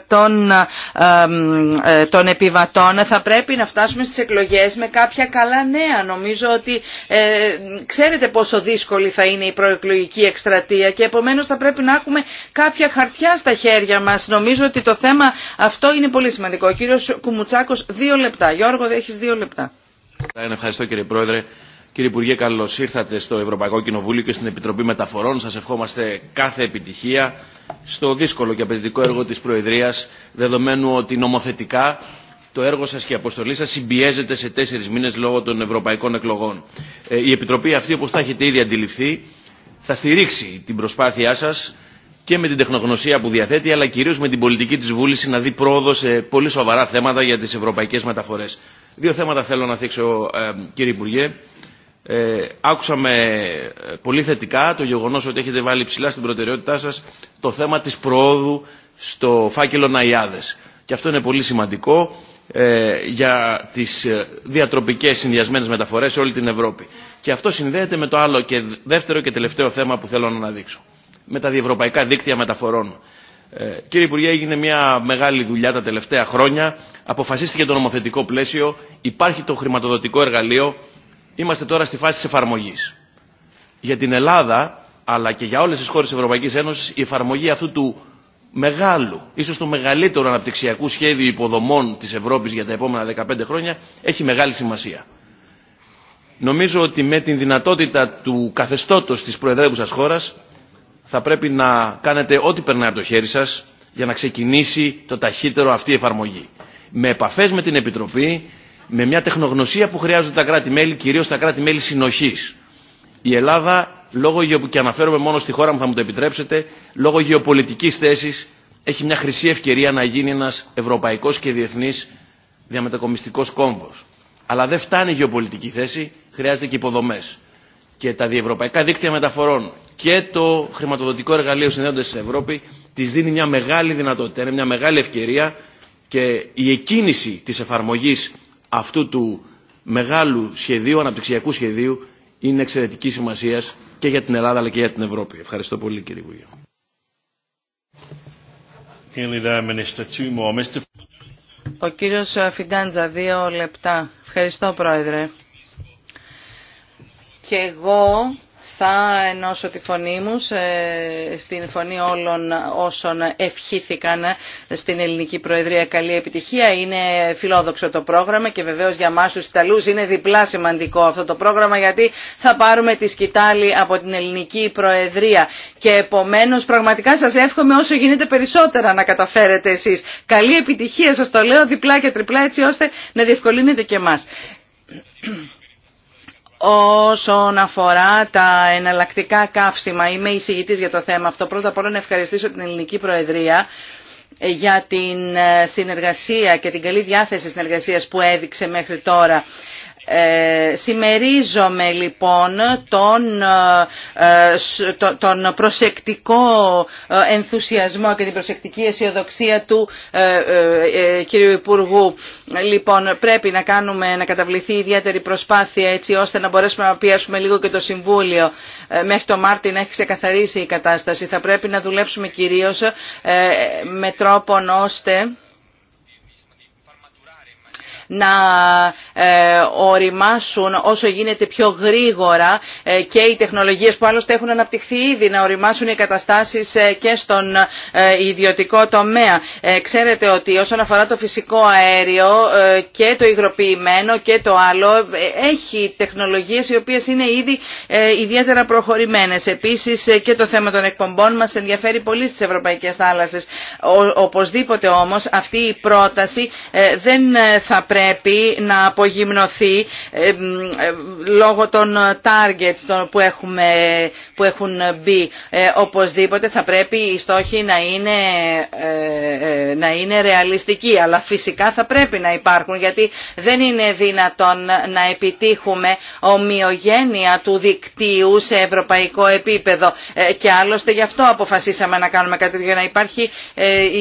ε, των, επιβατών θα πρέπει να φτάσουμε στις εκλογές με κάποια καλά νέα. Νομίζω ότι ε, ξέρετε πόσο δύσκολη θα είναι η προεκλογική εκστρατεία και επομένως θα πρέπει να έχουμε κάποια χαρτιά στα χέρια μας. Νομίζω ότι το θέμα αυτό είναι πολύ σημαντικό. Ο κύριος Κουμουτσάκος, δύο λεπτά. Γιώργο, έχεις δύο λεπτά. Ευχαριστώ κύριε Πρόεδρε. Κύριε Υπουργέ, καλώ ήρθατε στο Ευρωπαϊκό Κοινοβούλιο και στην Επιτροπή Μεταφορών. Σα ευχόμαστε κάθε επιτυχία στο δύσκολο και απαιτητικό έργο τη Προεδρία, δεδομένου ότι νομοθετικά το έργο σα και η αποστολή σα συμπιέζεται σε τέσσερι μήνε λόγω των ευρωπαϊκών εκλογών. Ε, η Επιτροπή αυτή, όπω τα έχετε ήδη αντιληφθεί, θα στηρίξει την προσπάθειά σα και με την τεχνογνωσία που διαθέτει, αλλά κυρίω με την πολιτική τη βούληση να δει πρόοδο σε πολύ σοβαρά θέματα για τι ευρωπαϊκέ μεταφορέ. Δύο θέματα θέλω να θίξω, ε, κύριε Υπουργέ. Ε, άκουσαμε ε, πολύ θετικά το γεγονός ότι έχετε βάλει ψηλά στην προτεραιότητά σας το θέμα της προόδου στο φάκελο Ναϊάδες. Και αυτό είναι πολύ σημαντικό ε, για τις ε, διατροπικές συνδυασμένες μεταφορές σε όλη την Ευρώπη. Και αυτό συνδέεται με το άλλο και δεύτερο και τελευταίο θέμα που θέλω να αναδείξω. Με τα διευρωπαϊκά δίκτυα μεταφορών. κύριε Υπουργέ, έγινε μια μεγάλη δουλειά τα τελευταία χρόνια. Αποφασίστηκε το νομοθετικό πλαίσιο. Υπάρχει το χρηματοδοτικό εργαλείο Είμαστε τώρα στη φάση της εφαρμογής. Για την Ελλάδα, αλλά και για όλες τις χώρες της Ευρωπαϊκής Ένωσης, η εφαρμογή αυτού του μεγάλου, ίσως του μεγαλύτερου αναπτυξιακού σχέδιου υποδομών της Ευρώπης για τα επόμενα 15 χρόνια, έχει μεγάλη σημασία. Νομίζω ότι με την δυνατότητα του καθεστώτος της προεδρεύουσας χώρας θα πρέπει να κάνετε ό,τι περνάει από το χέρι σας για να ξεκινήσει το ταχύτερο αυτή η εφαρμογή. Με επαφέ με την Επιτροπή, με μια τεχνογνωσία που χρειάζονται τα κράτη-μέλη, κυρίω τα κράτη-μέλη συνοχή. Η Ελλάδα, λόγω και αναφέρομαι μόνο στη χώρα μου θα μου το επιτρέψετε, λόγω γεωπολιτική θέση έχει μια χρυσή ευκαιρία να γίνει ένα ευρωπαϊκό και διεθνή διαμετακομιστικός κόμβο. Αλλά δεν φτάνει η γεωπολιτική θέση, χρειάζεται και υποδομέ. Και τα διευρωπαϊκά δίκτυα μεταφορών και το χρηματοδοτικό εργαλείο συνδέοντα στην Ευρώπη τη δίνει μια μεγάλη δυνατότητα, είναι μια μεγάλη ευκαιρία και η εκκίνηση τη εφαρμογή αυτού του μεγάλου σχεδίου, αναπτυξιακού σχεδίου, είναι εξαιρετική σημασία και για την Ελλάδα αλλά και για την Ευρώπη. Ευχαριστώ πολύ κύριε Υπουργέ. Ο κύριος Φιντάντζα, δύο λεπτά. Ευχαριστώ πρόεδρε. Και εγώ θα ενώσω τη φωνή μου στην φωνή όλων όσων ευχήθηκαν στην ελληνική προεδρία καλή επιτυχία. Είναι φιλόδοξο το πρόγραμμα και βεβαίως για μας τους Ιταλούς είναι διπλά σημαντικό αυτό το πρόγραμμα γιατί θα πάρουμε τη σκητάλη από την ελληνική προεδρία και επομένως πραγματικά σας εύχομαι όσο γίνεται περισσότερα να καταφέρετε εσείς. Καλή επιτυχία σας το λέω διπλά και τριπλά έτσι ώστε να διευκολύνετε και εμάς. Όσον αφορά τα εναλλακτικά καύσιμα, είμαι εισηγητή για το θέμα αυτό. Πρώτα απ' όλα να ευχαριστήσω την Ελληνική Προεδρία ε, για την ε, συνεργασία και την καλή διάθεση συνεργασίας που έδειξε μέχρι τώρα. Ε, συμμερίζομαι λοιπόν τον, ε, τον προσεκτικό ε, ενθουσιασμό και την προσεκτική αισιοδοξία του ε, κύριου Υπουργού. Λοιπόν, πρέπει να κάνουμε να καταβληθεί ιδιαίτερη προσπάθεια έτσι ώστε να μπορέσουμε να πιέσουμε λίγο και το Συμβούλιο μέχρι το Μάρτι να έχει ξεκαθαρίσει η κατάσταση. Θα πρέπει να δουλέψουμε κυρίως με τρόπον ώστε να ε, οριμάσουν όσο γίνεται πιο γρήγορα ε, και οι τεχνολογίες που άλλωστε έχουν αναπτυχθεί ήδη να οριμάσουν οι καταστάσεις ε, και στον ιδιωτικό τομέα. Ξέρετε ότι όσον αφορά το φυσικό αέριο και το υγροποιημένο και το άλλο έχει τεχνολογίες οι οποίες είναι ήδη ιδιαίτερα προχωρημένες. Επίσης και το θέμα των εκπομπών μας ενδιαφέρει πολύ στις ευρωπαϊκές θάλασσες. Οπωσδήποτε όμως αυτή η πρόταση δεν θα πρέπει πρέπει να απογυμνωθεί ε, ε, λόγω των targets που, έχουμε, που έχουν μπει. Ε, οπωσδήποτε θα πρέπει οι στόχοι να είναι, να είναι ρεαλιστικοί, αλλά φυσικά θα πρέπει να υπάρχουν γιατί δεν είναι δυνατόν να επιτύχουμε ομοιογένεια του δικτύου σε ευρωπαϊκό επίπεδο και άλλωστε γι' αυτό αποφασίσαμε να κάνουμε κάτι για να υπάρχει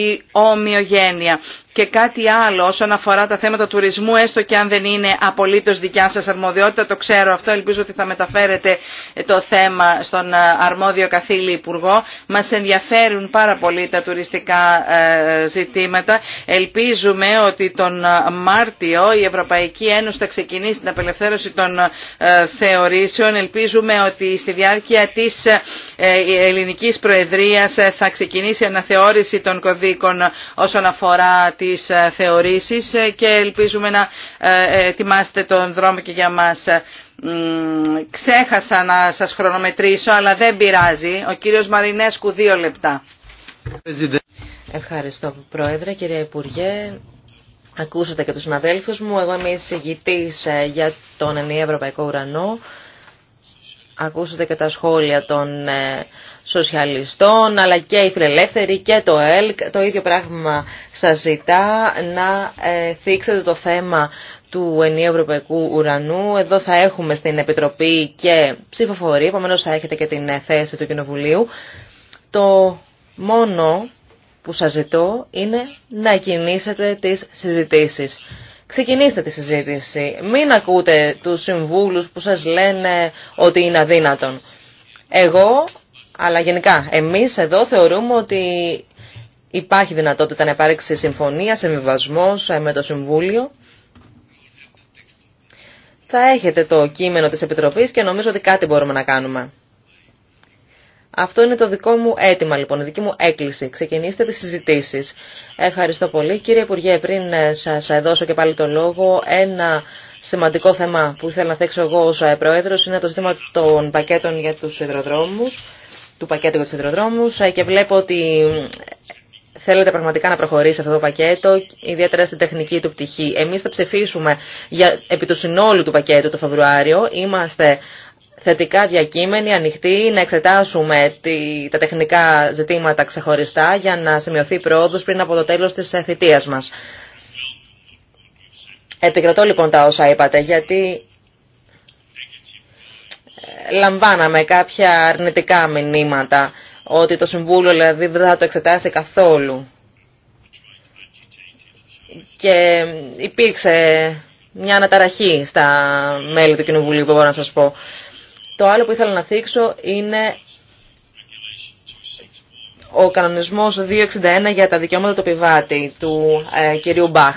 η ομοιογένεια και κάτι άλλο όσον αφορά τα θέματα τουρισμού, έστω και αν δεν είναι απολύτω δικιά σα αρμοδιότητα, το ξέρω αυτό, ελπίζω ότι θα μεταφέρετε το θέμα στον ε, αρμόδιο καθήλη Υπουργό. Μα ενδιαφέρουν πάρα πολύ τα τουριστικά ε, ζητήματα. Ελπίζουμε ότι τον ε, Μάρτιο η Ευρωπαϊκή Ένωση θα ξεκινήσει την απελευθέρωση των θεωρήσεων. Ελπίζουμε ότι στη διάρκεια τη ελληνική προεδρία θα ξεκινήσει αναθεώρηση των κωδίκων όσον αφορά τη τις ε, θεωρήσεις ε, και ελπίζουμε να ε, ετοιμάσετε τον δρόμο και για μας. Ξέχασα να σας χρονομετρήσω, αλλά δεν πειράζει. Ο κύριος Μαρινέσκου, δύο λεπτά. Ευχαριστώ, Πρόεδρε, κύριε Υπουργέ. Ακούσατε και τους συναδέλφους μου. Εγώ είμαι εισηγητής για τον ενιαίο Ευρωπαϊκό Ουρανό. Ακούσατε και τα σχόλια των σοσιαλιστών, αλλά και οι φιλελεύθεροι και το ΕΛΚ. Το ίδιο πράγμα σας ζητά να ε, θίξετε το θέμα του ενίου ευρωπαϊκού ουρανού. Εδώ θα έχουμε στην Επιτροπή και ψηφοφορία, επομένως θα έχετε και την ε, θέση του Κοινοβουλίου. Το μόνο που σας ζητώ είναι να κινήσετε τις συζητήσεις. Ξεκινήστε τη συζήτηση. Μην ακούτε τους συμβούλους που σας λένε ότι είναι αδύνατον. Εγώ αλλά γενικά, εμείς εδώ θεωρούμε ότι υπάρχει δυνατότητα να υπάρξει συμφωνία, συμβιβασμός ε, με το Συμβούλιο. Θα έχετε το κείμενο της Επιτροπής και νομίζω ότι κάτι μπορούμε να κάνουμε. Αυτό είναι το δικό μου αίτημα λοιπόν, η δική μου έκκληση. Ξεκινήστε τις συζητήσεις. Ευχαριστώ πολύ. Κύριε Υπουργέ, πριν ε, σας ε, δώσω και πάλι το λόγο, ένα σημαντικό θέμα που ήθελα να θέξω εγώ ως Πρόεδρος είναι το ζήτημα των πακέτων για τους υδροδρόμους του πακέτου για του σιδηροδρόμου ε, και βλέπω ότι θέλετε πραγματικά να προχωρήσει αυτό το πακέτο, ιδιαίτερα στην τεχνική του πτυχή. Εμείς θα ψηφίσουμε για, επί του συνόλου του πακέτου το Φεβρουάριο. Είμαστε θετικά διακείμενοι, ανοιχτοί, να εξετάσουμε τα τεχνικά ζητήματα ξεχωριστά για να σημειωθεί πρόοδος πριν από το τέλος της ε, θητείας μας. Επικρατώ λοιπόν τα όσα είπατε, γιατί λαμβάναμε κάποια αρνητικά μηνύματα ότι το Συμβούλιο δηλαδή δεν θα το εξετάσει καθόλου. Και υπήρξε μια αναταραχή στα μέλη του Κοινοβουλίου που μπορώ να σας πω. Το άλλο που ήθελα να θίξω είναι ο κανονισμός 261 για τα δικαιώματα του πιβάτη του ε, κυρίου Μπαχ.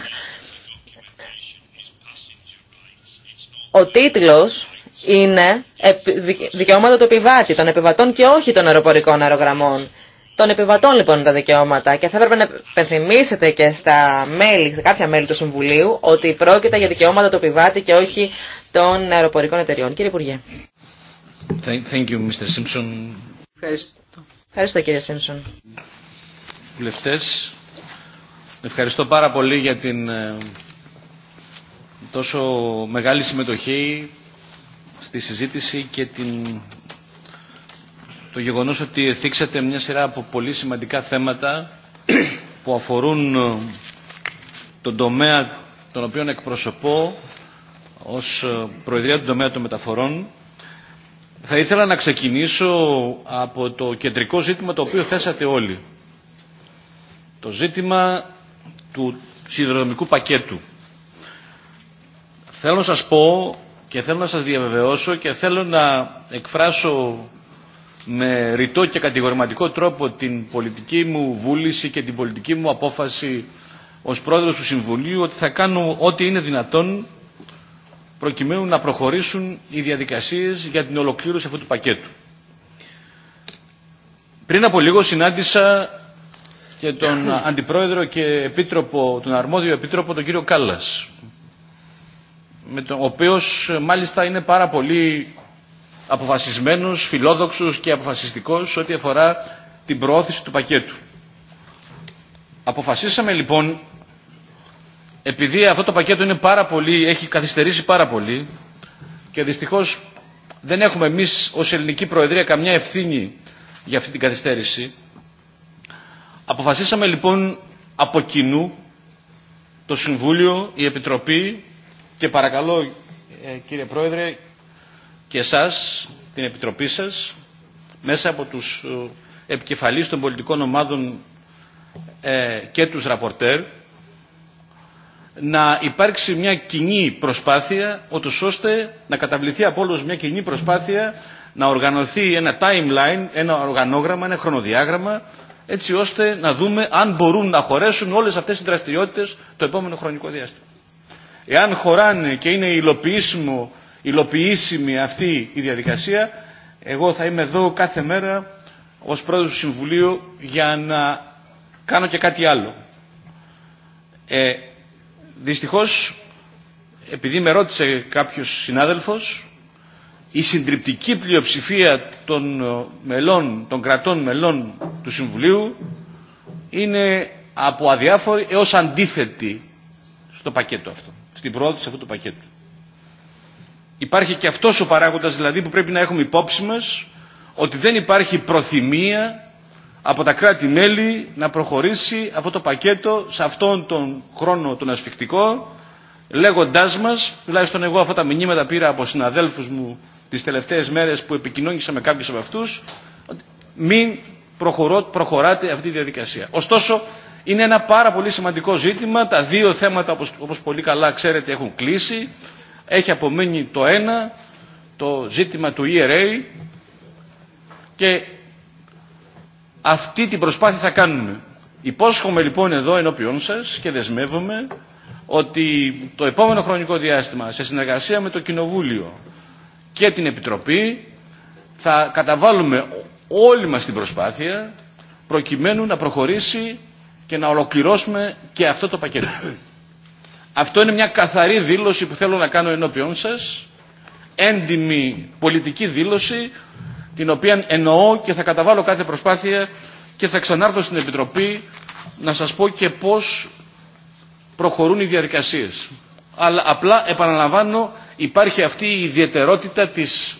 Ο τίτλος είναι δικαιώματα του επιβάτη, των επιβατών και όχι των αεροπορικών αερογραμμών. Των επιβατών λοιπόν τα δικαιώματα και θα έπρεπε να υπενθυμίσετε και στα μέλη, κάποια μέλη του Συμβουλίου ότι πρόκειται για δικαιώματα του επιβάτη και όχι των αεροπορικών εταιριών. Κύριε Υπουργέ. Thank you, Mr. Simpson. Ευχαριστώ. Ευχαριστώ κύριε Σίμψον. Βουλευτές, ευχαριστώ πάρα πολύ για την ε, τόσο μεγάλη συμμετοχή στη συζήτηση και την... το γεγονός ότι θίξατε μια σειρά από πολύ σημαντικά θέματα που αφορούν ε, τον τομέα τον οποίο εκπροσωπώ ως ε, Προεδρία του τομέα των μεταφορών. Θα ήθελα να ξεκινήσω από το κεντρικό ζήτημα το οποίο θέσατε όλοι. Το ζήτημα του σιδηροδρομικού πακέτου. Θέλω να σας πω και θέλω να σας διαβεβαιώσω και θέλω να εκφράσω με ρητό και κατηγορηματικό τρόπο την πολιτική μου βούληση και την πολιτική μου απόφαση ως πρόεδρος του Συμβουλίου ότι θα κάνω ό,τι είναι δυνατόν προκειμένου να προχωρήσουν οι διαδικασίες για την ολοκλήρωση αυτού του πακέτου. Πριν από λίγο συνάντησα και τον Αντιπρόεδρο και Επίτροπο, τον Αρμόδιο Επίτροπο, τον κύριο Κάλλας, με τον οποίο ε, μάλιστα είναι πάρα πολύ αποφασισμένος, φιλόδοξος και αποφασιστικός ό,τι αφορά την προώθηση του πακέτου. Αποφασίσαμε λοιπόν, επειδή αυτό το πακέτο είναι πάρα πολύ, έχει καθυστερήσει πάρα πολύ και δυστυχώς δεν έχουμε εμείς ως ελληνική προεδρία καμιά ευθύνη για αυτή την καθυστέρηση, αποφασίσαμε λοιπόν από κοινού το Συμβούλιο, η Επιτροπή και παρακαλώ ε, κύριε Πρόεδρε και εσάς, την Επιτροπή σας, μέσα από τους ε, επικεφαλείς των πολιτικών ομάδων ε, και τους ραπορτέρ, να υπάρξει μια κοινή προσπάθεια, ώστε να καταβληθεί από όλους μια κοινή προσπάθεια να οργανωθεί ένα timeline, ένα οργανόγραμμα, ένα χρονοδιάγραμμα, έτσι ώστε να δούμε αν μπορούν να χωρέσουν όλες αυτές οι δραστηριότητες το επόμενο χρονικό διάστημα εάν χωράνε και είναι υλοποιήσιμο, υλοποιήσιμη αυτή η διαδικασία, εγώ θα είμαι εδώ κάθε μέρα ως πρόεδρος του Συμβουλίου για να κάνω και κάτι άλλο. Ε, δυστυχώς, επειδή με ρώτησε κάποιος συνάδελφος, η συντριπτική πλειοψηφία των, ε, μελών, των κρατών μελών του Συμβουλίου είναι από αδιάφορη έως αντίθετη στο πακέτο αυτό στην πρόοδο αυτού του πακέτο. Υπάρχει και αυτός ο παράγοντας δηλαδή που πρέπει να έχουμε υπόψη μας ότι δεν υπάρχει προθυμία από τα κράτη-μέλη να προχωρήσει αυτό το πακέτο σε αυτόν τον χρόνο τον ασφυκτικό λέγοντάς μας, τουλάχιστον εγώ αυτά τα μηνύματα πήρα από συναδέλφους μου τις τελευταίες μέρες που επικοινώνησα με κάποιους από αυτούς, μην προχωρώ, προχωράτε αυτή τη διαδικασία. Ωστόσο, είναι ένα πάρα πολύ σημαντικό ζήτημα. Τα δύο θέματα, όπως, πολύ καλά ξέρετε, έχουν κλείσει. Έχει απομείνει το ένα, το ζήτημα του ERA και αυτή την προσπάθεια θα κάνουμε. Υπόσχομαι λοιπόν εδώ ενώπιόν σας και δεσμεύομαι ότι το επόμενο χρονικό διάστημα σε συνεργασία με το Κοινοβούλιο και την Επιτροπή θα καταβάλουμε όλη μας την προσπάθεια προκειμένου να προχωρήσει και να ολοκληρώσουμε και αυτό το πακέτο. Αυτό είναι μια καθαρή δήλωση που θέλω να κάνω ενώπιον σας, έντιμη πολιτική δήλωση, την οποία εννοώ και θα καταβάλω κάθε προσπάθεια και θα ξανάρθω στην Επιτροπή να σας πω και πώς προχωρούν οι διαδικασίες. Αλλά απλά επαναλαμβάνω υπάρχει αυτή η ιδιαιτερότητα της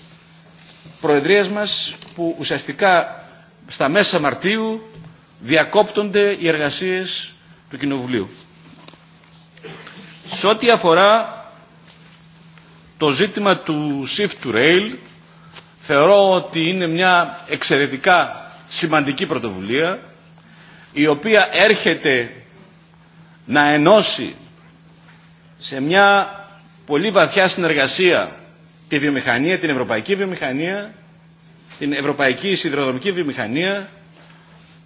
Προεδρίας μας που ουσιαστικά στα μέσα Μαρτίου διακόπτονται οι εργασίες του Κοινοβουλίου. Σε ό,τι αφορά το ζήτημα του shift to rail θεωρώ ότι είναι μια εξαιρετικά σημαντική πρωτοβουλία η οποία έρχεται να ενώσει σε μια πολύ βαθιά συνεργασία τη βιομηχανία, την ευρωπαϊκή βιομηχανία, την ευρωπαϊκή σιδηροδρομική βιομηχανία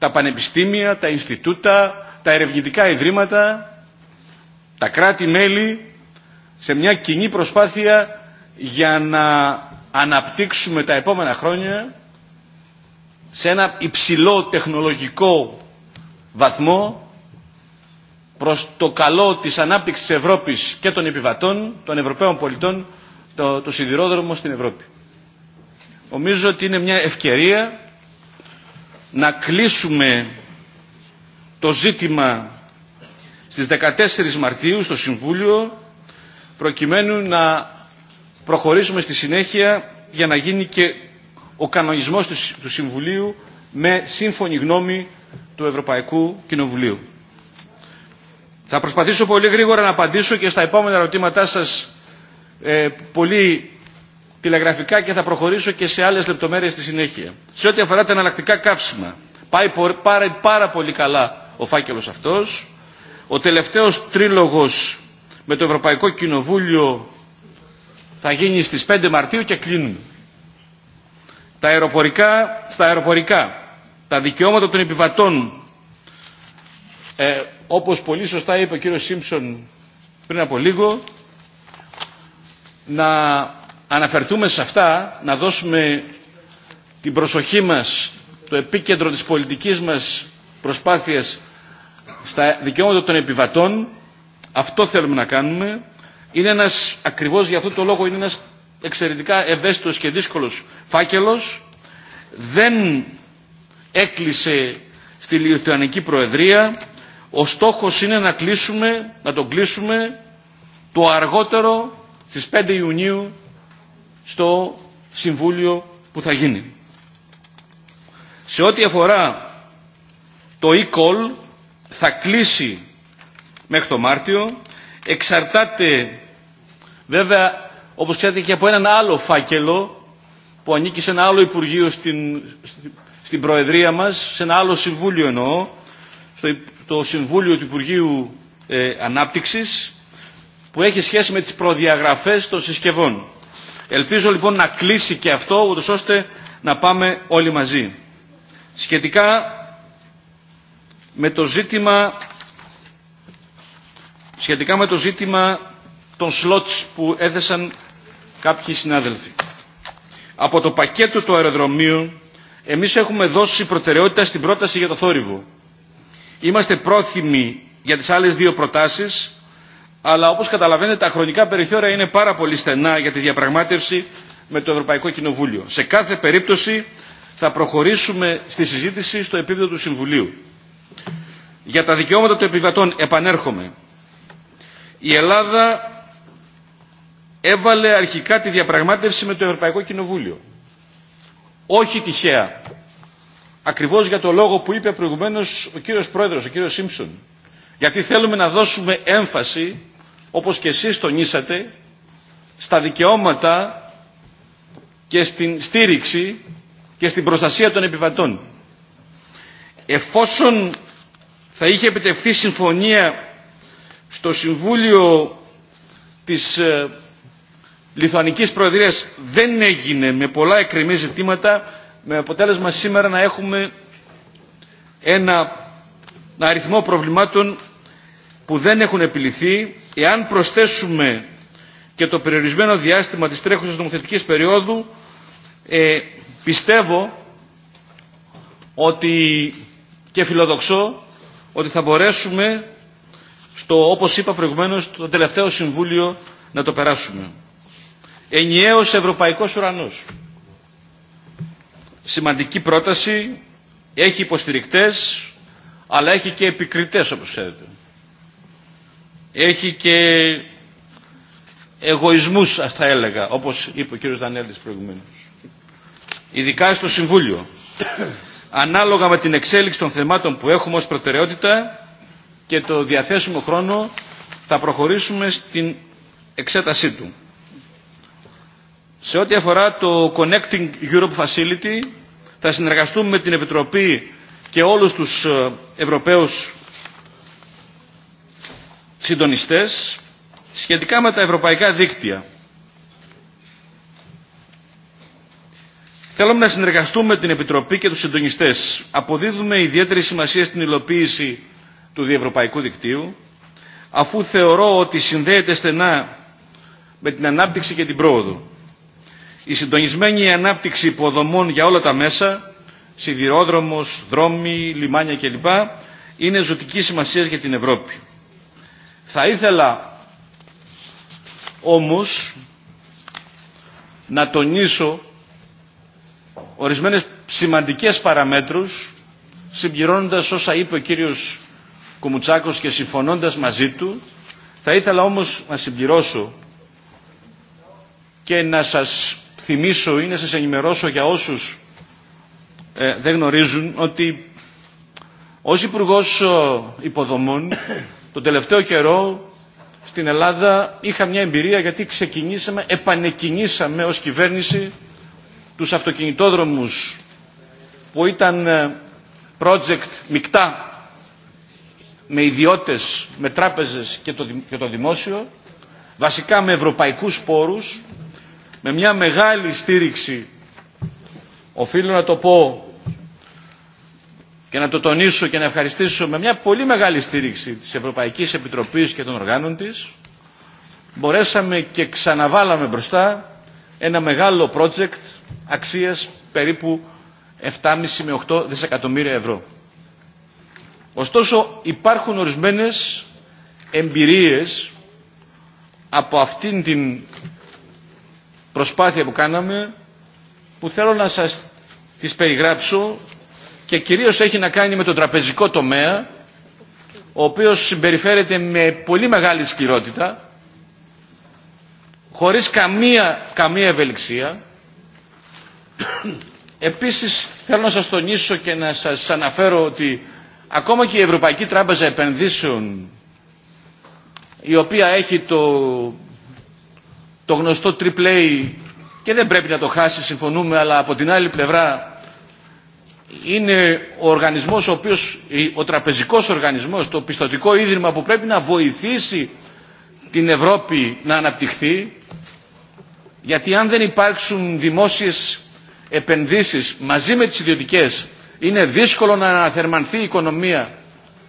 τα πανεπιστήμια, τα Ινστιτούτα, τα ερευνητικά ιδρύματα, τα κράτη-μέλη σε μια κοινή προσπάθεια για να αναπτύξουμε τα επόμενα χρόνια σε ένα υψηλό τεχνολογικό βαθμό προς το καλό της ανάπτυξης της Ευρώπης και των επιβατών, των Ευρωπαίων πολιτών, το, το σιδηρόδρομο στην Ευρώπη. Νομίζω ότι είναι μια ευκαιρία να κλείσουμε το ζήτημα στις 14 Μαρτίου στο Συμβούλιο προκειμένου να προχωρήσουμε στη συνέχεια για να γίνει και ο κανονισμός του Συμβουλίου με σύμφωνη γνώμη του Ευρωπαϊκού Κοινοβουλίου. Θα προσπαθήσω πολύ γρήγορα να απαντήσω και στα επόμενα ερωτήματά σας ε, πολύ τηλεγραφικά και θα προχωρήσω και σε άλλες λεπτομέρειες στη συνέχεια. Σε ό,τι αφορά τα εναλλακτικά κάψιμα, πάει πάρα, πάρα πολύ καλά ο φάκελος αυτός. Ο τελευταίος τρίλογος με το Ευρωπαϊκό Κοινοβούλιο θα γίνει στις 5 Μαρτίου και κλείνουμε. Τα αεροπορικά, στα αεροπορικά, τα δικαιώματα των επιβατών, ε, όπως πολύ σωστά είπε ο κύριος Σίμψον πριν από λίγο, να αναφερθούμε σε αυτά, να δώσουμε την προσοχή μας, το επίκεντρο της πολιτικής μας προσπάθειας στα δικαιώματα των επιβατών, αυτό θέλουμε να κάνουμε. Είναι ένας, ακριβώς για αυτό το λόγο, είναι ένας εξαιρετικά ευαίσθητος και δύσκολος φάκελος. Δεν έκλεισε στη Λιθουανική Προεδρία. Ο στόχος είναι να κλείσουμε, να τον κλείσουμε το αργότερο στις 5 Ιουνίου στο Συμβούλιο που θα γίνει. Σε ό,τι αφορά το e-call θα κλείσει μέχρι το Μάρτιο. Εξαρτάται βέβαια όπως ξέρετε και από έναν άλλο φάκελο που ανήκει σε ένα άλλο Υπουργείο στην, στην Προεδρία μας, σε ένα άλλο Συμβούλιο εννοώ, στο το Συμβούλιο του Υπουργείου ε, Ανάπτυξης που έχει σχέση με τις προδιαγραφές των συσκευών. Ελπίζω λοιπόν να κλείσει και αυτό, ούτως ώστε να πάμε όλοι μαζί. Σχετικά με το ζήτημα, σχετικά με το ζήτημα των σλότς που έθεσαν κάποιοι συνάδελφοι. Από το πακέτο του αεροδρομίου εμείς έχουμε δώσει προτεραιότητα στην πρόταση για το θόρυβο. Είμαστε πρόθυμοι για τις άλλες δύο προτάσεις αλλά όπως καταλαβαίνετε τα χρονικά περιθώρια είναι πάρα πολύ στενά για τη διαπραγμάτευση με το Ευρωπαϊκό Κοινοβούλιο. Σε κάθε περίπτωση θα προχωρήσουμε στη συζήτηση στο επίπεδο του Συμβουλίου. Για τα δικαιώματα των επιβατών επανέρχομαι. Η Ελλάδα έβαλε αρχικά τη διαπραγμάτευση με το Ευρωπαϊκό Κοινοβούλιο. Όχι τυχαία. Ακριβώς για το λόγο που είπε προηγουμένως ο κύριος Πρόεδρος, ο κύριος Σίμψον. Γιατί θέλουμε να δώσουμε έμφαση όπως και εσείς τονίσατε, στα δικαιώματα και στην στήριξη και στην προστασία των επιβατών. Εφόσον θα είχε επιτευχθεί συμφωνία στο Συμβούλιο της ε, Λιθουανικής Προεδρίας δεν έγινε με πολλά εκκρεμή ζητήματα με αποτέλεσμα σήμερα να έχουμε ένα αριθμό προβλημάτων που δεν έχουν επιληθεί εάν προσθέσουμε και το περιορισμένο διάστημα της τρέχουσας νομοθετικής περίοδου ε, πιστεύω ότι και φιλοδοξώ ότι θα μπορέσουμε στο, όπως είπα προηγουμένως, το τελευταίο συμβούλιο να το περάσουμε. Ενιαίος Ευρωπαϊκός Ουρανός. Σημαντική πρόταση, έχει υποστηρικτές, αλλά έχει και επικριτές όπως ξέρετε έχει και εγωισμούς θα έλεγα όπως είπε ο κύριος Δανέλης προηγουμένως ειδικά στο Συμβούλιο ανάλογα με την εξέλιξη των θεμάτων που έχουμε ως προτεραιότητα και το διαθέσιμο χρόνο θα προχωρήσουμε στην εξέτασή του. Σε ό,τι αφορά το Connecting Europe Facility θα συνεργαστούμε με την Επιτροπή και όλους τους ε, Ευρωπαίους συντονιστές σχετικά με τα ευρωπαϊκά δίκτυα. Θέλουμε να συνεργαστούμε την Επιτροπή και τους συντονιστές. Αποδίδουμε ιδιαίτερη σημασία στην υλοποίηση του διευρωπαϊκού δικτύου, αφού θεωρώ ότι συνδέεται στενά με την ανάπτυξη και την πρόοδο. Η συντονισμένη ανάπτυξη υποδομών για όλα τα μέσα, σιδηρόδρομος, δρόμοι, λιμάνια κλπ. είναι ζωτική σημασία για την Ευρώπη. Θα ήθελα όμως να τονίσω ορισμένες σημαντικές παραμέτρους συμπληρώνοντας όσα είπε ο κύριος Κουμουτσάκος και συμφωνώντας μαζί του θα ήθελα όμως να συμπληρώσω και να σας θυμίσω ή να σας ενημερώσω για όσους ε, δεν γνωρίζουν ότι ως υπουργό ε, Υποδομών τον τελευταίο καιρό στην Ελλάδα είχα μια εμπειρία γιατί ξεκινήσαμε, επανεκκινήσαμε ως κυβέρνηση τους αυτοκινητόδρομους που ήταν ε, project μικτά με ιδιώτες, με τράπεζες και το, το δημόσιο, βασικά με ευρωπαϊκούς πόρους, με μια μεγάλη στήριξη, οφείλω να το πω, και να το τονίσω και να ευχαριστήσω με μια πολύ μεγάλη στήριξη της Ευρωπαϊκής Επιτροπής και των οργάνων της, μπορέσαμε και ξαναβάλαμε μπροστά ένα μεγάλο project αξίας περίπου 7,5 με 8 δισεκατομμύρια ευρώ. Ωστόσο υπάρχουν ορισμένες εμπειρίες από αυτήν την προσπάθεια που κάναμε που θέλω να σας τις περιγράψω και κυρίως έχει να κάνει με το τραπεζικό τομέα ο οποίος συμπεριφέρεται με πολύ μεγάλη σκληρότητα χωρίς καμία, καμία ευελιξία Επίσης θέλω να σας τονίσω και να σας αναφέρω ότι ακόμα και η Ευρωπαϊκή Τράπεζα Επενδύσεων η οποία έχει το, το γνωστό AAA και δεν πρέπει να το χάσει συμφωνούμε αλλά από την άλλη πλευρά είναι ο οργανισμός ο οποίος, ο τραπεζικός οργανισμός, το πιστοτικό ίδρυμα που πρέπει να βοηθήσει την Ευρώπη να αναπτυχθεί γιατί αν δεν υπάρξουν δημόσιες επενδύσεις μαζί με τις ιδιωτικές είναι δύσκολο να αναθερμανθεί η οικονομία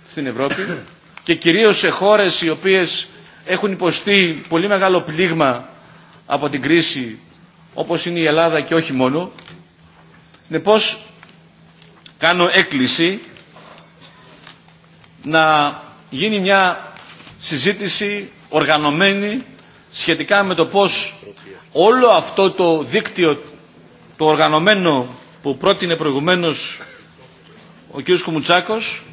στην Ευρώπη και κυρίως σε χώρες οι οποίες έχουν υποστεί πολύ μεγάλο πλήγμα από την κρίση όπως είναι η Ελλάδα και όχι μόνο. Συνεπώς κάνω έκκληση να γίνει μια συζήτηση οργανωμένη σχετικά με το πώς όλο αυτό το δίκτυο το οργανωμένο που πρότεινε προηγουμένως ο κ. Κουμουτσάκος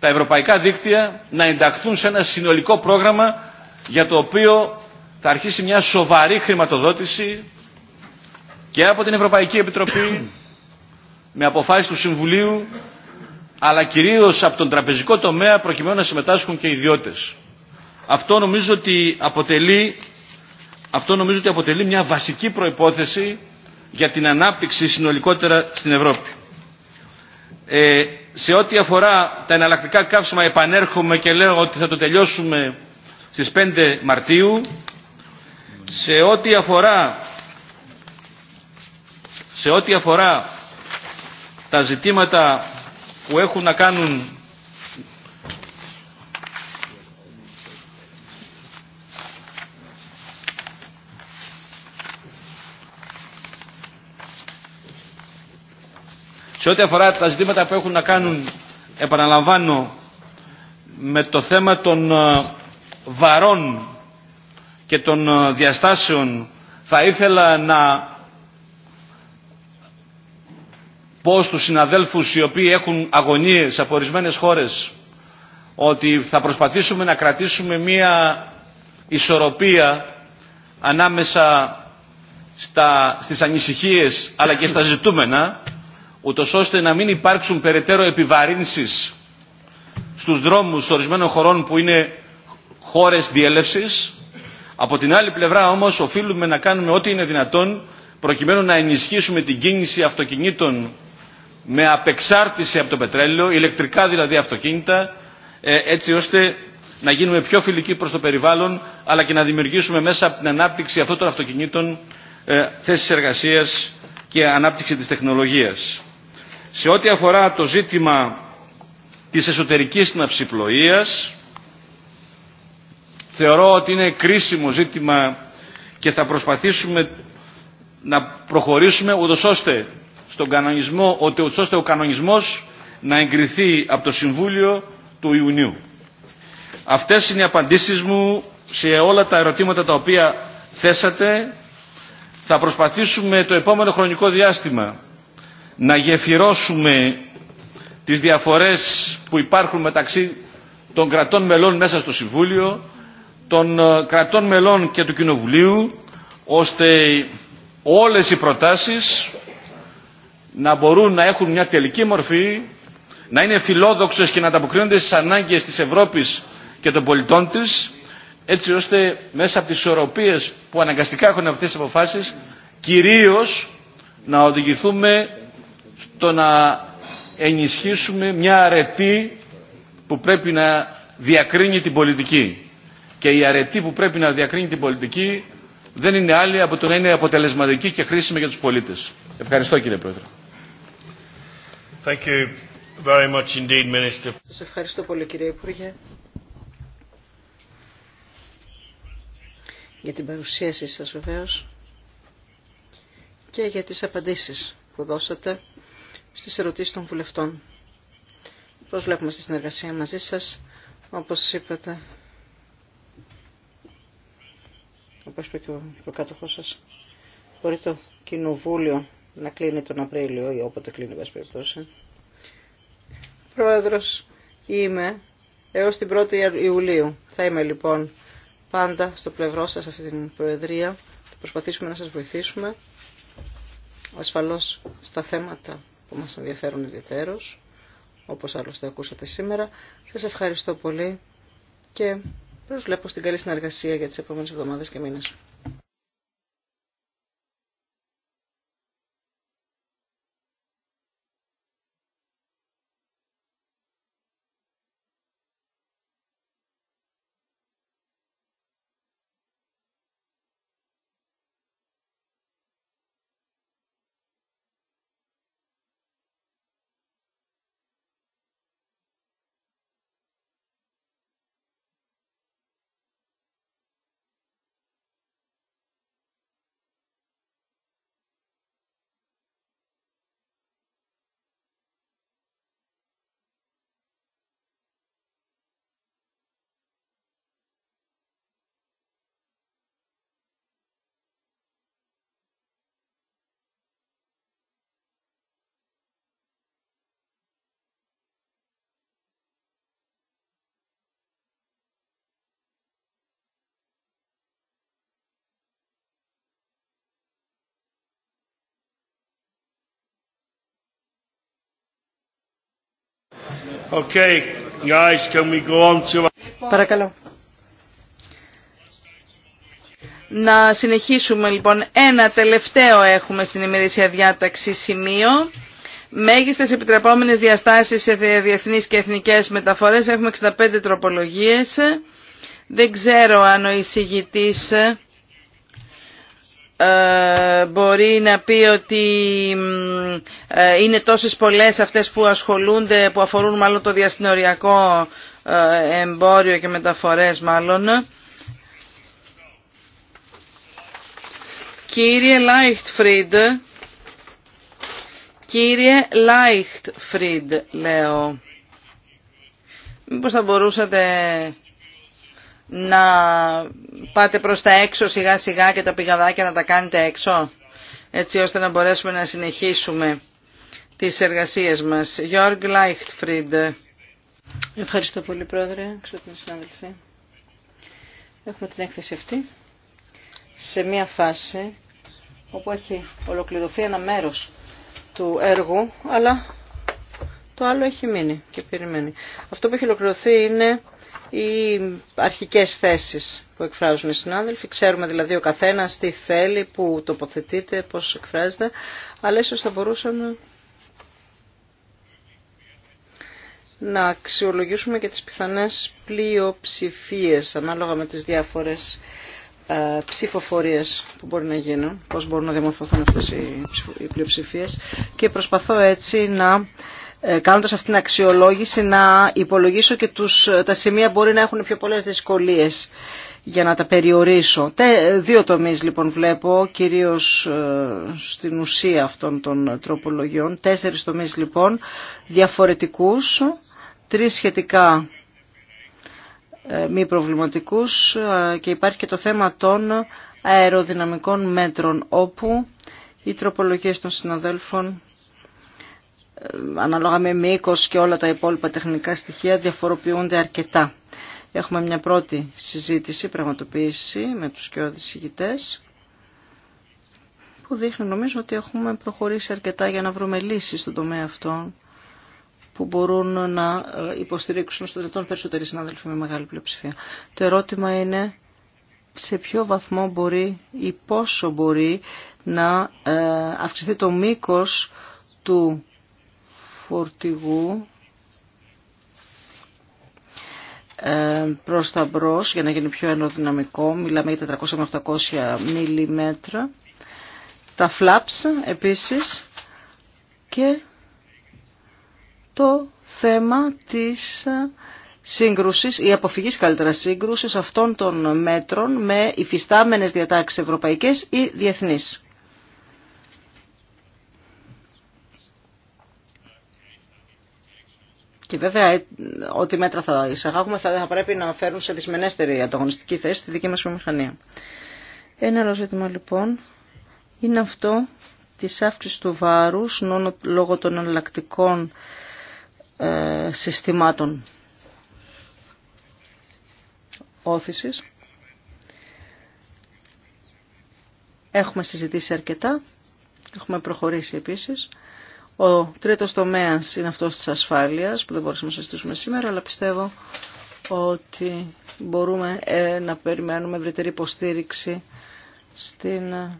τα ευρωπαϊκά δίκτυα να ενταχθούν σε ένα συνολικό πρόγραμμα για το οποίο θα αρχίσει μια σοβαρή χρηματοδότηση και από την Ευρωπαϊκή Επιτροπή με αποφάσεις του Συμβουλίου αλλά κυρίως από τον τραπεζικό τομέα προκειμένου να συμμετάσχουν και ιδιώτες. Αυτό νομίζω ότι αποτελεί, αυτό νομίζω ότι αποτελεί μια βασική προϋπόθεση για την ανάπτυξη συνολικότερα στην Ευρώπη. Ε, σε ό,τι αφορά τα εναλλακτικά κάψιμα επανέρχομαι και λέω ότι θα το τελειώσουμε στις 5 Μαρτίου. Σε ό,τι αφορά, σε ό,τι αφορά τα ζητήματα που έχουν να κάνουν σε ό,τι αφορά τα ζητήματα που έχουν να κάνουν επαναλαμβάνω με το θέμα των ε, βαρών και των ε, διαστάσεων θα ήθελα να πως τους συναδέλφους οι οποίοι έχουν αγωνίες από ορισμένε χώρες ότι θα προσπαθήσουμε να κρατήσουμε μία ισορροπία ανάμεσα στα, στις ανησυχίες αλλά και στα ζητούμενα ούτως ώστε να μην υπάρξουν περαιτέρω επιβαρύνσεις στους δρόμους ορισμένων χωρών που είναι χώρες διέλευσης. Από την άλλη πλευρά όμως οφείλουμε να κάνουμε ό,τι είναι δυνατόν προκειμένου να ενισχύσουμε την κίνηση αυτοκινήτων με απεξάρτηση από το πετρέλαιο, ηλεκτρικά δηλαδή αυτοκίνητα, ε, έτσι ώστε να γίνουμε πιο φιλικοί προς το περιβάλλον, αλλά και να δημιουργήσουμε μέσα από την ανάπτυξη αυτών των αυτοκινήτων ε, θέσεις εργασίας και ανάπτυξη της τεχνολογίας. Σε ό,τι αφορά το ζήτημα της εσωτερικής ναυσιπλοείας, θεωρώ ότι είναι κρίσιμο ζήτημα και θα προσπαθήσουμε να προχωρήσουμε ούτως ώστε στον κανονισμό, ότι, ώστε ο κανονισμός να εγκριθεί από το Συμβούλιο του Ιουνίου. Αυτές είναι οι απαντήσεις μου σε όλα τα ερωτήματα τα οποία θέσατε. Θα προσπαθήσουμε το επόμενο χρονικό διάστημα να γεφυρώσουμε τις διαφορές που υπάρχουν μεταξύ των κρατών μελών μέσα στο Συμβούλιο, των ε, κρατών μελών και του Κοινοβουλίου, ώστε όλες οι προτάσεις να μπορούν να έχουν μια τελική μορφή, να είναι φιλόδοξες και να ανταποκρίνονται στις ανάγκες της Ευρώπης και των πολιτών της, έτσι ώστε μέσα από τις ισορροπίες που αναγκαστικά έχουν αυτές τις αποφάσεις, κυρίως να οδηγηθούμε στο να ενισχύσουμε μια αρετή που πρέπει να διακρίνει την πολιτική. Και η αρετή που πρέπει να διακρίνει την πολιτική δεν είναι άλλη από το να είναι αποτελεσματική και χρήσιμη για τους πολίτες. Ευχαριστώ κύριε Πρόεδρε. Thank you very much indeed, Minister. Σας ευχαριστώ πολύ κύριε Υπουργέ για την παρουσίασή σας βεβαίως και για τις απαντήσεις που δώσατε στις ερωτήσεις των βουλευτών. βλέπουμε στη συνεργασία μαζί σας, όπως είπατε, όπως είπε και ο προκάτοχός σας, μπορεί το Κοινοβούλιο να κλείνει τον Απρίλιο ή όποτε κλείνει, η περιπτώσει. Πρόεδρος είμαι έως την 1η Ιουλίου. Θα είμαι λοιπόν πάντα στο πλευρό σας αυτή την Προεδρία. Θα προσπαθήσουμε να σας βοηθήσουμε ασφαλώς στα θέματα που μας ενδιαφέρουν ιδιαίτερως, όπως άλλωστε ακούσατε σήμερα. Σας ευχαριστώ πολύ και προσβλέπω στην καλή συνεργασία για τις επόμενες εβδομάδες και μήνες. Okay, guys, can we go on to... Παρακαλώ. Να συνεχίσουμε λοιπόν. Ένα τελευταίο έχουμε στην ημερήσια διάταξη σημείο. Μέγιστε επιτρεπόμενε διαστάσεις σε διεθνεί και εθνικές μεταφορές. Έχουμε 65 τροπολογίες. Δεν ξέρω αν ο εισηγητής ε, μπορεί να πει ότι ε, είναι τόσες πολλές αυτές που ασχολούνται, που αφορούν μάλλον το διαστηνοριακό ε, εμπόριο και μεταφορές μάλλον. Κύριε Λάιχτφριντ, κύριε Λάιχτφριντ λέω, μήπως θα μπορούσατε να πάτε προς τα έξω σιγά σιγά και τα πηγαδάκια να τα κάνετε έξω, έτσι ώστε να μπορέσουμε να συνεχίσουμε τις εργασίες μας. Γιώργ Λάιχτφριντ. Ευχαριστώ πολύ Πρόεδρε, την συνάδελφοι. Έχουμε την έκθεση αυτή σε μια φάση όπου έχει ολοκληρωθεί ένα μέρος του έργου, αλλά το άλλο έχει μείνει και περιμένει. Αυτό που έχει ολοκληρωθεί είναι οι αρχικές θέσεις που εκφράζουν οι συνάδελφοι. Ξέρουμε δηλαδή ο καθένας τι θέλει, που τοποθετείται, πώς εκφράζεται, αλλά ίσως θα μπορούσαμε να αξιολογήσουμε και τις πιθανές πλειοψηφίες ανάλογα με τις διάφορες ε, ψηφοφορίες που μπορεί να γίνουν, πώς μπορούν να διαμορφωθούν αυτές οι, οι και προσπαθώ έτσι να ε, κάνοντας αυτήν την αξιολόγηση να υπολογίσω και τους, τα σημεία μπορεί να έχουν πιο πολλές δυσκολίες για να τα περιορίσω. Τε, δύο τομείς λοιπόν βλέπω, κυρίως ε, στην ουσία αυτών των τροπολογιών. Τέσσερις τομείς λοιπόν διαφορετικούς, τρεις σχετικά ε, μη προβληματικούς και υπάρχει και το θέμα των αεροδυναμικών μέτρων όπου οι τροπολογίες των συναδέλφων ε, ανάλογα με μήκος και όλα τα υπόλοιπα τεχνικά στοιχεία διαφοροποιούνται αρκετά. Έχουμε μια πρώτη συζήτηση, πραγματοποίηση με τους και ηγητές που δείχνει νομίζω ότι έχουμε προχωρήσει αρκετά για να βρούμε λύσεις στον τομέα αυτών που μπορούν να ε, υποστηρίξουν στον δυνατόν περισσότεροι συνάδελφοι με μεγάλη πλειοψηφία. Το ερώτημα είναι σε ποιο βαθμό μπορεί ή πόσο μπορεί να ε, αυξηθεί το μήκος του φορτηγού ε, προς τα μπρος για να γίνει πιο ενοδυναμικό. Μιλάμε για 400 με 800 μιλιμέτρα. Τα flaps επίσης και το θέμα της σύγκρουσης ή αποφυγής καλύτερα σύγκρουσης αυτών των μέτρων με υφιστάμενες διατάξεις ευρωπαϊκές ή διεθνείς. Και βέβαια, ε, ό,τι μέτρα θα εισαγάγουμε θα, θα πρέπει να φέρουν σε δυσμενέστερη ανταγωνιστική θέση τη δική μας βιομηχανία. Ένα άλλο ζήτημα λοιπόν είναι αυτό τη αύξηση του βάρους λόγω των εναλλακτικών ε, συστημάτων όθησης. Έχουμε συζητήσει αρκετά, έχουμε προχωρήσει επίσης. Ο τρίτο τομέα είναι αυτός της ασφάλειας που δεν μπορούσαμε να συζητήσουμε σήμερα, αλλά πιστεύω ότι μπορούμε ε, να περιμένουμε ευρύτερη υποστήριξη στην ε,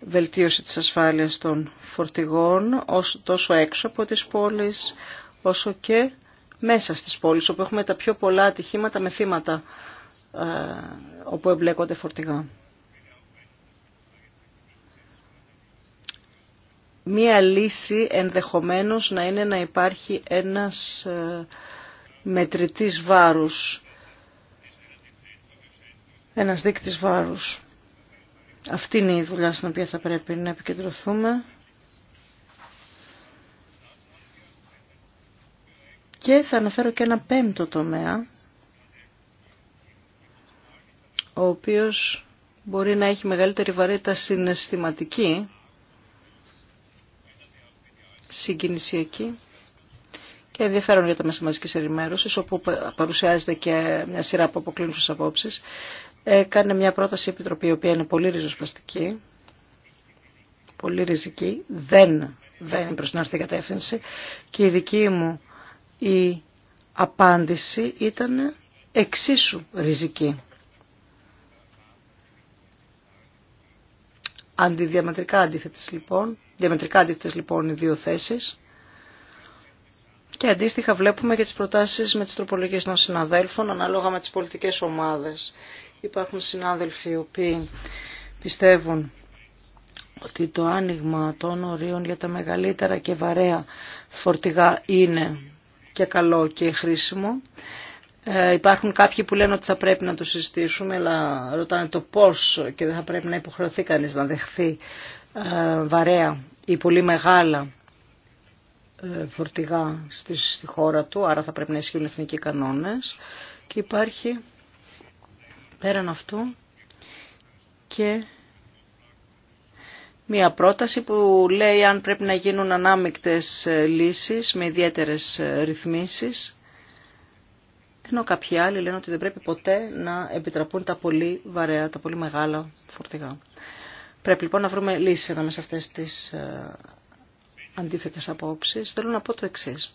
βελτίωση της ασφάλειας των φορτηγών τόσο έξω από τις πόλεις όσο και μέσα στις πόλεις όπου έχουμε τα πιο πολλά ατυχήματα με θύματα ε, όπου εμπλέκονται φορτηγά. μία λύση ενδεχομένως να είναι να υπάρχει ένας ε, μετρητής βάρους, ένας δείκτης βάρους. Αυτή είναι η δουλειά στην οποία θα πρέπει να επικεντρωθούμε. Και θα αναφέρω και ένα πέμπτο τομέα, ο οποίος μπορεί να έχει μεγαλύτερη βαρύτητα συναισθηματική, συγκινησιακή και ενδιαφέρον για τα μέσα μαζικής ενημέρωσης, όπου παρουσιάζεται και μια σειρά από αποκλίνουσες απόψεις. Έκανε ε, μια πρόταση η Επιτροπή, η οποία είναι πολύ ριζοσπαστική, πολύ ριζική, δεν βαίνει προς την αρθή κατεύθυνση και η δική μου η απάντηση ήταν εξίσου ριζική. Αντιδιαμετρικά αντίθετες λοιπόν, διαμετρικά αντίθετες λοιπόν οι δύο θέσεις. Και αντίστοιχα βλέπουμε και τις προτάσεις με τις τροπολογίες των συναδέλφων ανάλογα με τις πολιτικές ομάδες. Υπάρχουν συνάδελφοι οι οποίοι πιστεύουν ότι το άνοιγμα των ορίων για τα μεγαλύτερα και βαρέα φορτηγά είναι και καλό και χρήσιμο. Ε, υπάρχουν κάποιοι που λένε ότι θα πρέπει να το συζητήσουμε, αλλά ρωτάνε το πώς και δεν θα πρέπει να υποχρεωθεί κανείς να δεχθεί ε, βαρέα ή πολύ μεγάλα ε, φορτηγά στη, στη χώρα του, άρα θα πρέπει να ισχύουν εθνικοί κανόνες. Και υπάρχει πέραν αυτού και Μία πρόταση που λέει αν πρέπει να γίνουν ανάμεικτες ε, λύσεις με ιδιαίτερες ρυθμίσεις ενώ κάποιοι άλλοι λένε ότι δεν πρέπει ποτέ να επιτραπούν τα πολύ βαρέα, τα πολύ μεγάλα φορτηγά. Πρέπει λοιπόν να βρούμε λύσεις εδώ μέσα αυτές τις ε, αντίθετες απόψεις. Θέλω να πω το εξής,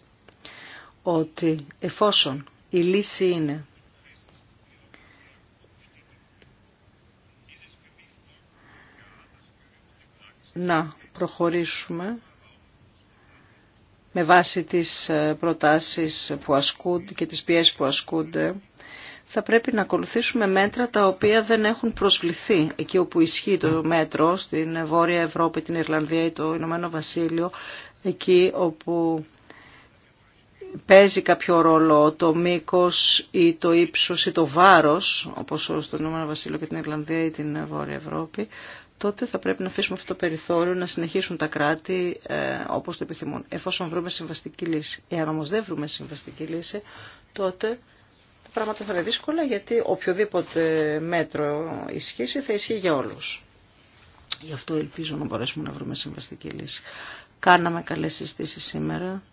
ότι εφόσον η λύση είναι να προχωρήσουμε με βάση τις ε, προτάσεις που ασκούνται και τις πιέσεις που ασκούνται, θα πρέπει να ακολουθήσουμε μέτρα τα οποία δεν έχουν προσβληθεί. Εκεί όπου ισχύει το μέτρο, στην Βόρεια Ευρώπη, την Ιρλανδία ή το Ηνωμένο Βασίλειο, εκεί όπου παίζει κάποιο ρόλο το μήκος ή το ύψος ή το βάρος, όπως στο Ηνωμένο Βασίλειο και την Ιρλανδία ή την Βόρεια Ευρώπη, τότε θα πρέπει να αφήσουμε αυτό το περιθώριο να συνεχίσουν τα κράτη ε, όπως το επιθυμούν. Εφόσον βρούμε συμβαστική λύση. Εάν όμως δεν βρούμε συμβαστική λύση, τότε τα πράγματα θα είναι δύσκολα γιατί οποιοδήποτε μέτρο ισχύσει θα ισχύει για όλους. Γι' αυτό ελπίζω να μπορέσουμε να βρούμε συμβαστική λύση. Κάναμε καλές συστήσεις σήμερα.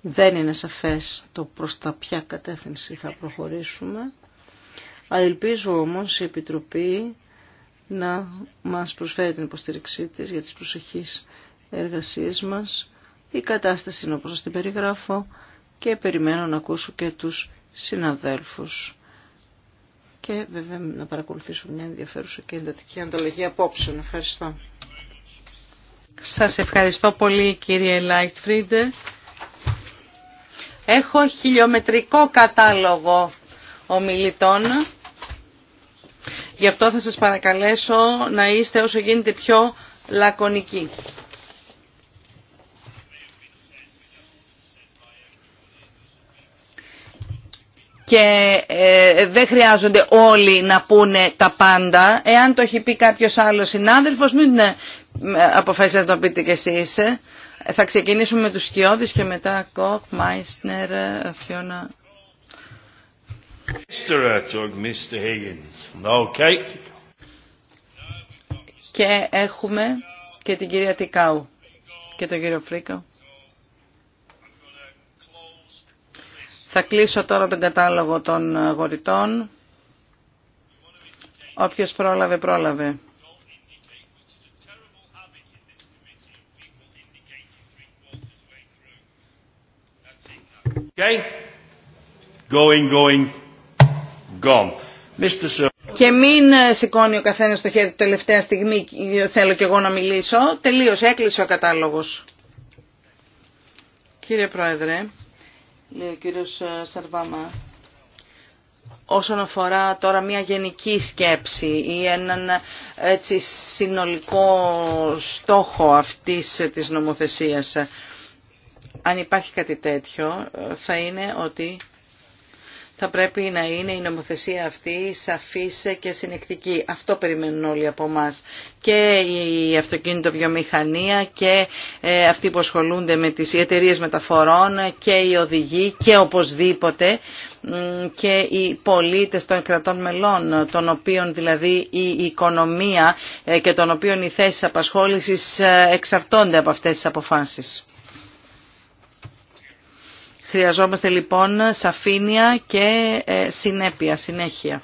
Δεν είναι σαφές το προς τα ποια κατεύθυνση θα προχωρήσουμε. ελπίζω όμως η Επιτροπή να μας προσφέρει την υποστήριξή της για τις προσεχείς εργασίες μας. Η κατάσταση είναι όπως την περιγράφω και περιμένω να ακούσω και τους συναδέλφους και βέβαια να παρακολουθήσω μια ενδιαφέρουσα και εντατική ανταλλαγή απόψεων. Ευχαριστώ. Σας ευχαριστώ πολύ κύριε Λάιτφρίντε. Έχω χιλιομετρικό κατάλογο ομιλητών. Γι' αυτό θα σας παρακαλέσω να είστε όσο γίνεται πιο λακωνικοί. και ε, δεν χρειάζονται όλοι να πούνε τα πάντα. Εάν το έχει πει κάποιος άλλος συνάδελφος, μην ε, αποφασίσετε να το πείτε κι εσείς. Ε, θα ξεκινήσουμε με τους Σκιώδης και μετά Κοκ, Μάισνερ, Φιώνα και έχουμε και την κυρία Τικάου και τον κύριο Φρίκο. Θα κλείσω τώρα τον κατάλογο των αγορητών. Όποιος πρόλαβε, πρόλαβε. Okay. Going, going. Και μην ε, σηκώνει ο καθένας το χέρι του τελευταία στιγμή, ε, θέλω και εγώ να μιλήσω. Τελείως έκλεισε ο κατάλογος. Κύριε Πρόεδρε, λέει ο κύριος ε, Σαρβάμα, όσον αφορά τώρα μια γενική σκέψη ή έναν έτσι συνολικό στόχο αυτής της νομοθεσίας, αν υπάρχει κάτι τέτοιο, θα είναι ότι θα πρέπει να είναι η νομοθεσία αυτή σαφής και συνεκτική. Αυτό περιμένουν όλοι από εμά και η αυτοκίνητο βιομηχανία και ε, αυτοί που ασχολούνται με τις εταιρείε μεταφορών και οι οδηγοί και οπωσδήποτε και οι πολίτες των κρατών μελών, των οποίων δηλαδή η οικονομία ε, και των οποίων οι θέσεις απασχόλησης ε, εξαρτώνται από αυτές τις αποφάσεις. Χρειαζόμαστε λοιπόν σαφήνεια και ε, συνέπεια, συνέχεια.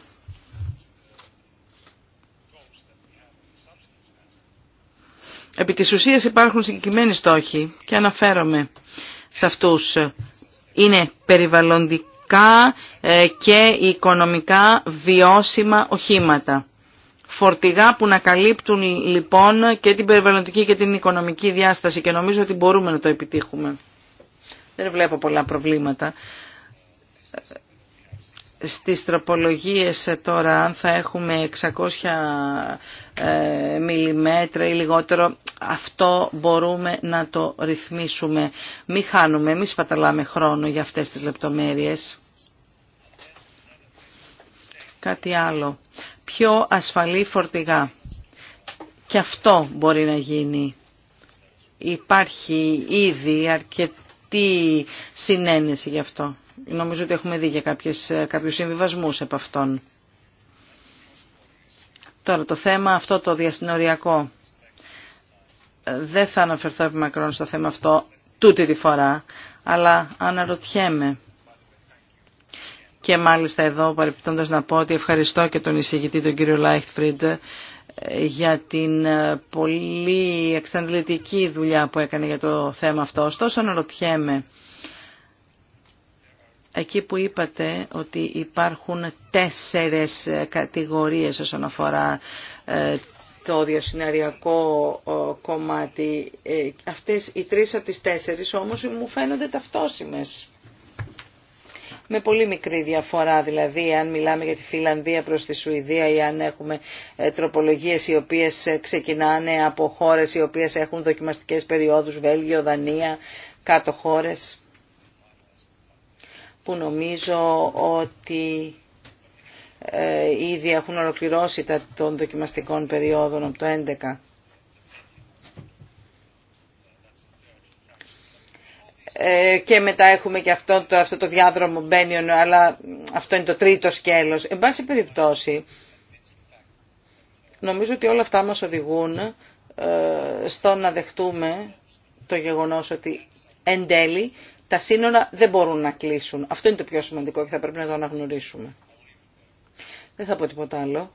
Επί της ουσίας υπάρχουν συγκεκριμένοι στόχοι και αναφέρομαι σε αυτούς. Είναι περιβαλλοντικά ε, και οικονομικά βιώσιμα οχήματα. Φορτηγά που να καλύπτουν λοιπόν και την περιβαλλοντική και την οικονομική διάσταση και νομίζω ότι μπορούμε να το επιτύχουμε. Δεν βλέπω πολλά προβλήματα. Στις τροπολογίες τώρα, αν θα έχουμε 600 ε, μιλιμέτρα ή λιγότερο, αυτό μπορούμε να το ρυθμίσουμε. Μη χάνουμε, μη σπαταλάμε χρόνο για αυτές τις λεπτομέρειες. Κάτι άλλο. Πιο ασφαλή φορτηγά. Και αυτό μπορεί να γίνει. Υπάρχει ήδη αρκετή τι συνένεση γι' αυτό. Νομίζω ότι έχουμε δει και κάποιες, κάποιους συμβιβασμούς επ' αυτών. Τώρα το θέμα αυτό το διασυνοριακό. Ε, δεν θα αναφερθώ μακρόν στο θέμα αυτό τούτη τη φορά, αλλά αναρωτιέμαι. Και μάλιστα εδώ παρεπιπτόντας να πω ότι ευχαριστώ και τον εισηγητή τον κύριο Λάιχτφριντ για την ε, πολύ εξαντλητική δουλειά που έκανε για το θέμα αυτό. Ωστόσο, αναρωτιέμαι, εκεί που είπατε ότι υπάρχουν τέσσερες κατηγορίες όσον αφορά ε, το διασυναριακό κομμάτι, ε, αυτές οι τρεις από τις τέσσερις όμως μου φαίνονται ταυτόσιμες με πολύ μικρή διαφορά δηλαδή αν μιλάμε για τη Φιλανδία προς τη Σουηδία ή αν έχουμε ε, τροπολογίες οι οποίες ε, ξεκινάνε από χώρες οι οποίες έχουν δοκιμαστικές περιόδους, Βέλγιο, Δανία, κάτω χώρες που νομίζω ότι ε, ήδη έχουν ολοκληρώσει τα των δοκιμαστικών περιόδων από το 2011. Ε, και μετά έχουμε και αυτό το, αυτό το διάδρομο Μπένιον, αλλά αυτό είναι το τρίτο σκέλος. Εν πάση περιπτώσει, νομίζω ότι όλα αυτά μας οδηγούν ε, στο να δεχτούμε το γεγονός ότι εν τέλει τα σύνορα δεν μπορούν να κλείσουν. Αυτό είναι το πιο σημαντικό και θα πρέπει να το αναγνωρίσουμε. Δεν θα πω τίποτα άλλο.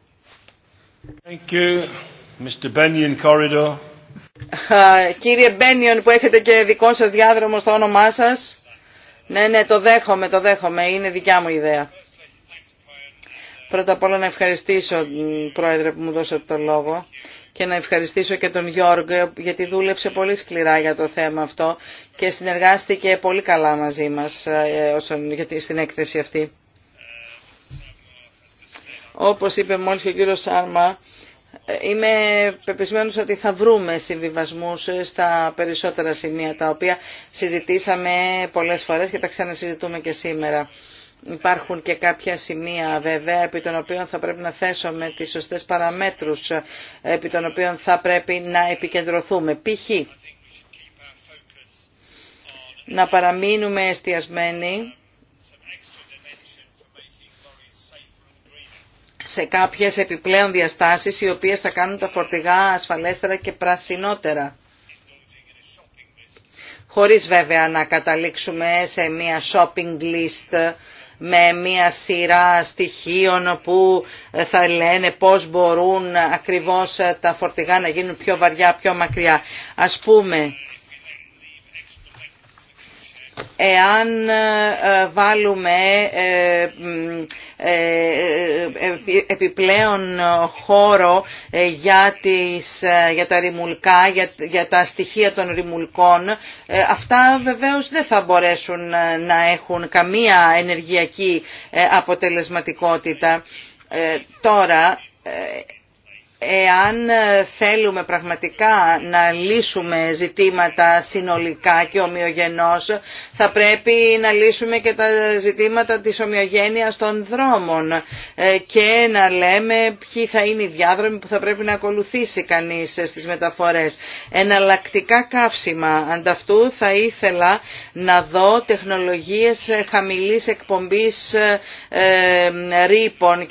Thank you, Mr. Benyon Corridor. Κύριε Μπένιον που έχετε και δικό σας διάδρομο στο όνομά σας. Ναι, ναι, το δέχομαι, το δέχομαι. Είναι δικιά μου ιδέα. Πρώτα απ' όλα να ευχαριστήσω, Πρόεδρε, που μου δώσατε το λόγο και να ευχαριστήσω και τον Γιώργο γιατί δούλεψε πολύ σκληρά για το θέμα αυτό και συνεργάστηκε πολύ καλά μαζί μας ε, στην έκθεση αυτή. Όπως είπε μόλις και ο κύριος Σάρμα, Είμαι πεπισμένο ότι θα βρούμε συμβιβασμού στα περισσότερα σημεία τα οποία συζητήσαμε πολλές φορές και τα ξανασυζητούμε και σήμερα. Υπάρχουν και κάποια σημεία βέβαια επί των οποίων θα πρέπει να θέσουμε τις σωστές παραμέτρους επί των οποίων θα πρέπει να επικεντρωθούμε. Π.χ. να παραμείνουμε εστιασμένοι σε κάποιες επιπλέον διαστάσεις οι οποίες θα κάνουν τα φορτηγά ασφαλέστερα και πρασινότερα. Χωρίς βέβαια να καταλήξουμε σε μια shopping list με μια σειρά στοιχείων που θα λένε πώς μπορούν ακριβώς τα φορτηγά να γίνουν πιο βαριά, πιο μακριά. Ας πούμε, εάν ε, ε, βάλουμε ε, επιπλέον χώρο για, τις, για τα ρημουλκά, για, για τα στοιχεία των ρημουλκών, αυτά βεβαίως δεν θα μπορέσουν να έχουν καμία ενεργειακή αποτελεσματικότητα. Τώρα, εάν ε, θέλουμε πραγματικά να λύσουμε ζητήματα συνολικά και ομοιογενώς, θα πρέπει να λύσουμε και τα ζητήματα της ομοιογένειας των δρόμων ε, και να λέμε ποιοι θα είναι οι διάδρομοι που θα πρέπει να ακολουθήσει κανείς στις μεταφορές. Εναλλακτικά καύσιμα. Ανταυτού θα ήθελα να δω τεχνολογίες χαμηλής εκπομπής ε, ρήπων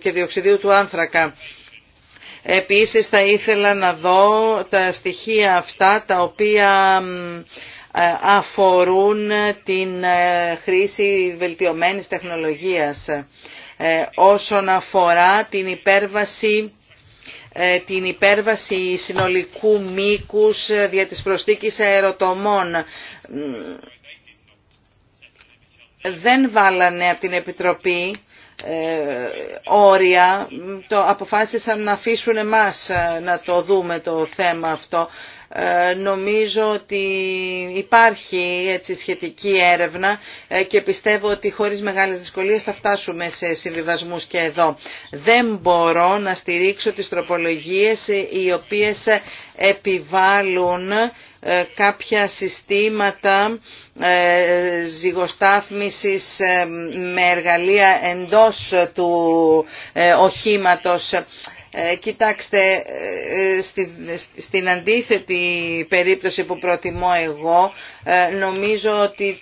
και διοξιδίου του άνθρακα Επίσης θα ήθελα να δω τα στοιχεία αυτά τα οποία ε, αφορούν την ε, χρήση βελτιωμένης τεχνολογίας ε, όσον αφορά την υπέρβαση την υπέρβαση συνολικού μήκους δια της προσθήκης αεροτομών. Δεν βάλανε από την Επιτροπή ε, όρια, το αποφάσισαν να αφήσουν εμάς ε, να το δούμε το θέμα αυτό. Ε, νομίζω ότι υπάρχει έτσι σχετική έρευνα και πιστεύω ότι χωρίς μεγάλες δυσκολίες θα φτάσουμε σε συμβιβασμούς και εδώ. Δεν μπορώ να στηρίξω τις τροπολογίες οι οποίες επιβάλλουν ε, κάποια συστήματα ε, ζυγοστάθμισης ε, με εργαλεία εντός του οχήματος. Κοιτάξτε, στην αντίθετη περίπτωση που προτιμώ εγώ, νομίζω ότι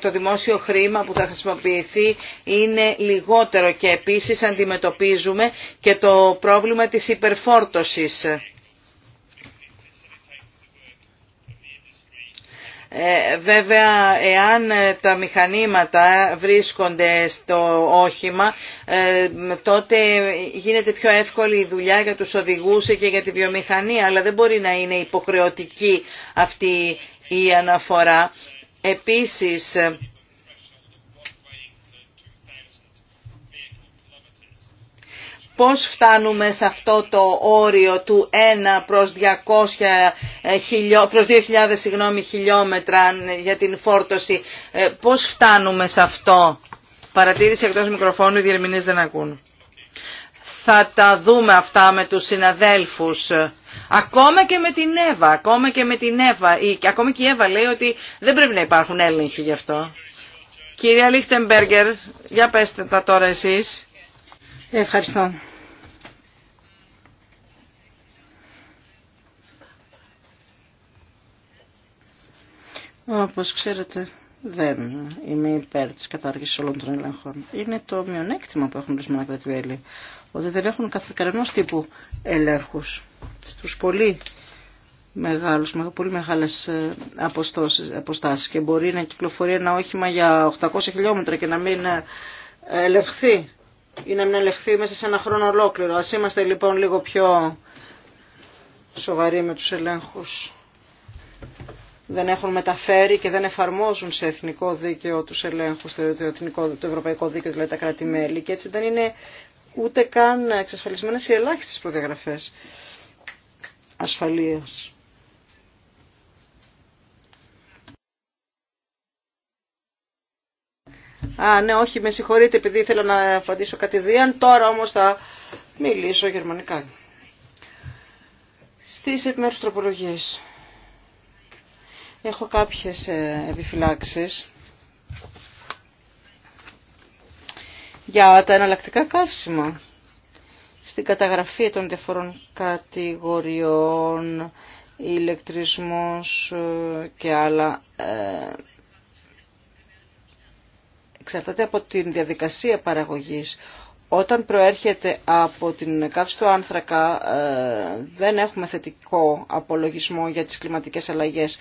το δημόσιο χρήμα που θα χρησιμοποιηθεί είναι λιγότερο και επίσης αντιμετωπίζουμε και το πρόβλημα της υπερφόρτωσης. Ε, βέβαια, εάν ε, τα μηχανήματα βρίσκονται στο όχημα, ε, τότε γίνεται πιο εύκολη η δουλειά για τους οδηγούς και για τη βιομηχανία, αλλά δεν μπορεί να είναι υποχρεωτική αυτή η αναφορά. Επίσης, πώς φτάνουμε σε αυτό το όριο του 1 προς, 200 χιλιό, προς 2.000 συγγνώμη, χιλιόμετρα για την φόρτωση. Ε, πώς φτάνουμε σε αυτό. Παρατήρηση εκτός μικροφώνου, οι διερμηνείς δεν ακούν. Θα τα δούμε αυτά με τους συναδέλφους. Ακόμα και με την Εύα, ακόμα και με την Εύα, ή, ακόμα και η Εύα λέει ότι δεν πρέπει να υπάρχουν έλεγχοι γι' αυτό. Κυρία Λίχτεμπεργκερ, για πέστε τα τώρα εσείς. Ευχαριστώ. Όπως ξέρετε δεν είμαι υπέρ της κατάργησης όλων των ελέγχων. Είναι το μειονέκτημα που έχουν ορισμένα κρατημέλη. ότι δεν έχουν κανένας τύπου ελέγχους. Στους πολύ μεγάλους, με πολύ μεγάλες ε, αποστάσεις και μπορεί να κυκλοφορεί ένα όχημα για 800 χιλιόμετρα και να μην ε, ελεγχθεί ή να μην ελεγχθεί μέσα σε ένα χρόνο ολόκληρο. Ας είμαστε λοιπόν λίγο πιο σοβαροί με τους ελέγχους δεν έχουν μεταφέρει και δεν εφαρμόζουν σε εθνικό δίκαιο του ελέγχους, το, εθνικό, το ευρωπαϊκό δίκαιο, δηλαδή τα κράτη-μέλη και έτσι δεν είναι ούτε καν εξασφαλισμένε οι ελάχιστε προδιαγραφέ ασφαλείας. Α, ναι, όχι, με συγχωρείτε επειδή ήθελα να απαντήσω κατηδίαν, τώρα όμως θα μιλήσω γερμανικά. Στις επιμέρους τροπολογίες. Έχω κάποιες ε, επιφυλάξεις για τα εναλλακτικά καύσιμα στην καταγραφή των διαφορών κατηγοριών, ηλεκτρισμός ε, και άλλα. Ε, εξαρτάται από την διαδικασία παραγωγής. Όταν προέρχεται από την καύση του άνθρακα δεν έχουμε θετικό απολογισμό για τις κλιματικές αλλαγές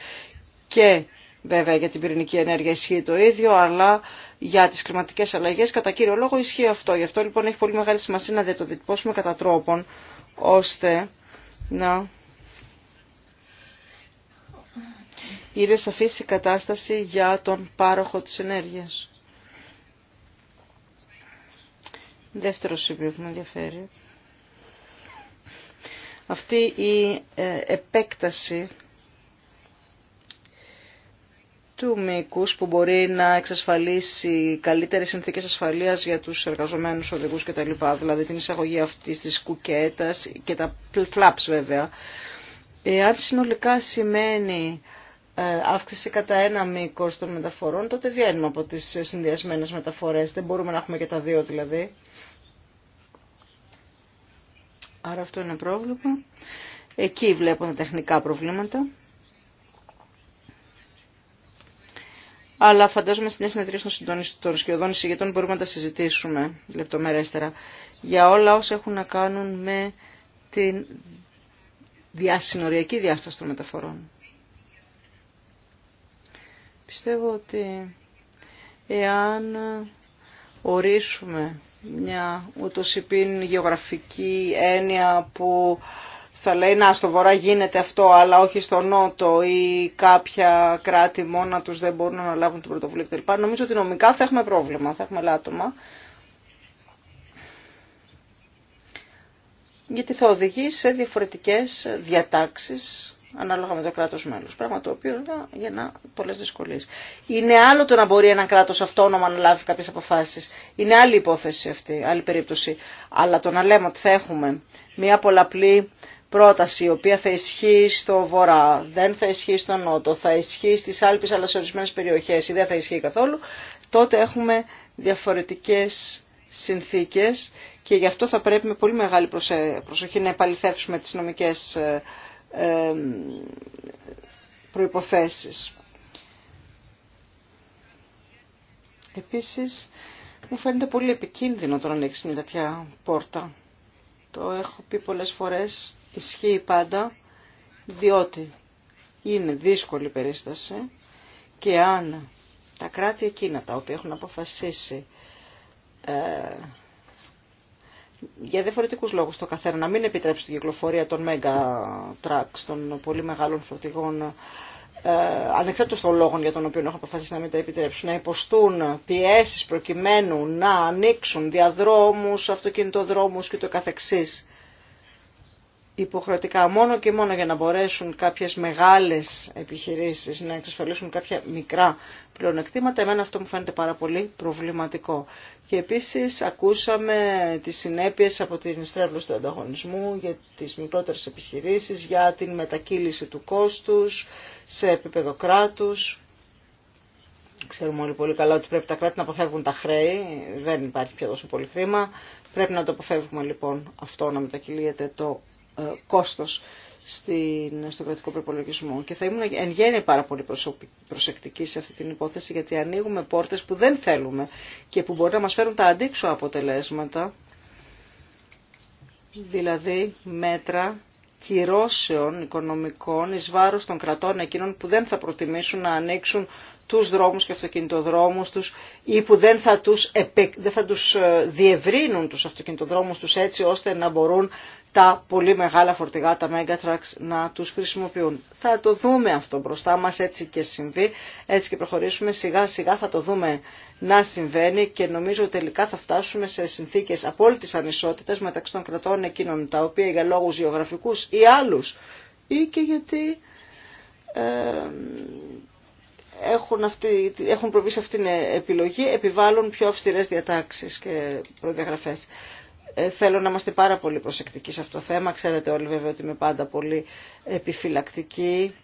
και βέβαια για την πυρηνική ενέργεια ισχύει το ίδιο, αλλά για τις κλιματικές αλλαγές κατά κύριο λόγο ισχύει αυτό. Γι' αυτό λοιπόν έχει πολύ μεγάλη σημασία να διατοδιπώσουμε κατά τρόπον ώστε να είναι σαφής η κατάσταση για τον πάροχο της ενέργειας. Δεύτερο σημείο που με ενδιαφέρει. Αυτή η ε, επέκταση του μήκου που μπορεί να εξασφαλίσει καλύτερε συνθήκες ασφαλείας για τους εργαζομένους οδηγού κτλ. Δηλαδή την εισαγωγή αυτής τη κουκέτα και τα flaps βέβαια. Εάν συνολικά σημαίνει ε, αύξηση κατά ένα μήκο των μεταφορών, τότε βγαίνουμε από τι συνδυασμένε μεταφορές. Δεν μπορούμε να έχουμε και τα δύο δηλαδή. Άρα αυτό είναι πρόβλημα. Εκεί βλέπω τα τεχνικά προβλήματα. αλλά φαντάζομαι στην συνεδρία των συντονιστών και οδών εισηγητών μπορούμε να τα συζητήσουμε λεπτομερέστερα για όλα όσα έχουν να κάνουν με την διασυνοριακή διάσταση των μεταφορών. Πιστεύω ότι εάν ορίσουμε μια ούτως υπήν γεωγραφική έννοια που θα λέει να στο βορρά γίνεται αυτό αλλά όχι στο νότο ή κάποια κράτη μόνα τους δεν μπορούν να λάβουν την πρωτοβουλία κτλ. Νομίζω ότι νομικά θα έχουμε πρόβλημα, θα έχουμε λάτωμα. Γιατί θα οδηγεί σε διαφορετικές διατάξεις ανάλογα με το κράτος μέλος. Πράγμα το οποίο γεννά πολλές δυσκολίες. Είναι άλλο το να μπορεί ένα κράτος αυτόνομα να λάβει κάποιες αποφάσεις. Είναι άλλη υπόθεση αυτή, άλλη περίπτωση. Αλλά το να λέμε ότι θα έχουμε μια πολλαπλή πρόταση η οποία θα ισχύει στο βορρά, δεν θα ισχύει στο νότο, θα ισχύει στις Άλπεις αλλά σε ορισμένες περιοχές ή δεν θα ισχύει καθόλου, τότε έχουμε διαφορετικές συνθήκες και γι' αυτό θα πρέπει με πολύ μεγάλη προσοχή να επαληθεύσουμε τις νομικές ε, ε, προϋποθέσεις. Επίσης, μου φαίνεται πολύ επικίνδυνο το να ανοίξει μια τέτοια πόρτα το έχω πει πολλές φορές, ισχύει πάντα, διότι είναι δύσκολη περίσταση και αν τα κράτη εκείνα τα οποία έχουν αποφασίσει ε, για διαφορετικούς λόγους το καθένα να μην επιτρέψει την κυκλοφορία των mega trucks, των πολύ μεγάλων φορτηγών ε, ανεξάρτητος των λόγων για τον οποίο έχω αποφασίσει να μην τα επιτρέψουν, να υποστούν πιέσεις προκειμένου να ανοίξουν διαδρόμους, αυτοκινητοδρόμους και το καθεξής υποχρεωτικά μόνο και μόνο για να μπορέσουν κάποιες μεγάλες επιχειρήσεις να εξασφαλίσουν κάποια μικρά πλεονεκτήματα, εμένα αυτό μου φαίνεται πάρα πολύ προβληματικό. Και επίσης ακούσαμε τις συνέπειες από την στρέβλωση του ανταγωνισμού για τις μικρότερες επιχειρήσεις, για την μετακύληση του κόστους σε επίπεδο κράτους. Ξέρουμε όλοι πολύ καλά ότι πρέπει τα κράτη να αποφεύγουν τα χρέη, δεν υπάρχει πια τόσο πολύ χρήμα. Πρέπει να το αποφεύγουμε λοιπόν αυτό να μετακυλίεται το ε, κόστος στο κρατικό προπολογισμό. Και θα ήμουν εν γέννη πάρα πολύ προσεκτική σε αυτή την υπόθεση, γιατί ανοίγουμε πόρτες που δεν θέλουμε και που μπορεί να μας φέρουν τα αντίξω αποτελέσματα, δηλαδή μέτρα κυρώσεων οικονομικών εις βάρος των κρατών εκείνων που δεν θα προτιμήσουν να ανοίξουν τους δρόμους και αυτοκινητοδρόμους τους ή που δεν θα τους, ε, διευρύνουν τους αυτοκινητοδρόμους τους έτσι ώστε να μπορούν τα πολύ μεγάλα φορτηγά, τα Megatrax να τους χρησιμοποιούν. Θα το δούμε αυτό μπροστά μας έτσι και συμβεί, έτσι και προχωρήσουμε σιγά σιγά θα το δούμε να συμβαίνει και νομίζω τελικά θα φτάσουμε σε συνθήκες απόλυτης ανισότητας μεταξύ των κρατών εκείνων τα οποία για λόγους γεωγραφικούς ή άλλους ή και γιατί ε, έχουν, αυτή, έχουν προβεί σε αυτήν την επιλογή, επιβάλλουν πιο αυστηρές διατάξεις και προδιαγραφές. Ε, θέλω να είμαστε πάρα πολύ προσεκτικοί σε αυτό το θέμα. Ξέρετε όλοι βέβαια ότι είμαι πάντα πολύ επιφυλακτική,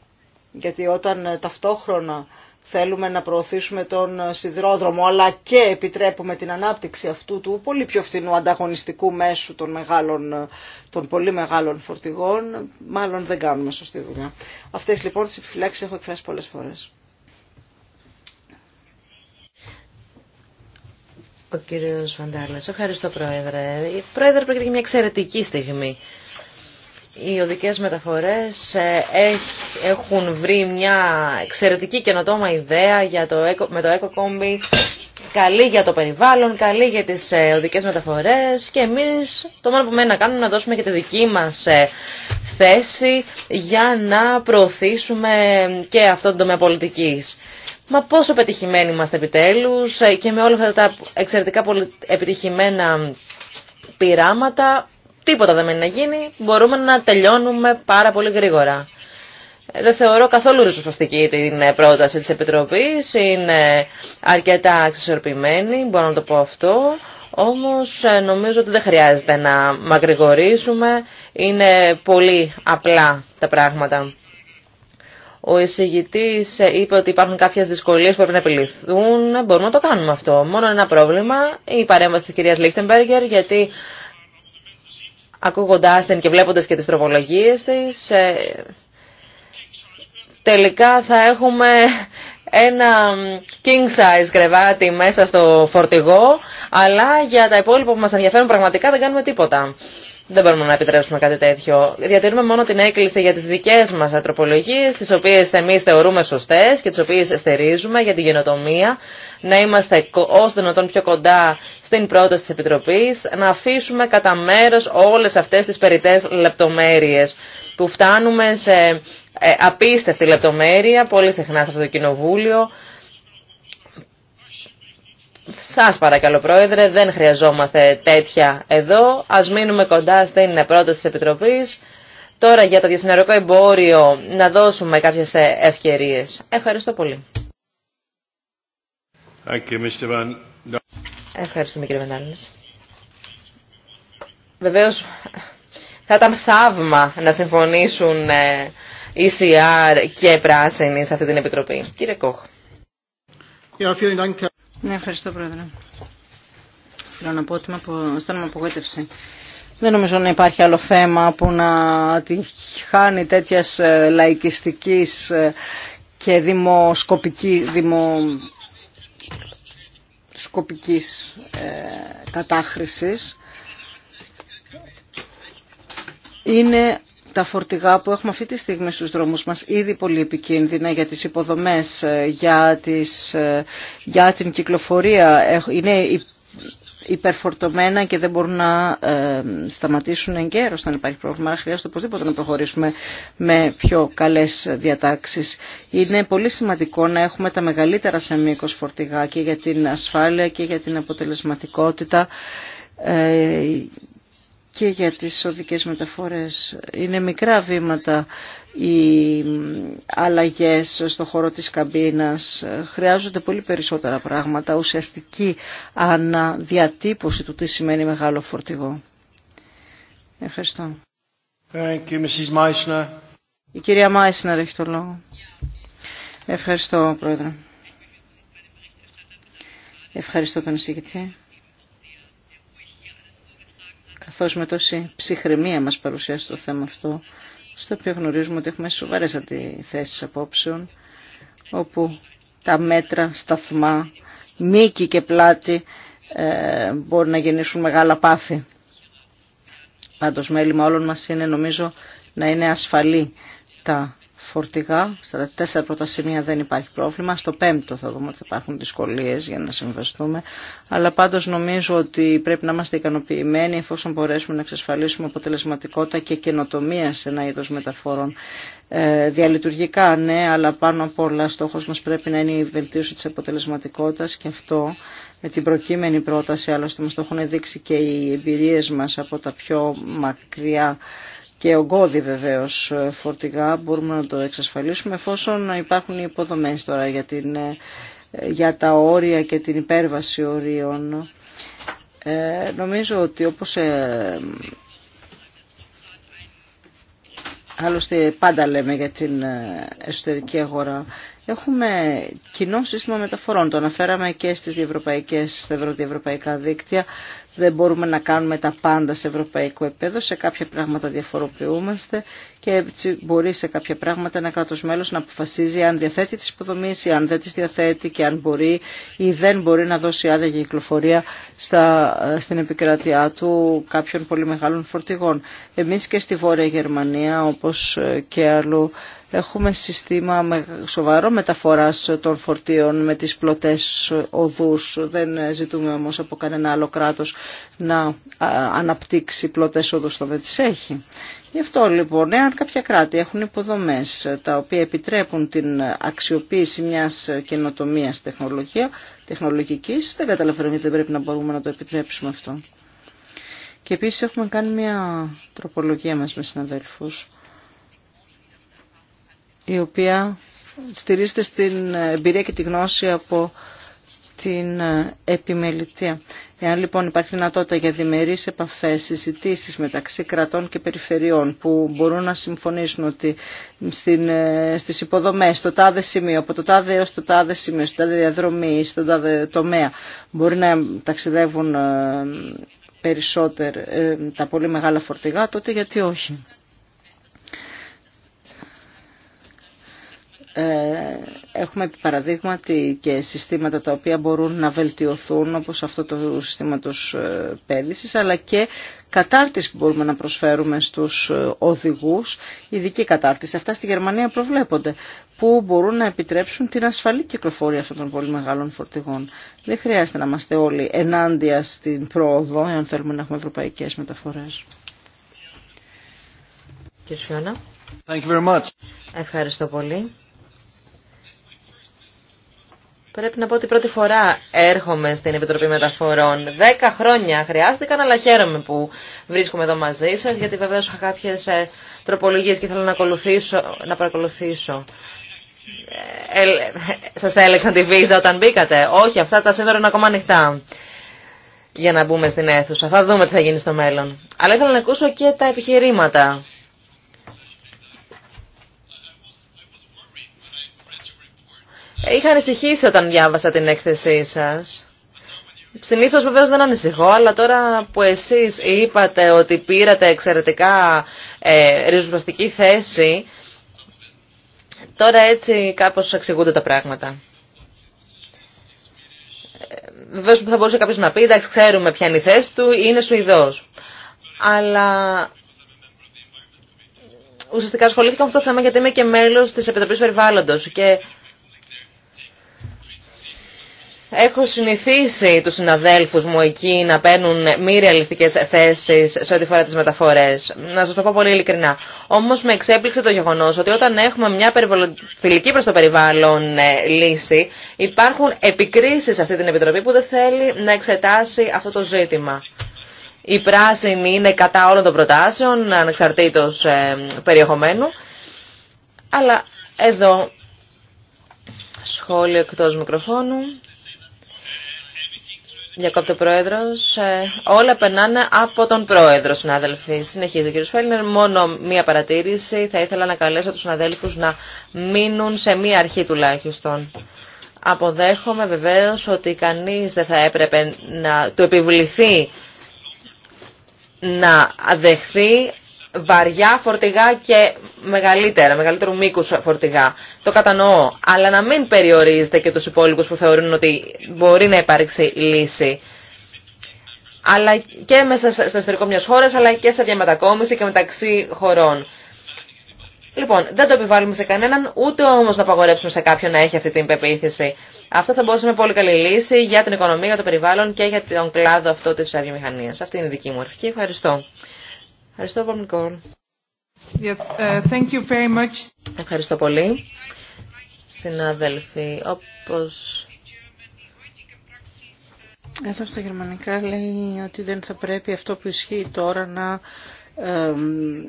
γιατί όταν ε, ταυτόχρονα θέλουμε να προωθήσουμε τον ε, σιδηρόδρομο, αλλά και επιτρέπουμε την ανάπτυξη αυτού του πολύ πιο φθηνού ανταγωνιστικού μέσου των, μεγάλων, των πολύ μεγάλων φορτηγών, μάλλον δεν κάνουμε σωστή δουλειά. Αυτές λοιπόν τις επιφυλάξεις έχω εκφράσει πολλές φορές. Ο κύριος Βαντάλλας. Ευχαριστώ, Πρόεδρε. Η Πρόεδρε, πρόκειται για μια εξαιρετική στιγμή. Οι οδικές μεταφορές ε, έχουν βρει μια εξαιρετική καινοτόμα ιδέα για το, με το Eco καλή για το περιβάλλον, καλή για τις ε, οδικές μεταφορές και εμείς το μόνο που μένει να κάνουμε είναι να δώσουμε και τη δική μας ε, θέση για να προωθήσουμε και αυτό το τομέα πολιτικής. Μα πόσο πετυχημένοι είμαστε επιτέλους ε, και με όλα αυτά τα εξαιρετικά πολύ επιτυχημένα πειράματα τίποτα δεν μένει να γίνει, μπορούμε να τελειώνουμε πάρα πολύ γρήγορα. Ε, δεν θεωρώ καθόλου ριζοσπαστική την ε, πρόταση της Επιτροπής, είναι αρκετά αξισορπημένη, μπορώ να το πω αυτό, όμως νομίζω ότι δεν χρειάζεται να μακρηγορήσουμε, είναι πολύ απλά τα πράγματα ο εισηγητής είπε ότι υπάρχουν κάποιες δυσκολίες που πρέπει να επιληθούν. Μπορούμε να το κάνουμε αυτό. Μόνο ένα πρόβλημα, η παρέμβαση της κυρίας Λίχτεμπεργκερ, γιατί ακούγοντάς την και βλέποντας και τις τροπολογίες της, ε, τελικά θα έχουμε ένα king size κρεβάτι μέσα στο φορτηγό, αλλά για τα υπόλοιπα που μας ενδιαφέρουν πραγματικά δεν κάνουμε τίποτα. Δεν μπορούμε να επιτρέψουμε κάτι τέτοιο. Διατηρούμε μόνο την έκκληση για τις δικές μας αντροπολογίε, τι οποίες εμεί θεωρούμε σωστές και τις οποίες στερίζουμε για την γενοτομία, να είμαστε ω δυνατόν πιο κοντά στην πρόταση τη Επιτροπής, να αφήσουμε κατά μέρο όλες αυτές τις περιττές λεπτομέρειες που φτάνουμε σε ε, απίστευτη λεπτομέρεια πολύ συχνά σε αυτό το κοινοβούλιο, σας παρακαλώ Πρόεδρε, δεν χρειαζόμαστε τέτοια εδώ. Ας μείνουμε κοντά στην πρόταση της Επιτροπής. Τώρα για το διασυναρικό εμπόριο να δώσουμε κάποιες ε, ευκαιρίες. Ευχαριστώ πολύ. Ευχαριστούμε κύριε Μενάλης. Βεβαίως θα ήταν θαύμα να συμφωνήσουν ECR ε, και πράσινοι σε αυτή την Επιτροπή. Κύριε Κόχ. Ναι, ευχαριστώ πρόεδρε. Θέλω να πω ότι αισθάνομαι απογοήτευση. Δεν νομίζω να υπάρχει άλλο θέμα που να τη χάνει τέτοια ε, λαϊκιστική ε, και δημοσκοπική, δημοσκοπικής ε, κατάχρησης. Είναι τα φορτηγά που έχουμε αυτή τη στιγμή στους δρόμους μας ήδη πολύ επικίνδυνα για τις υποδομές, ε, για, τις, ε, για την κυκλοφορία είναι υπερφορτωμένα και δεν μπορούν να ε, σταματήσουν εγκαίρως όταν υπάρχει πρόβλημα. Άρα χρειάζεται οπωσδήποτε να προχωρήσουμε με πιο καλές διατάξεις. Είναι πολύ σημαντικό να έχουμε τα μεγαλύτερα σε μήκος φορτηγά και για την ασφάλεια και για την αποτελεσματικότητα και για τις οδικές μεταφορές. Είναι μικρά βήματα οι αλλαγές στο χώρο της καμπίνας. Χρειάζονται πολύ περισσότερα πράγματα, ουσιαστική αναδιατύπωση του τι σημαίνει μεγάλο φορτηγό. Ευχαριστώ. Thank you, Mrs. Η κυρία Μάισνερ έχει το λόγο. Ευχαριστώ, Πρόεδρε. Ευχαριστώ τον εισηγητή καθώς με τόση ψυχραιμία μας παρουσιάσει το θέμα αυτό, στο οποίο γνωρίζουμε ότι έχουμε σοβαρές αντιθέσεις απόψεων, όπου τα μέτρα, σταθμά, μήκη και πλάτη ε, να γεννήσουν μεγάλα πάθη. Πάντως μέλημα όλων μας είναι νομίζω να είναι ασφαλή τα φορτηγά, στα τέσσερα πρώτα σημεία δεν υπάρχει πρόβλημα, στο πέμπτο θα δούμε ότι θα υπάρχουν δυσκολίε για να συμβαστούμε, αλλά πάντως νομίζω ότι πρέπει να είμαστε ικανοποιημένοι εφόσον μπορέσουμε να εξασφαλίσουμε αποτελεσματικότητα και καινοτομία σε ένα είδο μεταφορών. Ε, διαλειτουργικά ναι, αλλά πάνω απ' όλα στόχο μα πρέπει να είναι η βελτίωση τη αποτελεσματικότητα και αυτό με την προκείμενη πρόταση, άλλωστε μα το έχουν δείξει και οι εμπειρίε μα από τα πιο μακριά και ογκώδη βεβαίως ε, φορτηγά μπορούμε να το εξασφαλίσουμε εφόσον υπάρχουν οι υποδομές τώρα για, την, ε, για τα όρια και την υπέρβαση ορίων. Ε, νομίζω ότι όπως ε, άλλωστε πάντα λέμε για την εσωτερική αγορά, έχουμε κοινό σύστημα μεταφορών. Το αναφέραμε και στις διευρωπαϊκές, στα ευρωδιευρωπαϊκά δίκτυα δεν μπορούμε να κάνουμε τα πάντα σε ευρωπαϊκό επίπεδο, σε κάποια πράγματα διαφοροποιούμαστε και έτσι μπορεί σε κάποια πράγματα ένα κράτος μέλος να αποφασίζει αν διαθέτει τις υποδομές ή αν δεν τις διαθέτει και αν μπορεί ή δεν μπορεί να δώσει άδεια για κυκλοφορία στα, ε, στην επικρατεία του κάποιων πολύ μεγάλων φορτηγών. Εμείς και στη Βόρεια Γερμανία όπως ε, και αλλού Έχουμε σύστημα σοβαρό μεταφοράς των φορτίων με τις πλωτές οδούς. Δεν ζητούμε όμως από κανένα άλλο κράτος να αναπτύξει πλωτές οδούς το τις έχει. Γι' αυτό λοιπόν, εάν κάποια κράτη έχουν υποδομές τα οποία επιτρέπουν την αξιοποίηση μιας καινοτομίας τεχνολογία, τεχνολογικής, δεν καταλαβαίνω γιατί δεν πρέπει να μπορούμε να το επιτρέψουμε αυτό. Και επίσης έχουμε κάνει μια τροπολογία μας με συναδέλφους η οποία στηρίζεται στην εμπειρία και τη γνώση από την ε, επιμελητία. Εάν λοιπόν υπάρχει δυνατότητα για διμερείς επαφές, συζητήσει μεταξύ κρατών και περιφερειών που μπορούν να συμφωνήσουν ότι στην, ε, στις υποδομές, στο τάδε σημείο, από το τάδε έως το τάδε σημείο, στο τάδε διαδρομή, στον τάδε τομέα, μπορεί να ταξιδεύουν ε, περισσότερο τα πολύ μεγάλα φορτηγά, τότε γιατί όχι. Ε, έχουμε παραδείγματι και συστήματα τα οποία μπορούν να βελτιωθούν όπως αυτό το σύστημα συστήματος ε, πέδησης αλλά και κατάρτιση που μπορούμε να προσφέρουμε στους ε, οδηγούς, ειδική κατάρτιση. Αυτά στη Γερμανία προβλέπονται που μπορούν να επιτρέψουν την ασφαλή κυκλοφορία αυτών των πολύ μεγάλων φορτηγών. Δεν χρειάζεται να είμαστε όλοι ενάντια στην πρόοδο εάν θέλουμε να έχουμε ευρωπαϊκές μεταφορές. Κύριε Thank you very much. Ευχαριστώ πολύ. Πρέπει να πω ότι πρώτη φορά έρχομαι στην Επιτροπή Μεταφορών. Δέκα χρόνια χρειάστηκαν, αλλά χαίρομαι που βρίσκομαι εδώ μαζί σα, γιατί βεβαίω είχα κάποιε τροπολογίε και θέλω να, να παρακολουθήσω. Ε, σας έλεξαν τη βίζα όταν μπήκατε. Όχι, αυτά τα σύνορα είναι ακόμα ανοιχτά για να μπούμε στην αίθουσα. Θα δούμε τι θα γίνει στο μέλλον. Αλλά ήθελα να ακούσω και τα επιχειρήματα Είχα ανησυχήσει όταν διάβασα την έκθεσή σας. Συνήθως βεβαίως δεν ανησυχώ, αλλά τώρα που εσείς είπατε ότι πήρατε εξαιρετικά ε, ριζοσπαστική θέση, τώρα έτσι κάπως εξηγούνται τα πράγματα. Ε, βεβαίως που θα μπορούσε κάποιος να πει, εντάξει ξέρουμε ποια είναι η θέση του, είναι Σουηδός. Αλλά ουσιαστικά ασχολήθηκα με αυτό το θέμα γιατί είμαι και μέλος της Επιτροπής Περιβάλλοντος και Έχω συνηθίσει τους συναδέλφους μου εκεί να παίρνουν μη ρεαλιστικές θέσεις σε ό,τι φορά τις μεταφορές. Να σας το πω πολύ ειλικρινά. Όμως με εξέπληξε το γεγονός ότι όταν έχουμε μια φιλική προς το περιβάλλον ε, λύση υπάρχουν επικρίσεις σε αυτή την Επιτροπή που δεν θέλει να εξετάσει αυτό το ζήτημα. Η πράσινη είναι κατά όλων των προτάσεων, ανεξαρτήτως ε, περιεχομένου. Αλλά εδώ σχόλιο εκτός μικροφώνου. Διακόπτει ο Πρόεδρο. Ε, όλα περνάνε από τον Πρόεδρο, συνάδελφοι. Συνεχίζει ο κ. Φέλνερ. Μόνο μία παρατήρηση. Θα ήθελα να καλέσω του συναδέλφου να μείνουν σε μία αρχή τουλάχιστον. Αποδέχομαι βεβαίω ότι κανεί δεν θα έπρεπε να του επιβληθεί να δεχθεί βαριά φορτηγά και μεγαλύτερα, μεγαλύτερου μήκου φορτηγά. Το κατανοώ. Αλλά να μην περιορίζετε και του υπόλοιπου που θεωρούν ότι μπορεί να υπάρξει λύση. Αλλά και μέσα στο εσωτερικό μια χώρα, αλλά και σε διαμετακόμιση και μεταξύ χωρών. Λοιπόν, δεν το επιβάλλουμε σε κανέναν, ούτε όμω να απαγορεύσουμε σε κάποιον να έχει αυτή την πεποίθηση. Αυτό θα μπορούσε να είναι πολύ καλή λύση για την οικονομία, για το περιβάλλον και για τον κλάδο αυτό τη βιομηχανία. Αυτή είναι η δική μου αρχή. Ευχαριστώ. Ευχαριστώ, πολύ. Uh, Ευχαριστώ πολύ. Συνάδελφοι, όπως... Εδώ στα γερμανικά λέει ότι δεν θα πρέπει αυτό που ισχύει τώρα να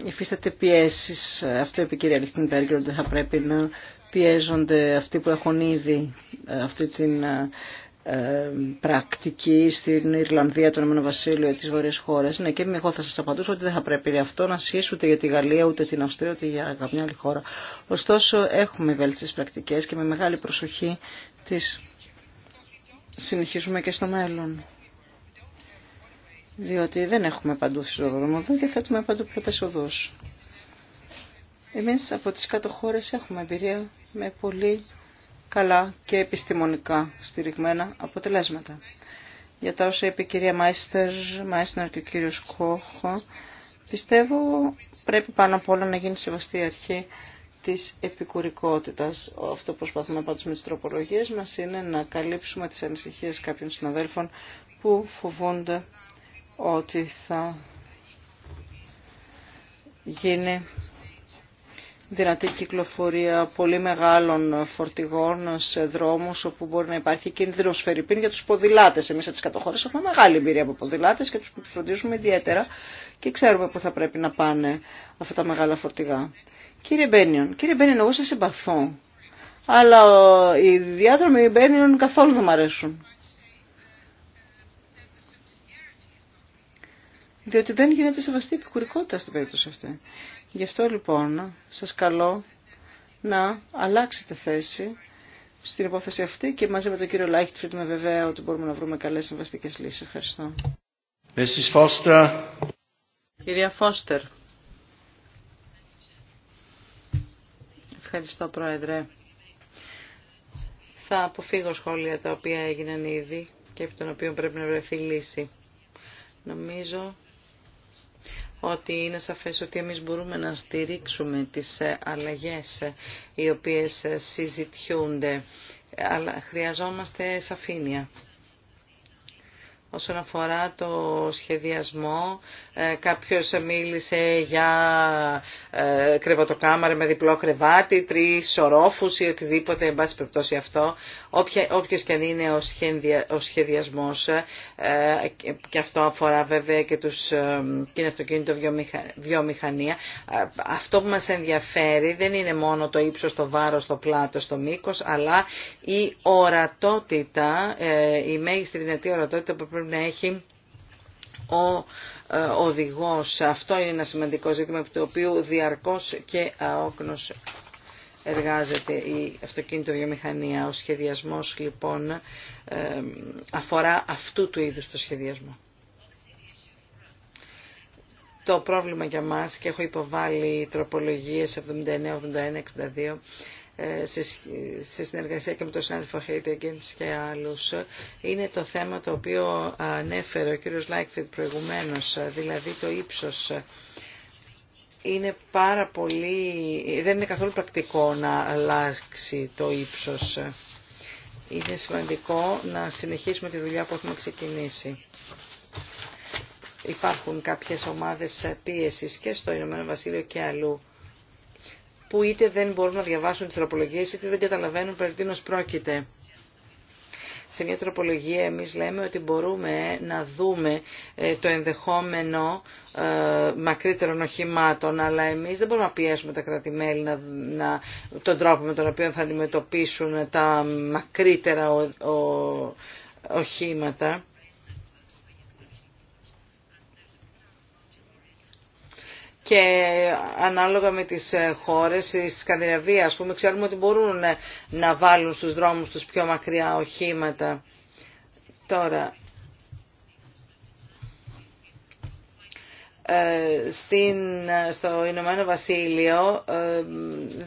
υφίσταται πιέσεις. Αυτό είπε η κυρία Λιχτινπέργκερ, ότι θα πρέπει να πιέζονται αυτοί που έχουν ήδη ε, αυτή την ε, πρακτική στην Ιρλανδία, τον Ηνωμένο Βασίλειο, τι βορειέ χώρε. Ναι, και εγώ θα σα απαντούσα ότι δεν θα πρέπει αυτό να σχίσει ούτε για τη Γαλλία, ούτε την Αυστρία, ούτε για καμιά άλλη χώρα. Ωστόσο, έχουμε βέλτιστε πρακτικέ και με μεγάλη προσοχή τι συνεχίζουμε και στο μέλλον. Διότι δεν έχουμε παντού σιδηρόδρομο, δεν διαθέτουμε παντού πρώτε οδού. Εμείς από τι κάτω χώρε έχουμε εμπειρία με πολύ καλά και επιστημονικά στηριγμένα αποτελέσματα. Για τα όσα είπε η κυρία Μάιστερ, Μάιστερ και ο κύριος Κόχο, πιστεύω πρέπει πάνω απ' όλα να γίνει σεβαστή η αρχή της επικουρικότητας. Αυτό που προσπαθούμε πάντως με τις τροπολογίες μας είναι να καλύψουμε τις ανησυχίες κάποιων συναδέλφων που φοβούνται ότι θα γίνει δυνατή κυκλοφορία πολύ μεγάλων φορτηγών σε δρόμους όπου μπορεί να υπάρχει κίνδυνο φερρυπίν για τους ποδηλάτες. Εμείς από τι κατοχώρες έχουμε μεγάλη εμπειρία από ποδηλάτες και τους φροντίζουμε ιδιαίτερα και ξέρουμε πού θα πρέπει να πάνε αυτά τα μεγάλα φορτηγά. Κύριε Μπένιον, κύριε Μπένιον, εγώ σας συμπαθώ. Αλλά οι διάδρομοι Μπένιον καθόλου δεν μου αρέσουν. διότι δεν γίνεται σεβαστή επικουρικότητα στην περίπτωση αυτή. Γι' αυτό λοιπόν σας καλώ να αλλάξετε θέση στην υπόθεση αυτή και μαζί με τον κύριο Λάιχτφριντ με βέβαια ότι μπορούμε να βρούμε καλές συμβαστικές λύσεις. Ευχαριστώ. Foster. Κυρία Φώστερ. Ευχαριστώ Πρόεδρε. Θα αποφύγω σχόλια τα οποία έγιναν ήδη και από τον οποίο πρέπει να βρεθεί λύση. Νομίζω ότι είναι σαφές ότι εμείς μπορούμε να στηρίξουμε τις αλλαγές οι οποίες συζητιούνται, αλλά χρειαζόμαστε σαφήνεια όσον αφορά το σχεδιασμό. Ε, κάποιος μίλησε για ε, κρεβατοκάμαρα με διπλό κρεβάτι, τρεις ορόφους ή οτιδήποτε, εν πάση περιπτώσει αυτό. Όποιος και αν είναι ο σχεδιασμός, ε, και αυτό αφορά βέβαια και τους, την αυτοκίνητο βιομηχανία, αυτό που μας ενδιαφέρει δεν είναι μόνο το ύψος, το βάρος, το πλάτος, το μήκος, αλλά η ορατότητα, η μέγιστη δυνατή ορατότητα που πρέπει να έχει ο ε, οδηγός. Αυτό είναι ένα σημαντικό ζήτημα από το οποίο διαρκώς και αόκνος εργάζεται η αυτοκίνητο βιομηχανία. Ο σχεδιασμός λοιπόν ε, αφορά αυτού του είδους το σχεδιασμό. Το πρόβλημα για μας και έχω υποβάλει τροπολογίες 79, 81, 62 ε, σε συνεργασία και με τον συνάδελφο Χέιτεγκέντς και άλλους είναι το θέμα το οποίο ανέφερε ο κύριος Λάικφιντ προηγουμένως, δηλαδή το ύψος είναι πάρα πολύ, δεν είναι καθόλου πρακτικό να αλλάξει το ύψος. Είναι σημαντικό να συνεχίσουμε τη δουλειά που έχουμε ξεκινήσει. Υπάρχουν κάποιες ομάδες πίεσης και στο Ηνωμένο Βασίλειο και αλλού που είτε δεν μπορούν να διαβάσουν τις τροπολογίες είτε δεν καταλαβαίνουν περί τίνος πρόκειται. Σε μια τροπολογία εμείς λέμε ότι μπορούμε να δούμε ε, το ενδεχόμενο ε, μακρύτερων οχημάτων, αλλά εμείς δεν μπορούμε να πιέσουμε τα κράτη-μέλη να, να, τον τρόπο με τον οποίο θα αντιμετωπίσουν τα μακρύτερα ο, ο, οχήματα. και ανάλογα με τις ε, χώρες, ε, στη Σκανδιναβία ας πούμε, ξέρουμε ότι μπορούν ε, να βάλουν στους δρόμους τους πιο μακριά οχήματα. Τώρα, Ε, στην, ε, στο Ηνωμένο Βασίλειο ε,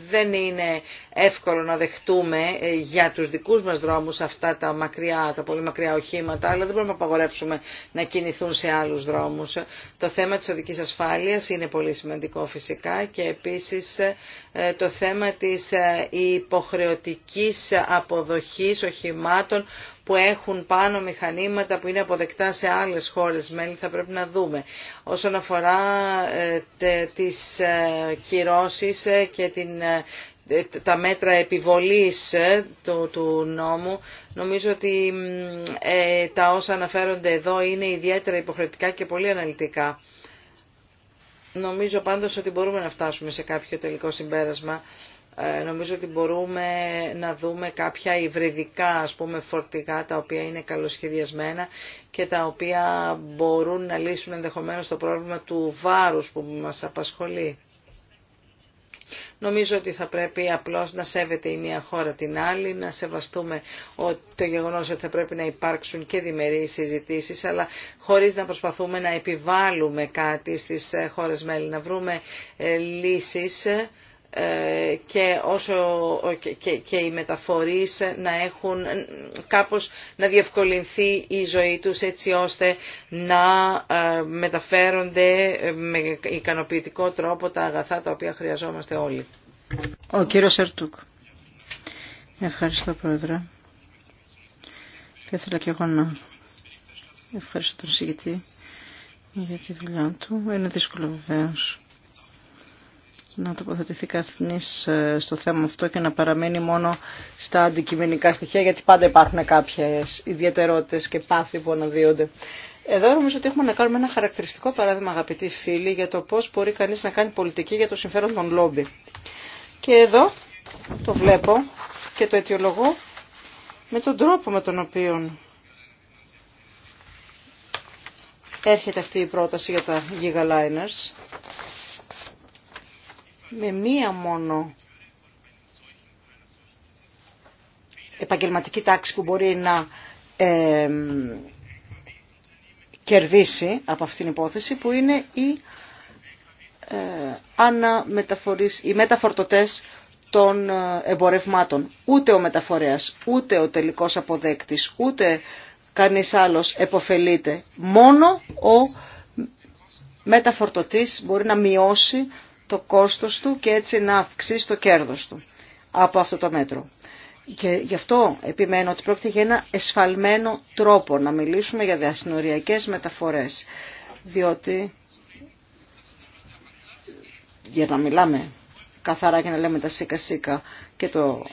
δεν είναι εύκολο να δεχτούμε για τους δικούς μας δρόμους αυτά τα μακριά, τα πολύ μακριά οχήματα, αλλά δεν μπορούμε να απαγορεύσουμε να κινηθούν σε άλλους δρόμους. Το θέμα της οδικής ασφάλειας είναι πολύ σημαντικό φυσικά και επίσης το θέμα της υποχρεωτικής αποδοχής οχημάτων που έχουν πάνω μηχανήματα που είναι αποδεκτά σε άλλες χώρες μέλη θα πρέπει να δούμε. Όσον αφορά ε, τις ε, κυρώσεις ε, και την τα μέτρα επιβολής του, του νόμου. Νομίζω ότι τα όσα αναφέρονται εδώ είναι ιδιαίτερα υποχρεωτικά και πολύ αναλυτικά. Νομίζω πάντως ότι μπορούμε να φτάσουμε σε κάποιο τελικό συμπέρασμα. Ε, νομίζω ότι μπορούμε να δούμε κάποια υβριδικά ας πούμε, φορτηγά τα οποία είναι καλοσχεδιασμένα και τα οποία μπορούν να λύσουν ενδεχομένως το πρόβλημα του βάρους που μας απασχολεί. Νομίζω ότι θα πρέπει απλώς να σέβεται η μία χώρα την άλλη, να σεβαστούμε το γεγονός ότι θα πρέπει να υπάρξουν και διμερείς συζητήσεις, αλλά χωρίς να προσπαθούμε να επιβάλλουμε κάτι στις ε, χώρες μέλη, να βρούμε ε, λύσεις ε, και, όσο, και, οι μεταφορείς να έχουν κάπως να διευκολυνθεί η ζωή τους έτσι ώστε να ε, μεταφέρονται με ικανοποιητικό τρόπο τα αγαθά τα οποία χρειαζόμαστε όλοι. Ο κύριος Ερτούκ, Ευχαριστώ Πρόεδρε. Θα ήθελα και εγώ να ευχαριστώ τον συγκητή για τη δουλειά του. Είναι δύσκολο βεβαίως να τοποθετηθεί καθνή ε, στο θέμα αυτό και να παραμένει μόνο στα αντικειμενικά στοιχεία, γιατί πάντα υπάρχουν κάποιες ιδιαιτερότητες και πάθη που αναδύονται. Εδώ νομίζω ότι έχουμε να κάνουμε ένα χαρακτηριστικό παράδειγμα, αγαπητοί φίλοι, για το πώς μπορεί κανείς να κάνει πολιτική για το συμφέρον των λόμπι. Και εδώ το βλέπω και το αιτιολογώ με τον τρόπο με τον οποίο έρχεται αυτή η πρόταση για τα liners, με μία μόνο επαγγελματική τάξη που μπορεί να κερδίσει από αυτήν την υπόθεση που είναι οι, ε, οι μεταφορτωτές των ε, εμπορευμάτων. Ούτε ο μεταφορέας, ούτε ο τελικός αποδέκτης, ούτε κανείς άλλος επωφελείται. Μόνο ο μεταφορτωτής μπορεί να μειώσει το κόστος του και έτσι να αυξήσει το κέρδος του από αυτό το μέτρο. Και γι' αυτό επιμένω ότι πρόκειται για ένα εσφαλμένο τρόπο να μιλήσουμε για διασυνοριακές μεταφορές. Διότι, για να μιλάμε καθαρά και να λέμε τα σίκα σίκα και το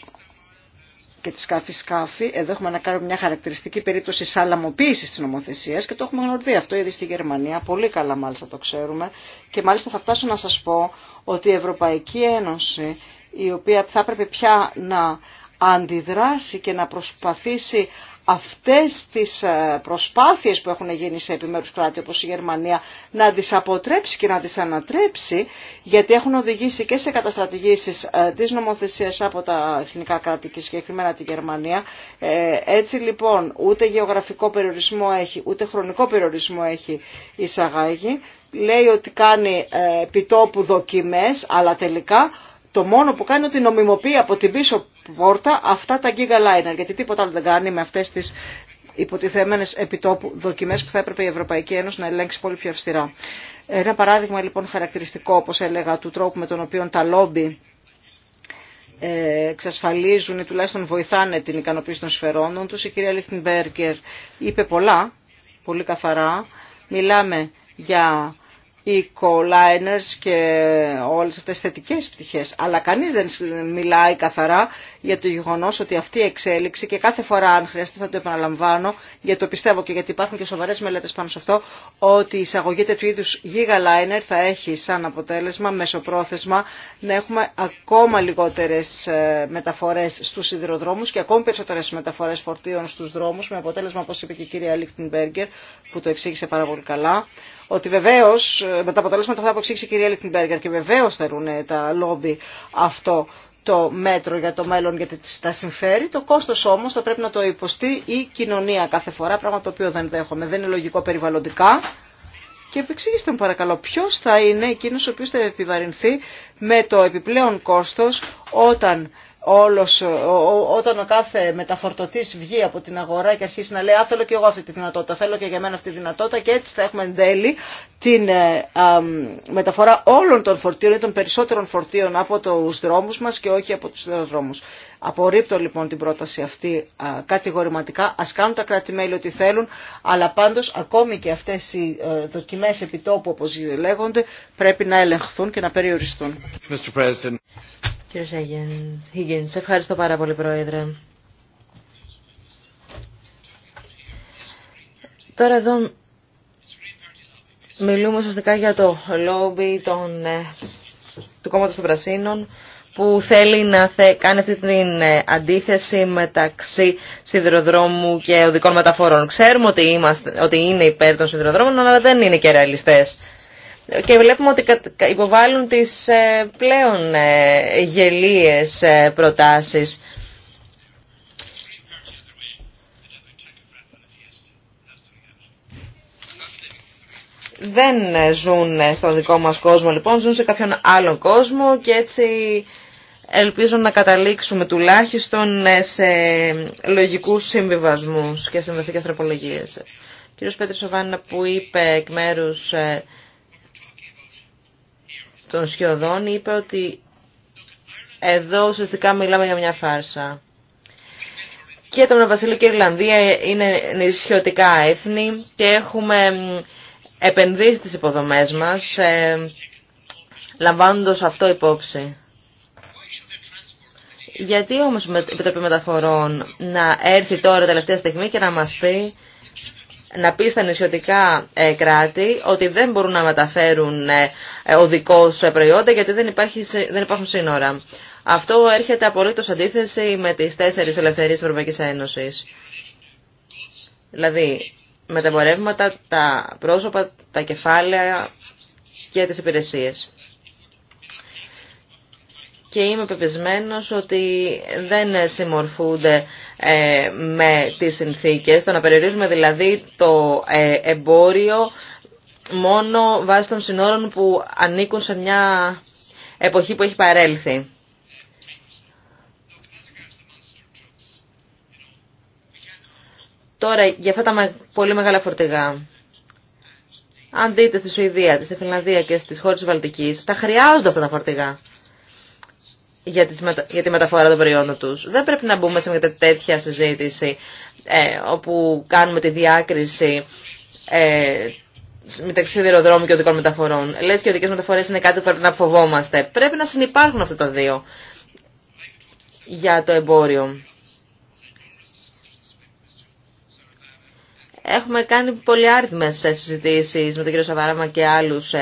και τη σκάφη-σκάφη. Εδώ έχουμε να κάνουμε μια χαρακτηριστική περίπτωση σαλαμοποίηση τη νομοθεσία και το έχουμε γνωρίσει αυτό ήδη στη Γερμανία. Πολύ καλά μάλιστα το ξέρουμε. Και μάλιστα θα φτάσω να σα πω ότι η Ευρωπαϊκή Ένωση, η οποία θα έπρεπε πια να αντιδράσει και να προσπαθήσει αυτές τις ε, προσπάθειες που έχουν γίνει σε επιμέρους κράτη όπως η Γερμανία να τις αποτρέψει και να τις ανατρέψει γιατί έχουν οδηγήσει και σε καταστρατηγήσεις ε, της νομοθεσίας από τα εθνικά κράτη και συγκεκριμένα τη Γερμανία. Ε, έτσι λοιπόν ούτε γεωγραφικό περιορισμό έχει ούτε χρονικό περιορισμό έχει η Σαγάγη. Λέει ότι κάνει επιτόπου δοκιμές αλλά τελικά το μόνο που κάνει ότι νομιμοποιεί από την πίσω πόρτα αυτά τα Giga Liner, γιατί τίποτα άλλο δεν κάνει με αυτές τις υποτιθέμενες επιτόπου δοκιμές που θα έπρεπε η Ευρωπαϊκή Ένωση να ελέγξει πολύ πιο αυστηρά. Ένα παράδειγμα λοιπόν χαρακτηριστικό, όπως έλεγα, του τρόπου με τον οποίο τα λόμπι ε, εξασφαλίζουν ή τουλάχιστον βοηθάνε την ικανοποίηση των σφαιρώνων τους. Η κυρία Λίχτενμπέργκερ είπε πολλά, πολύ καθαρά. Μιλάμε για οι co και όλες αυτές τις θετικές πτυχές. Αλλά κανείς δεν μιλάει καθαρά για το γεγονός ότι αυτή η εξέλιξη και κάθε φορά αν χρειαστεί θα το επαναλαμβάνω, γιατί το πιστεύω και γιατί υπάρχουν και σοβαρές μελέτες πάνω σε αυτό, ότι η εισαγωγη του τέτοιου γίγα λάινερ θα έχει σαν αποτέλεσμα μεσοπρόθεσμα να έχουμε ακόμα λιγότερες ε, μεταφορές στους σιδηροδρόμους και ακόμη περισσότερες μεταφορές φορτίων στους δρόμους με αποτέλεσμα όπως είπε και η κυρία Λίκτινμπεργκερ, που το εξήγησε πάρα πολύ καλά ότι βεβαίω με τα αποτελέσματα αυτά που εξήγησε η κυρία και βεβαίω θέλουν τα λόμπι αυτό το μέτρο για το μέλλον γιατί τα συμφέρει. Το κόστος όμως θα πρέπει να το υποστεί η κοινωνία κάθε φορά, πράγμα το οποίο δεν δέχομαι. Δεν είναι λογικό περιβαλλοντικά. Και επεξήγηστε μου παρακαλώ Ποιο θα είναι εκείνο ο οποίο θα επιβαρυνθεί με το επιπλέον κόστο, όταν όλος, όταν ο κάθε μεταφορτωτή βγει από την αγορά και αρχίσει να λέει «Α, θέλω και εγώ αυτή τη δυνατότητα, θέλω και για μένα αυτή τη δυνατότητα» και έτσι θα έχουμε εν τέλει την ε, μεταφορά όλων των φορτίων ή των περισσότερων φορτίων από τους δρόμους μας και όχι από τους δρόμου. Απορρίπτω λοιπόν την πρόταση αυτή κατηγορηματικά. Ας κάνουν τα κράτη-μέλη ό,τι θέλουν, αλλά πάντως ακόμη και αυτές οι ε, δοκιμές επιτόπου όπως λέγονται πρέπει να ελεγχθούν και να περιοριστούν. Mr. Κύριε Higgins, ευχαριστώ πάρα πολύ, Πρόεδρε. Τώρα εδώ μιλούμε ουσιαστικά για το λόμπι των, ε, του κόμματος των Πρασίνων που θέλει να κάνει αυτή την ε, αντίθεση μεταξύ σιδηροδρόμου και οδικών μεταφορών. Ξέρουμε ότι, είμαστε, ότι είναι υπέρ των σιδηροδρόμων, αλλά δεν είναι και ρεαλιστές και βλέπουμε ότι υποβάλλουν τις ε, πλέον ε, γελίες ε, προτάσεις. Δεν ζουν στο δικό μας κόσμο λοιπόν, ζουν σε κάποιον άλλον κόσμο και έτσι ελπίζω να καταλήξουμε τουλάχιστον σε λογικούς συμβιβασμούς και συμβαστικές τροπολογίες. κύριος Πέτρης Σοβάνα που είπε εκ μέρους τον Σιωδών είπε ότι εδώ ουσιαστικά μιλάμε για μια φάρσα. Και το Βασίλειο και η Ιρλανδία είναι νησιωτικά έθνη και έχουμε επενδύσει τις υποδομές μας, ε, λαμβάνοντας αυτό υπόψη. Γιατί όμως η Επιτροπή Μεταφορών να έρθει τώρα τελευταία στιγμή και να μας πει να πει στα νησιωτικά ε, κράτη ότι δεν μπορούν να μεταφέρουν ε, ε, σε προϊόντα γιατί δεν, υπάρχει, δεν υπάρχουν σύνορα. Αυτό έρχεται απολύτω αντίθεση με τις τέσσερις ελευθερίες της Δηλαδή, με τα εμπορεύματα, τα πρόσωπα, τα κεφάλαια και τις υπηρεσίε και είμαι πεπισμένος ότι δεν συμμορφούνται ε, με τις συνθήκες. Το να περιορίζουμε δηλαδή το ε, εμπόριο μόνο βάσει των συνόρων που ανήκουν σε μια εποχή που έχει παρέλθει. Τώρα, για αυτά τα πολύ μεγάλα φορτηγά, αν δείτε στη Σουηδία, στη Φιλανδία και στις χώρες της Βαλτικής, τα χρειάζονται αυτά τα φορτηγά για, τη μεταφορά των προϊόντων τους. Δεν πρέπει να μπούμε σε μια τέτοια συζήτηση ε, όπου κάνουμε τη διάκριση ε, μεταξύ σιδηροδρόμου και οδικών μεταφορών. Λες και οδικές μεταφορές είναι κάτι που πρέπει να φοβόμαστε. Πρέπει να συνεπάρχουν αυτά τα δύο για το εμπόριο. Έχουμε κάνει πολλοί άριθμες ε, συζητήσεις με τον κύριο Σαβάραμα και άλλους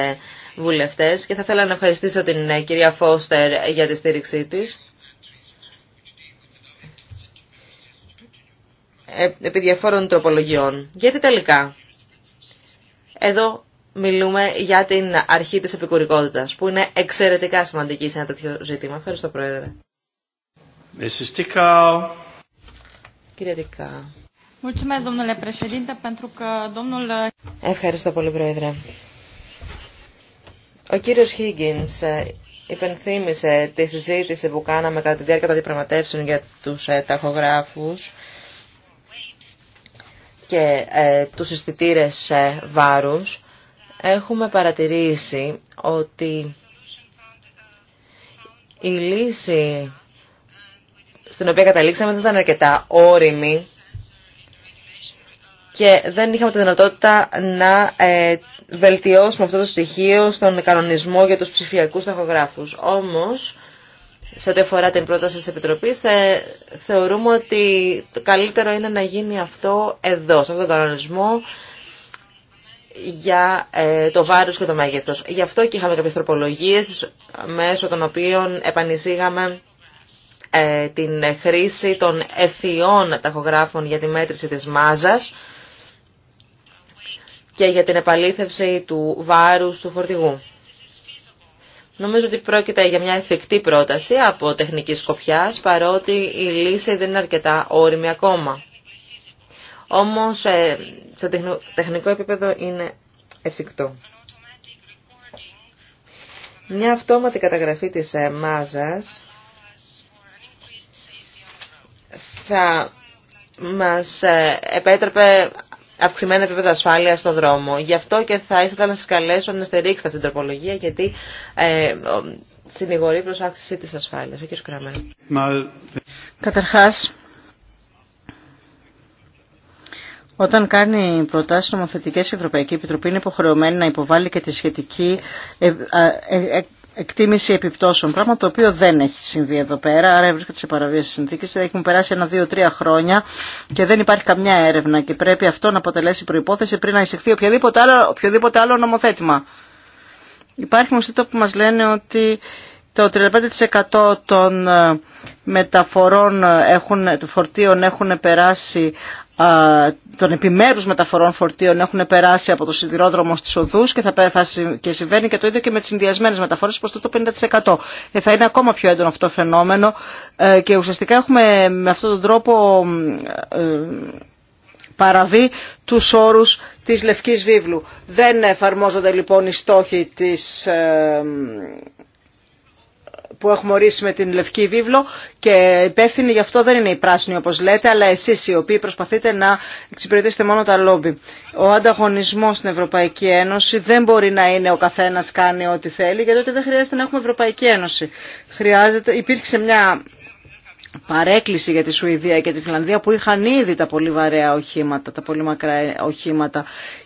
βουλευτές και θα ήθελα να ευχαριστήσω την ε, κυρία Φώστερ για τη στήριξή της. Ε, επί διαφόρων τροπολογιών. Γιατί τελικά εδώ μιλούμε για την αρχή της επικουρικότητας που είναι εξαιρετικά σημαντική σε ένα τέτοιο ζήτημα. Ευχαριστώ Πρόεδρε. Κυρία Ευχαριστώ πολύ Πρόεδρε. Ο κύριος Χίγγινς ε, υπενθύμησε τη συζήτηση που κάναμε κατά τη διάρκεια των διαπραγματεύσεων για τους ε, ταχογράφους και ε, τους αισθητήρε βάρους. Έχουμε παρατηρήσει ότι η λύση στην οποία καταλήξαμε δεν ήταν αρκετά όρημη και δεν είχαμε τη δυνατότητα να ε, βελτιώσουμε αυτό το στοιχείο στον κανονισμό για τους ψηφιακούς ταχογράφους. Όμως, σε ό,τι αφορά την πρόταση της Επιτροπής, ε, θεωρούμε ότι καλύτερο είναι να γίνει αυτό εδώ, σε αυτόν τον κανονισμό, για ε, το βάρος και το μέγεθος. Γι' αυτό και είχαμε κάποιες τροπολογίες, μέσω των οποίων επανεισήγαμε την χρήση των ευφυών ταχογράφων για τη μέτρηση της μάζας, και για την επαλήθευση του βάρους του φορτηγού. Νομίζω ότι πρόκειται για μια εφικτή πρόταση από τεχνική σκοπιά, παρότι η λύση δεν είναι αρκετά όρημη ακόμα. Όμως, ε, σε τεχνικό επίπεδο είναι εφικτό. Μια αυτόματη καταγραφή της ε, μάζας θα μας ε, επέτρεπε αυξημένα επίπεδα ασφάλεια στον δρόμο. Γι' αυτό και θα ήθελα να σα καλέσω να στηρίξετε αυτή την τροπολογία, γιατί ε, συνηγορεί προ αύξηση τη ασφάλεια. Ο κ. Καταρχά, όταν κάνει προτάσει νομοθετικέ η Ευρωπαϊκή Επιτροπή είναι υποχρεωμένη να υποβάλει και τη σχετική ε, ε, ε, εκτίμηση επιπτώσεων, πράγμα το οποίο δεν έχει συμβεί εδώ πέρα, άρα βρίσκεται σε παραβίαση συνθήκης, έχουν περάσει ένα, δύο, τρία χρόνια και δεν υπάρχει καμιά έρευνα και πρέπει αυτό να αποτελέσει προϋπόθεση πριν να εισεχθεί οποιοδήποτε άλλο, οποιοδήποτε άλλο νομοθέτημα. Υπάρχει που μας λένε ότι το 35% των ε, μεταφορών έχουν, φορτίων έχουν περάσει των επιμέρους μεταφορών φορτίων έχουν περάσει από το σιδηρόδρομο στις οδούς και, θα, και συμβαίνει και το ίδιο και με τις συνδυασμένες μεταφορές προς το 50%. Ε, θα είναι ακόμα πιο έντονο αυτό το φαινόμενο ε, και ουσιαστικά έχουμε με αυτόν τον τρόπο ε, παραβεί τους όρους της Λευκής Βίβλου. Δεν εφαρμόζονται λοιπόν οι στόχοι της που έχουμε ορίσει με την Λευκή Βίβλο και υπεύθυνοι γι' αυτό δεν είναι η πράσινοι όπως λέτε, αλλά εσείς οι οποίοι προσπαθείτε να εξυπηρετήσετε μόνο τα λόμπι. Ο ανταγωνισμός στην Ευρωπαϊκή Ένωση δεν μπορεί να είναι ο καθένας κάνει ό,τι θέλει, γιατί δεν χρειάζεται να έχουμε Ευρωπαϊκή Ένωση. Χρειάζεται, υπήρξε μια παρέκκληση για τη Σουηδία και τη Φιλανδία που είχαν ήδη τα πολύ βαρέα οχήματα, τα πολύ μακρά οχήματα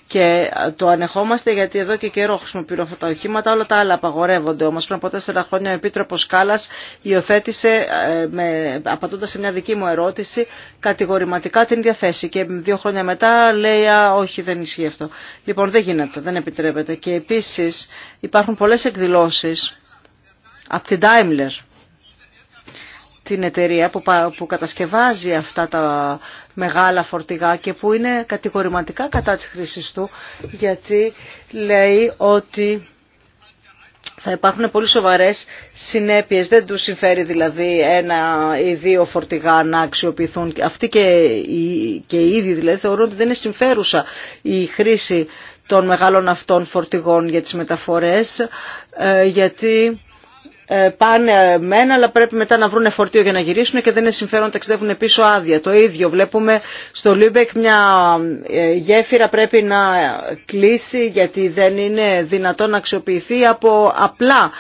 και το ανεχόμαστε γιατί εδώ και καιρό χρησιμοποιούν αυτά τα οχήματα, όλα τα άλλα απαγορεύονται. Όμως πριν από τέσσερα χρόνια ο επίτροπο Κάλλα υιοθέτησε, ε, με, σε μια δική μου ερώτηση, κατηγορηματικά την διαθέση και δύο χρόνια μετά λέει α, όχι δεν ισχύει αυτό. Λοιπόν δεν γίνεται, δεν επιτρέπεται και επίση υπάρχουν πολλέ εκδηλώσει από την Daimler την εταιρεία που, κατασκευάζει αυτά τα μεγάλα φορτηγά και που είναι κατηγορηματικά κατά της χρήσης του γιατί λέει ότι θα υπάρχουν πολύ σοβαρές συνέπειες. Δεν του συμφέρει δηλαδή ένα ή δύο φορτηγά να αξιοποιηθούν. Αυτοί και και οι ίδιοι δηλαδή θεωρούν ότι δεν είναι συμφέρουσα η χρήση των μεγάλων αυτών φορτηγών για τις μεταφορές ε, γιατί ε, πάνε μένα, αλλά πρέπει μετά να βρουν φορτίο για να γυρίσουν και δεν είναι συμφέρον να ταξιδεύουν πίσω άδεια. Το ίδιο βλέπουμε στο Λίμπεκ μια ε, γέφυρα πρέπει να κλείσει γιατί δεν είναι δυνατόν να αξιοποιηθεί από απλά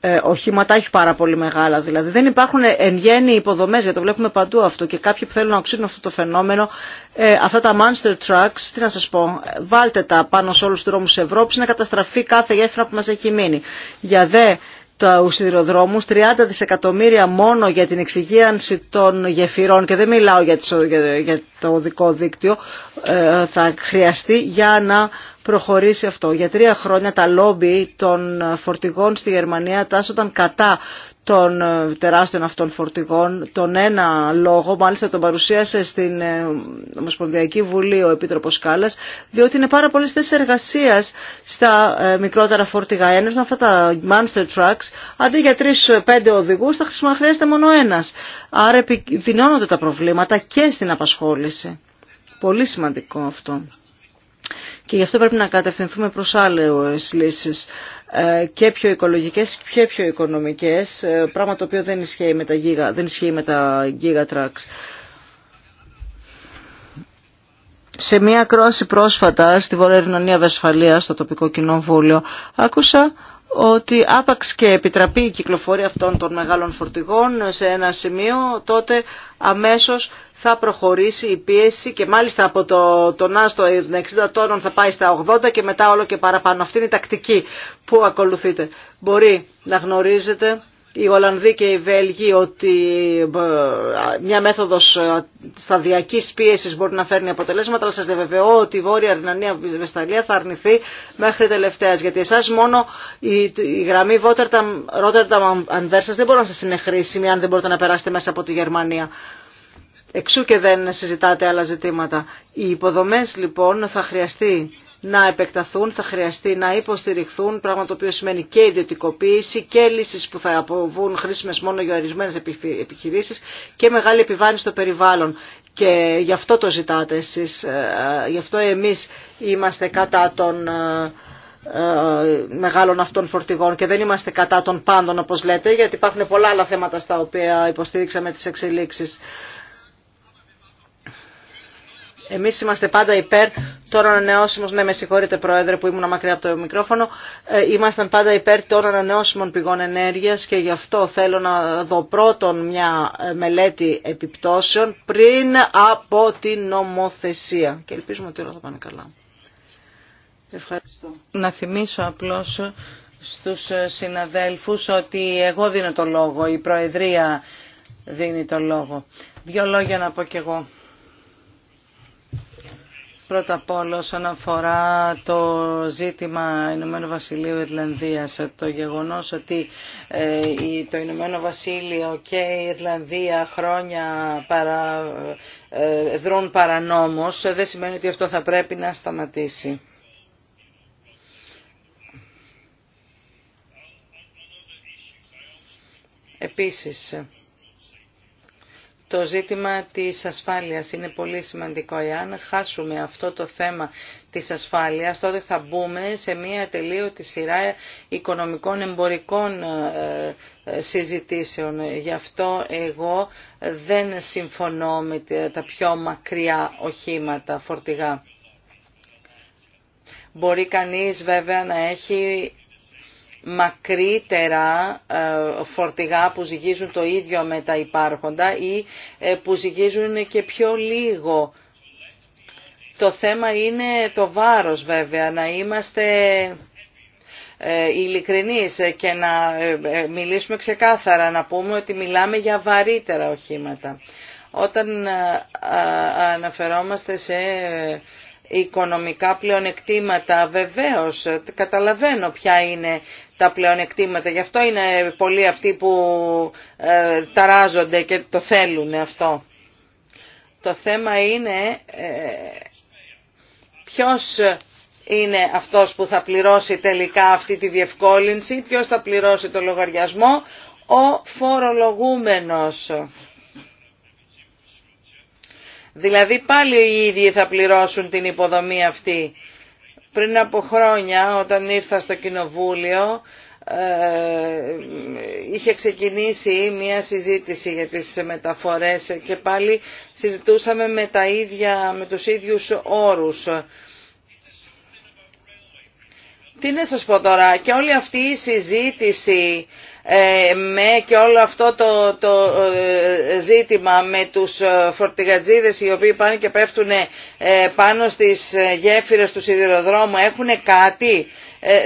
ε, οχήματα έχει πάρα πολύ μεγάλα. Δηλαδή δεν υπάρχουν εν γέννη υποδομές, γιατί το βλέπουμε παντού αυτό και κάποιοι που θέλουν να οξύνουν αυτό το φαινόμενο, ε, αυτά τα monster trucks, τι να σας πω, βάλτε τα πάνω σε όλους τους δρόμους της Ευρώπης να καταστραφεί κάθε γέφυρα που μας έχει μείνει. Για δε τα ουσίδηροδρόμους, 30 δισεκατομμύρια μόνο για την εξυγίανση των γεφυρών και δεν μιλάω για το οδικό δίκτυο, ε, θα χρειαστεί για να προχωρήσει αυτό. Για τρία χρόνια τα λόμπι των φορτηγών στη Γερμανία τάσσονταν κατά των ε, τεράστιων αυτών φορτηγών. Τον ένα λόγο, μάλιστα τον παρουσίασε στην ε, Ομοσπονδιακή Βουλή ο Επίτροπος Κάλλας, διότι είναι πάρα πολλές θέσεις εργασίας στα ε, μικρότερα φορτηγά. Ένας αυτά τα monster trucks, αντί για τρεις-πέντε οδηγούς θα χρειάζεται μόνο ένας. Άρα επιδεινώνονται τα προβλήματα και στην απασχόληση. Πολύ σημαντικό αυτό. Και γι' αυτό πρέπει να κατευθυνθούμε προς άλλες λύσεις. Ε, και πιο οικολογικές και πιο οικονομικές, ε, πράγμα το οποίο δεν ισχύει με τα γίγα, δεν ισχύει με τα γίγα τραξ. Σε μία κρόση πρόσφατα στη Βορειοερνωνία Βεσφαλία, στο τοπικό κοινό βούλιο, άκουσα ότι άπαξ και επιτραπεί η κυκλοφορία αυτών των μεγάλων φορτηγών σε ένα σημείο, τότε αμέσως θα προχωρήσει η πίεση και μάλιστα από το, τον άστο 60 τόνων θα πάει στα 80 και μετά όλο και παραπάνω. Αυτή είναι η τακτική που ακολουθείτε. Μπορεί να γνωρίζετε οι Ολλανδοί και οι Βέλγοι ότι ε, μια μέθοδος ε, σταδιακής πίεσης μπορεί να φέρνει αποτελέσματα, αλλά σας διαβεβαιώ ότι η Βόρεια Αρνανία Βεσταλία θα αρνηθεί μέχρι τελευταία. γιατί εσάς μόνο η, η γραμμή Rotterdam Anversas δεν μπορεί να σας είναι χρήσιμη αν δεν μπορείτε να περάσετε μέσα από τη Γερμανία. Εξού και δεν συζητάτε άλλα ζητήματα. Οι υποδομές λοιπόν θα χρειαστεί να επεκταθούν, θα χρειαστεί να υποστηριχθούν, πράγμα το οποίο σημαίνει και ιδιωτικοποίηση και λύσεις που θα αποβούν χρήσιμες μόνο για ορισμένε επιχειρήσεις και μεγάλη επιβάρυνση στο περιβάλλον. Και γι' αυτό το ζητάτε εσείς, ε, ε, γι' αυτό εμείς είμαστε κατά των ε, μεγάλων αυτών φορτηγών και δεν είμαστε κατά των πάντων όπως λέτε γιατί υπάρχουν πολλά άλλα θέματα στα οποία υποστήριξαμε τις εξελίξεις. Εμείς είμαστε πάντα υπέρ, τώρα ανανεώσιμος, ναι με συγχωρείτε Πρόεδρε που ήμουν μακριά από το μικρόφωνο, ε, ήμασταν πάντα υπέρ των ανανεώσιμων πηγών ενέργειας και γι' αυτό θέλω να δω πρώτον μια ε, μελέτη επιπτώσεων πριν από την νομοθεσία. Και ελπίζουμε ότι όλα θα πάνε καλά. Ευχαριστώ. Να θυμίσω απλώς στου συναδέλφου ότι εγώ δίνω το λόγο, η Προεδρία δίνει το λόγο. Δύο λόγια να πω κι εγώ. Πρώτα απ' όλα όσον αφορά το ζήτημα Ηνωμένου Βασιλείου Ιρλανδίας, το γεγονός ότι ε, το Ηνωμένο Βασίλειο και η Ιρλανδία χρόνια παρα, ε, δρούν παρανόμως, ε, δεν σημαίνει ότι αυτό θα πρέπει να σταματήσει. Επίσης, το ζήτημα της ασφάλειας είναι πολύ σημαντικό. Εάν χάσουμε αυτό το θέμα της ασφάλειας, τότε θα μπούμε σε μια τελείωτη σειρά οικονομικών εμπορικών ε, ε, συζητήσεων. Γι' αυτό εγώ δεν συμφωνώ με τα πιο μακριά οχήματα φορτηγά. Μπορεί κανείς βέβαια να έχει μακρύτερα ε, φορτηγά που ζυγίζουν το ίδιο με τα υπάρχοντα ή ε, που ζυγίζουν και πιο λίγο. Το θέμα είναι το βάρος βέβαια, να είμαστε ε, ειλικρινείς και να μιλήσουμε ξεκάθαρα, να πούμε ότι μιλάμε για βαρύτερα οχήματα. Όταν αναφερόμαστε σε οικονομικά πλεονεκτήματα. Βεβαίως, καταλαβαίνω ποια είναι τα πλεονεκτήματα. Γι' αυτό είναι πολλοί αυτοί που ε, ταράζονται και το θέλουν αυτό. Το θέμα είναι ε, ποιος είναι αυτός που θα πληρώσει τελικά αυτή τη διευκόλυνση, ποιος θα πληρώσει το λογαριασμό, ο φορολογούμενος. Δηλαδή πάλι οι ίδιοι θα πληρώσουν την υποδομή αυτή. Πριν από χρόνια όταν ήρθα στο κοινοβούλιο ε, είχε ξεκινήσει μια συζήτηση για τις μεταφορές και πάλι συζητούσαμε με, τα ίδια, με τους ίδιους όρους. Τι να σας πω τώρα, και όλη αυτή η συζήτηση ε, με και όλο αυτό το, ε, ζήτημα με τους ε, φορτηγατζίδες οι οποίοι πάνε και πέφτουν πάνω στις γέφυρες του σιδηροδρόμου έχουν κάτι.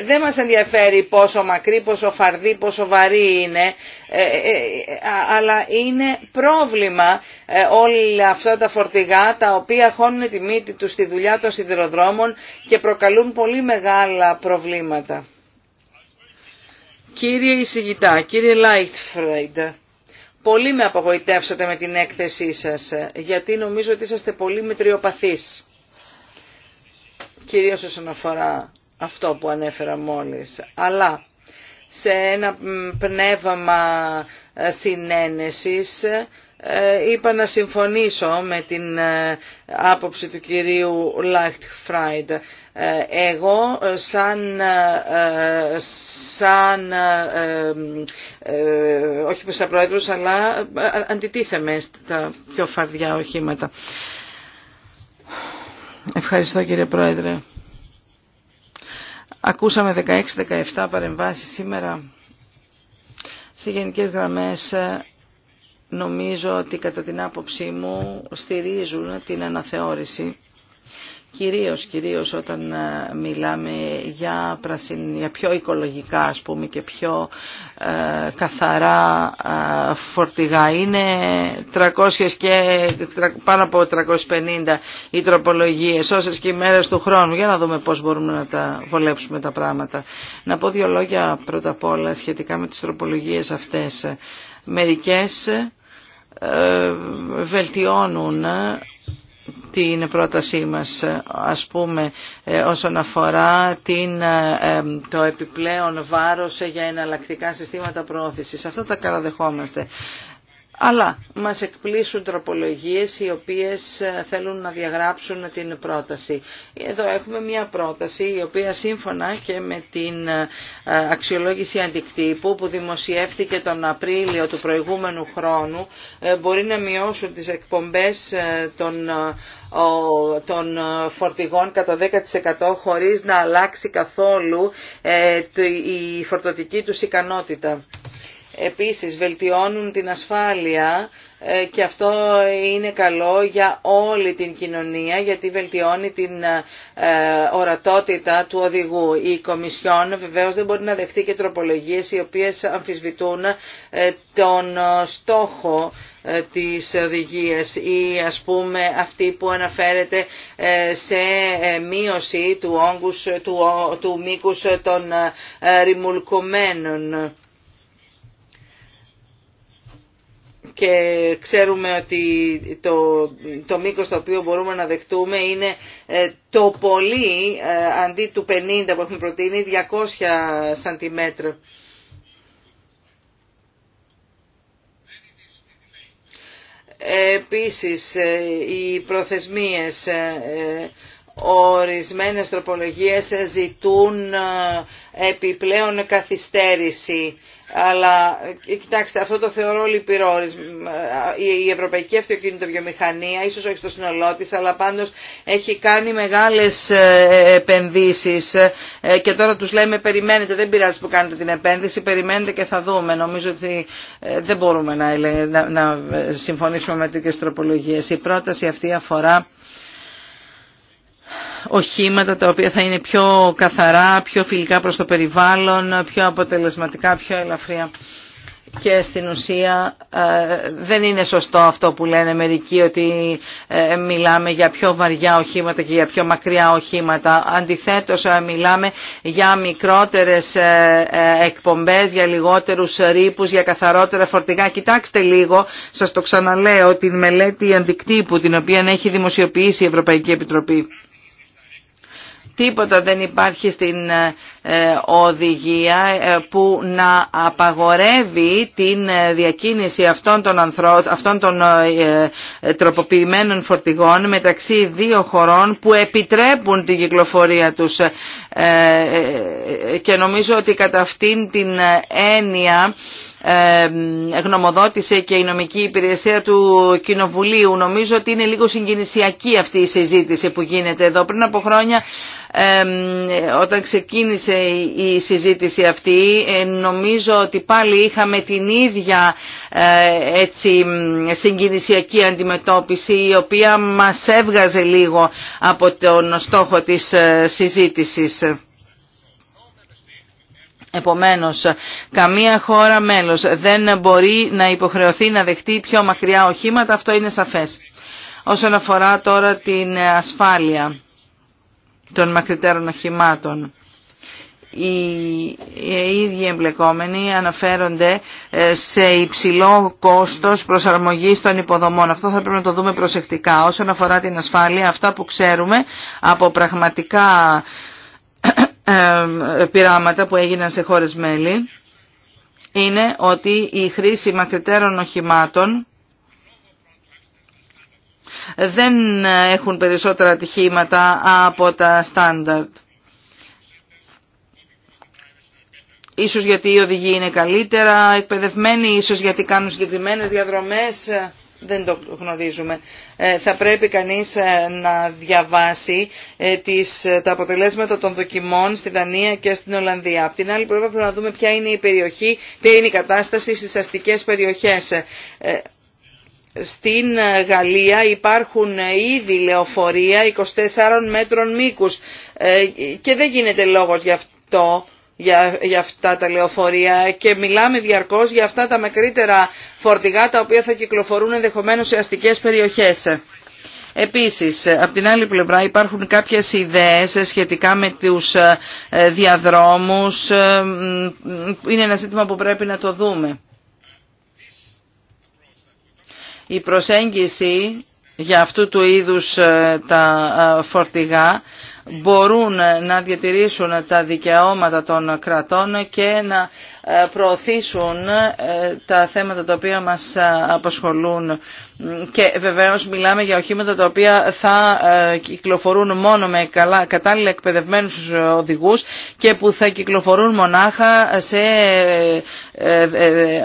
Δεν μας ενδιαφέρει πόσο μακρύ, πόσο φαρδί, πόσο βαρύ είναι, αλλά είναι πρόβλημα όλα αυτά τα φορτηγά τα οποία χώνουν τη μύτη τους στη δουλειά των σιδηροδρόμων και προκαλούν πολύ μεγάλα προβλήματα. Κύριε Ισηγητά, κύριε Λάιτφρεντ, πολύ με απογοητεύσατε με την έκθεσή σας, γιατί νομίζω ότι είσαστε πολύ μετριοπαθείς. Κυρίως όσον αφορά αυτό που ανέφερα μόλις. Αλλά σε ένα πνεύμα συνένεσης ε, είπα να συμφωνήσω με την ε, άποψη του κυρίου Φράιντ. Ε, εγώ σαν, σαν όχι σαν πρόεδρος αλλά αντιτίθεμαι στα πιο φαρδιά οχήματα. Ευχαριστώ κύριε Πρόεδρε. Ακούσαμε 16-17 παρεμβάσεις σήμερα. Σε γενικές γραμμές νομίζω ότι κατά την άποψή μου στηρίζουν την αναθεώρηση κυρίως, κυρίως όταν ε, μιλάμε για, πρασιν, για πιο οικολογικά ας πούμε και πιο ε, καθαρά ε, φορτηγά. Είναι 300 και, πάνω από 350 οι τροπολογίες, όσες και οι μέρες του χρόνου. Για να δούμε πώς μπορούμε να τα βολέψουμε τα πράγματα. Να πω δύο λόγια πρώτα απ' όλα σχετικά με τις τροπολογίες αυτές. Μερικές ε, βελτιώνουν ε, την πρότασή μας ας πούμε ε, όσον αφορά την, το επιπλέον βάρος για εναλλακτικά συστήματα προώθησης. Αυτό τα καλαδεχόμαστε αλλά μας εκπλήσουν τροπολογίες οι οποίες ε, θέλουν να διαγράψουν την πρόταση. Εδώ έχουμε μια πρόταση η οποία σύμφωνα και με την ε, αξιολόγηση αντικτύπου που δημοσιεύθηκε τον Απρίλιο του προηγούμενου χρόνου ε, μπορεί να μειώσουν τις εκπομπές των των φορτηγών κατά 10% χωρίς να αλλάξει καθόλου η φορτωτική τους ικανότητα. Επίσης βελτιώνουν την ασφάλεια ε, και αυτό είναι καλό για όλη την κοινωνία γιατί βελτιώνει την ε, ορατότητα του οδηγού. Η Κομισιόν βεβαίως δεν μπορεί να δεχτεί και τροπολογίες οι οποίες αμφισβητούν ε, τον στόχο της οδηγία ή ας πούμε αυτή που αναφέρεται σε μείωση του, όγκους, του, του μήκους των ρημουλκωμένων. και ξέρουμε ότι το, το μήκος το οποίο μπορούμε να δεχτούμε είναι ε, το πολύ, ε, αντί του 50 που έχουμε προτείνει, 200 σαντιμέτρα. Επίσης, ε, οι προθεσμίες, ορισμένες τροπολογίες ζητούν επιπλέον καθυστέρηση αλλά ε, κοιτάξτε, αυτό το θεωρώ λυπηρό. Ε, η Ευρωπαϊκή Αυτοκινητοβιομηχανία, ίσω όχι στο σύνολό τη, αλλά πάντω έχει κάνει μεγάλε ε, επενδύσει. Και τώρα του λέμε περιμένετε, δεν πειράζει που κάνετε την επένδυση, περιμένετε και θα δούμε. Νομίζω ότι δεν μπορούμε να συμφωνήσουμε με τέτοιε τροπολογίε. Η πρόταση αυτή αφορά οχήματα τα οποία θα είναι πιο καθαρά, πιο φιλικά προς το περιβάλλον, πιο αποτελεσματικά, πιο ελαφριά. Και στην ουσία ε, δεν είναι σωστό αυτό που λένε μερικοί ότι ε, μιλάμε για πιο βαριά οχήματα και για πιο μακριά οχήματα. Αντιθέτως ε, μιλάμε για μικρότερες εκπομπές, για λιγότερους ρήπους, για καθαρότερα φορτηγά. Κοιτάξτε λίγο, σας το ξαναλέω, την μελέτη αντικτύπου την οποία έχει δημοσιοποιήσει η Ευρωπαϊκή Επιτροπή. Τίποτα δεν υπάρχει στην ε, ε, οδηγία ε, που να απαγορεύει την διακίνηση αυτών των, ανθρω... αυτών των τροποποιημένων φορτηγών μεταξύ δύο χωρών που επιτρέπουν την κυκλοφορία τους. Και νομίζω ότι κατά αυτήν την έννοια γνωμοδότησε και η νομική υπηρεσία του Κοινοβουλίου. Νομίζω ότι είναι λίγο συγκινησιακή αυτή η συζήτηση που γίνεται εδώ. Πριν από χρόνια όταν ξεκίνησε η συζήτηση αυτή ε, νομίζω ότι πάλι είχαμε την ίδια ε, έτσι, συγκινησιακή αντιμετώπιση η οποία μας έβγαζε λίγο από τον στόχο της ε, συζήτησης. Επομένως, καμία χώρα μέλος δεν μπορεί να υποχρεωθεί να δεχτεί πιο μακριά οχήματα, αυτό είναι σαφές. Όσον αφορά τώρα την ασφάλεια των μακριτέρων οχημάτων. Οι ίδιοι εμπλεκόμενοι αναφέρονται ε, σε υψηλό κόστος προσαρμογής των υποδομών. Αυτό θα πρέπει να το δούμε προσεκτικά. Όσον αφορά την ασφάλεια, αυτά που ξέρουμε από πραγματικά ε, ε, πειράματα που έγιναν σε χώρες μέλη είναι ότι η χρήση μακριτέρων οχημάτων δεν έχουν περισσότερα ατυχήματα από τα στάνταρτ. Ίσως γιατί οι οδηγοί είναι καλύτερα εκπαιδευμένοι, ίσως γιατί κάνουν συγκεκριμένες διαδρομές, δεν το γνωρίζουμε. Ε, θα πρέπει κανείς ε, να διαβάσει ε, τις, τα αποτελέσματα των δοκιμών στη Δανία και στην Ολλανδία. Απ' την άλλη πρέπει να δούμε ποια είναι η περιοχή, ποια είναι η κατάσταση στις αστικές περιοχές. Στην Γαλλία υπάρχουν ήδη λεωφορεία 24 μέτρων μήκους ε, και δεν γίνεται λόγος γι' αυτό για, για αυτά τα λεωφορεία και μιλάμε διαρκώς για αυτά τα μακρύτερα φορτηγά τα οποία θα κυκλοφορούν ενδεχομένως σε αστικές περιοχές. Επίσης, από την άλλη πλευρά υπάρχουν κάποιες ιδέες σχετικά με τους ε, διαδρόμους. Ε, είναι ένα ζήτημα που πρέπει να το δούμε η προσέγγιση για αυτού του είδους ε, τα ε, φορτηγά μπορούν να διατηρήσουν τα δικαιώματα των κρατών και να ε, προωθήσουν τα θέματα τα οποία μας απασχολούν. Και βεβαίως μιλάμε για οχήματα τα οποία θα κυκλοφορούν μόνο με καλά, κατάλληλα εκπαιδευμένους οδηγούς και που θα κυκλοφορούν μονάχα σε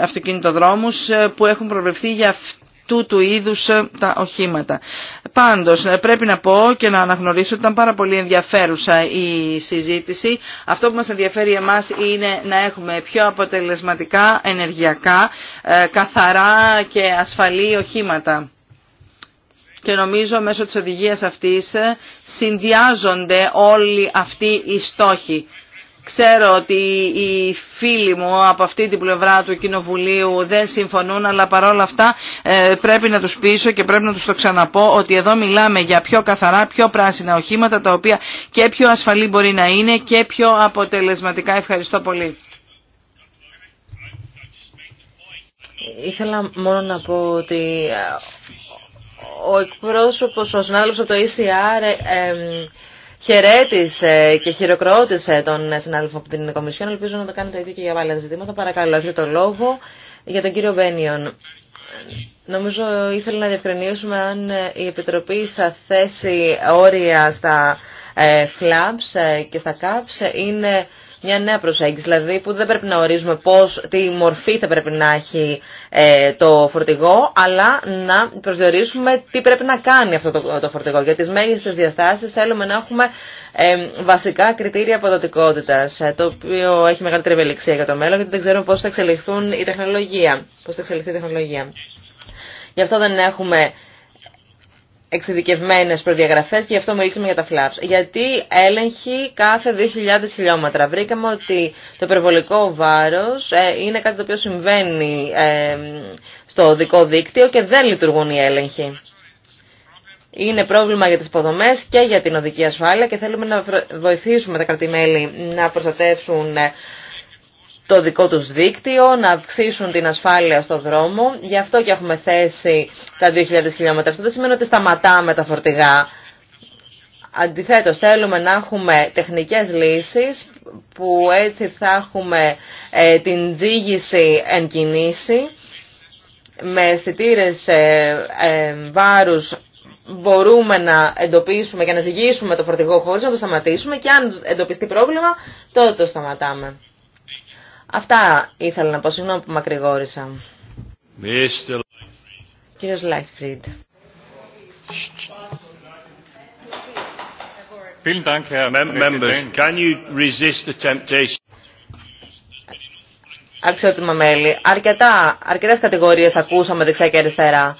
αυτοκινητοδρόμους που έχουν προβλεφθεί για τούτου είδους ε, τα οχήματα. Πάντως ε, πρέπει να πω και να αναγνωρίσω ότι ήταν πάρα πολύ ενδιαφέρουσα η συζήτηση. Αυτό που μας ενδιαφέρει εμάς είναι να έχουμε πιο αποτελεσματικά, ενεργειακά, ε, καθαρά και ασφαλή οχήματα και νομίζω μέσω της οδηγίας αυτής συνδυάζονται όλοι αυτοί οι στόχοι. Ξέρω ότι οι φίλοι μου από αυτή την πλευρά του Κοινοβουλίου δεν συμφωνούν, αλλά παρόλα αυτά ε, πρέπει να τους πείσω και πρέπει να τους το ξαναπώ ότι εδώ μιλάμε για πιο καθαρά, πιο πράσινα οχήματα, τα οποία και πιο ασφαλή μπορεί να είναι και πιο αποτελεσματικά. Ευχαριστώ πολύ. Ήθελα μόνο να πω ότι ε, ο εκπρόσωπος, ο συνάδελφος από το ECR... Ε, χαιρέτησε και χειροκρότησε τον συνάδελφο από την Κομισιόν. Ελπίζω να το κάνει το ίδιο και για άλλα ζητήματα. Παρακαλώ, έχετε το λόγο για τον κύριο Μπένιον. Νομίζω ήθελα να διευκρινίσουμε αν η Επιτροπή θα θέσει όρια στα ε, flaps ε, και στα caps. Είναι μια νέα προσέγγιση, δηλαδή που δεν πρέπει να ορίζουμε πώς, τι μορφή θα πρέπει να έχει ε, το φορτηγό, αλλά να προσδιορίσουμε τι πρέπει να κάνει αυτό το, το φορτηγό. Για τις μέγιστες διαστάσεις θέλουμε να έχουμε ε, βασικά κριτήρια αποδοτικότητας, ε, το οποίο έχει μεγαλύτερη ευελιξία για το μέλλον, γιατί δεν ξέρουμε πώς θα εξελιχθούν η τεχνολογία, πώς θα εξελιχθεί η τεχνολογία. Γι' αυτό δεν έχουμε εξειδικευμένε προδιαγραφέ και γι' αυτό μιλήσαμε για τα flaps. Γιατί έλεγχη κάθε 2.000 χιλιόμετρα. Βρήκαμε ότι το υπερβολικό βάρο ε, είναι κάτι το οποίο συμβαίνει ε, στο δικό δίκτυο και δεν λειτουργούν οι έλεγχοι. Είναι πρόβλημα για τι υποδομέ και για την οδική ασφάλεια και θέλουμε να βοηθήσουμε τα κρατημέλη να προστατεύσουν ε, το δικό τους δίκτυο, να αυξήσουν την ασφάλεια στο δρόμο. Γι' αυτό και έχουμε θέσει τα 2.000 χιλιόμετρα. Αυτό δεν σημαίνει ότι σταματάμε τα φορτηγά. Αντιθέτως, θέλουμε να έχουμε τεχνικές λύσεις που έτσι θα έχουμε ε, την τζίγηση εν κινήσει. Με αισθητήρε ε, ε, βάρους μπορούμε να εντοπίσουμε και να ζυγίσουμε το φορτηγό χωρίς να το σταματήσουμε και αν εντοπιστεί πρόβλημα τότε το σταματάμε. Αυτά ήθελα να πω. Συγγνώμη που μακρηγόρησα. Mr. Κύριος Λάιτφριντ. Αξιότιμα μέλη, αρκετά, αρκετές κατηγορίες ακούσαμε δεξιά και αριστερά.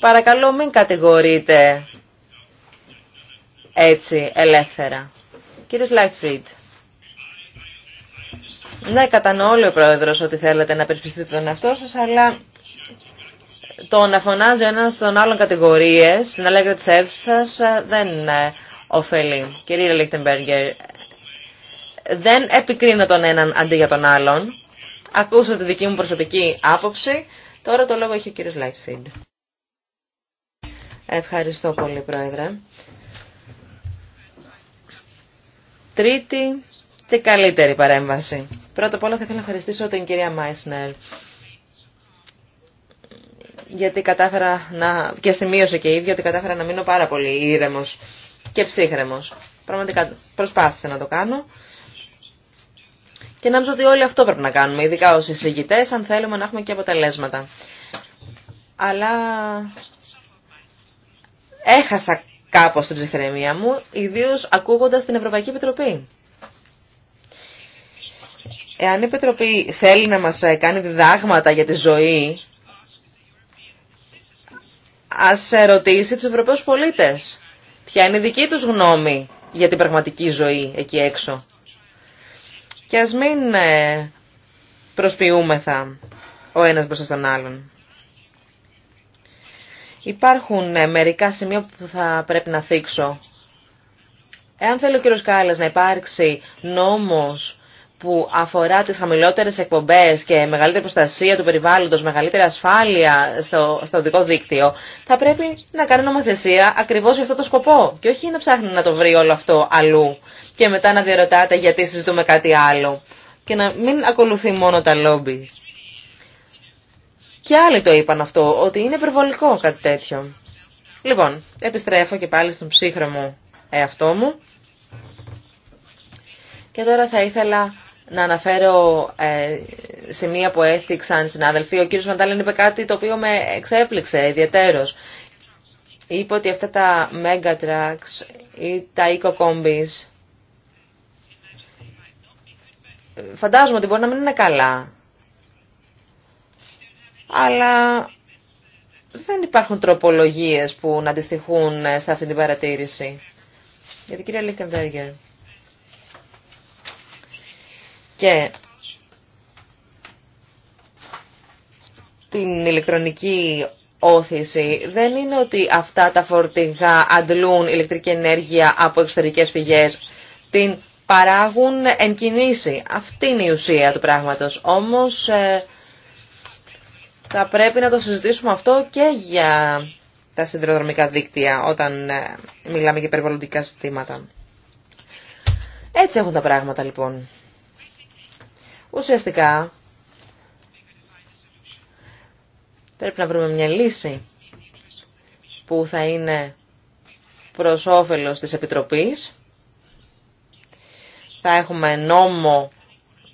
Παρακαλώ μην κατηγορείτε έτσι ελεύθερα. Κύριος Λάιτφριντ. Ναι, κατανοώ ο πρόεδρο ότι θέλετε να περισπιστείτε τον εαυτό σας, αλλά το να φωνάζει ο ένας στον άλλον κατηγορίες, να λέγεται τη έρθουσα, δεν ε, ωφελεί. Κυρία Λίχτεμπεργκερ, δεν επικρίνω τον έναν αντί για τον άλλον. Ακούσατε τη δική μου προσωπική άποψη. Τώρα το λόγο έχει ο κύριος Λάιτφιντ. Ευχαριστώ πολύ, Πρόεδρε. Τρίτη και καλύτερη παρέμβαση. Πρώτα απ' όλα θα ήθελα να ευχαριστήσω την κυρία Μάισνερ γιατί κατάφερα να, και σημείωσε και η ίδια ότι κατάφερα να μείνω πάρα πολύ ήρεμος και ψύχρεμος. Πραγματικά προσπάθησα να το κάνω. Και νόμιζα ότι όλοι αυτό πρέπει να κάνουμε, ειδικά ω εισηγητές, αν θέλουμε να έχουμε και αποτελέσματα. Αλλά έχασα κάπως την ψυχραιμία μου, ιδίως ακούγοντας την Ευρωπαϊκή Επιτροπή. Εάν η ΠΕΤΡΟΠΗ θέλει να μας ε, κάνει διδάγματα για τη ζωή, ας ρωτήσει τους Ευρωπαίους πολίτες ποια είναι η δική τους γνώμη για την πραγματική ζωή εκεί έξω. Και ας μην ε, προσποιούμεθα ο ένας μπροστά στον άλλον. Υπάρχουν ε, μερικά σημεία που θα πρέπει να θίξω. Εάν θέλει ο κύριος Κάλλας να υπάρξει νόμος που αφορά τις χαμηλότερε εκπομπές και μεγαλύτερη προστασία του περιβάλλοντος, μεγαλύτερη ασφάλεια στο, στο οδικό δίκτυο, θα πρέπει να κάνει νομοθεσία ακριβώς για αυτό το σκοπό και όχι να ψάχνει να το βρει όλο αυτό αλλού και μετά να διαρωτάτε γιατί συζητούμε κάτι άλλο και να μην ακολουθεί μόνο τα λόμπι. Και άλλοι το είπαν αυτό, ότι είναι υπερβολικό κάτι τέτοιο. Λοιπόν, επιστρέφω και πάλι στον ψύχρωμο εαυτό μου. Και τώρα θα ήθελα να αναφέρω ε, σημεία που έθιξαν συνάδελφοι. Ο κύριος Μαντάλεν είπε κάτι το οποίο με εξέπληξε ιδιαίτερος. Είπε ότι αυτά τα mega ή τα eco φαντάζομαι ότι μπορεί να μην είναι καλά. Αλλά δεν υπάρχουν τροπολογίες που να αντιστοιχούν σε αυτή την παρατήρηση. Γιατί κυρία Λίχτεμπεργκερ και την ηλεκτρονική όθηση δεν είναι ότι αυτά τα φορτηγά αντλούν ηλεκτρική ενέργεια από εξωτερικές πηγές. Την παράγουν εν κινήσει. Αυτή είναι η ουσία του πράγματος. Όμως ε, θα πρέπει να το συζητήσουμε αυτό και για τα συνδροδρομικά δίκτυα όταν ε, μιλάμε για περιβαλλοντικά συστήματα. Έτσι έχουν τα πράγματα λοιπόν. Ουσιαστικά πρέπει να βρούμε μια λύση που θα είναι προς όφελος της Επιτροπής. Θα έχουμε νόμο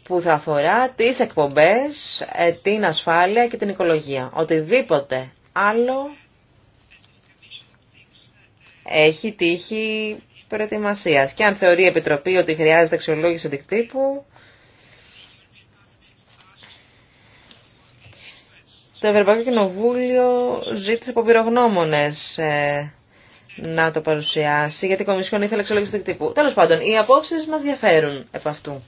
που θα αφορά τις εκπομπές, ε, την ασφάλεια και την οικολογία. Οτιδήποτε άλλο έχει τύχη προετοιμασίας. Και αν θεωρεί η Επιτροπή ότι χρειάζεται αξιολόγηση δικτύπου... Το Ευρωπαϊκό Κοινοβούλιο ζήτησε από πυρογνώμονε ε, να το παρουσιάσει, γιατί η Κομισιόν ήθελε εξολόγηση τύπου. Τέλο πάντων, οι απόψει μα διαφέρουν από αυτού.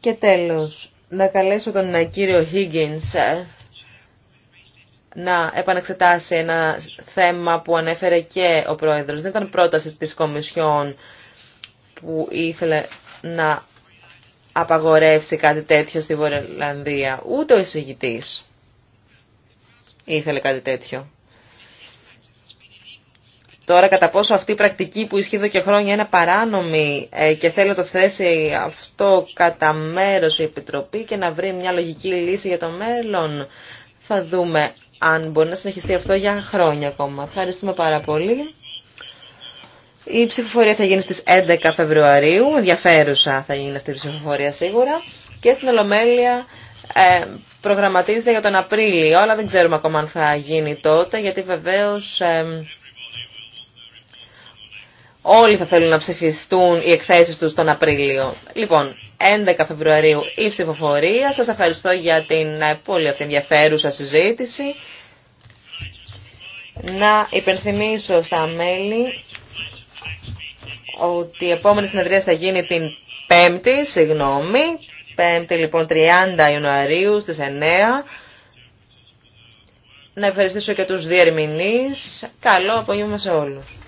Και τέλος, να καλέσω τον ε, κύριο Higgins ε, να επανεξετάσει ένα θέμα που ανέφερε και ο Πρόεδρος. Δεν ήταν πρόταση της Κομισιόν που ήθελε να απαγορεύσει κάτι τέτοιο στη Βορειοελλανδία. Ούτε ο εισηγητής ήθελε κάτι τέτοιο. Τώρα κατά πόσο αυτή η πρακτική που ισχύει εδώ και χρόνια είναι παράνομη ε, και θέλω το θέσει αυτό κατά μέρος η Επιτροπή και να βρει μια λογική λύση για το μέλλον θα δούμε αν μπορεί να συνεχιστεί αυτό για χρόνια ακόμα. Ευχαριστούμε πάρα πολύ. Η ψηφοφορία θα γίνει στις 11 Φεβρουαρίου, ενδιαφέρουσα θα γίνει αυτή η ψηφοφορία σίγουρα και στην Ολομέλεια ε, προγραμματίζεται για τον Απρίλιο, αλλά δεν ξέρουμε ακόμα αν θα γίνει τότε, γιατί βεβαίως ε, όλοι θα θέλουν να ψηφιστούν οι εκθέσεις τους τον Απρίλιο. Λοιπόν, 11 Φεβρουαρίου η ψηφοφορία. Σας ευχαριστώ για την ε, πολύ αυτή ενδιαφέρουσα συζήτηση. Να υπενθυμίσω στα μέλη ότι η επόμενη συνεδρία θα γίνει την 5η, συγγνώμη, 5η λοιπόν 30 Ιανουαρίου στις 9. Να ευχαριστήσω και τους διερμηνείς. Καλό απόγευμα σε όλους.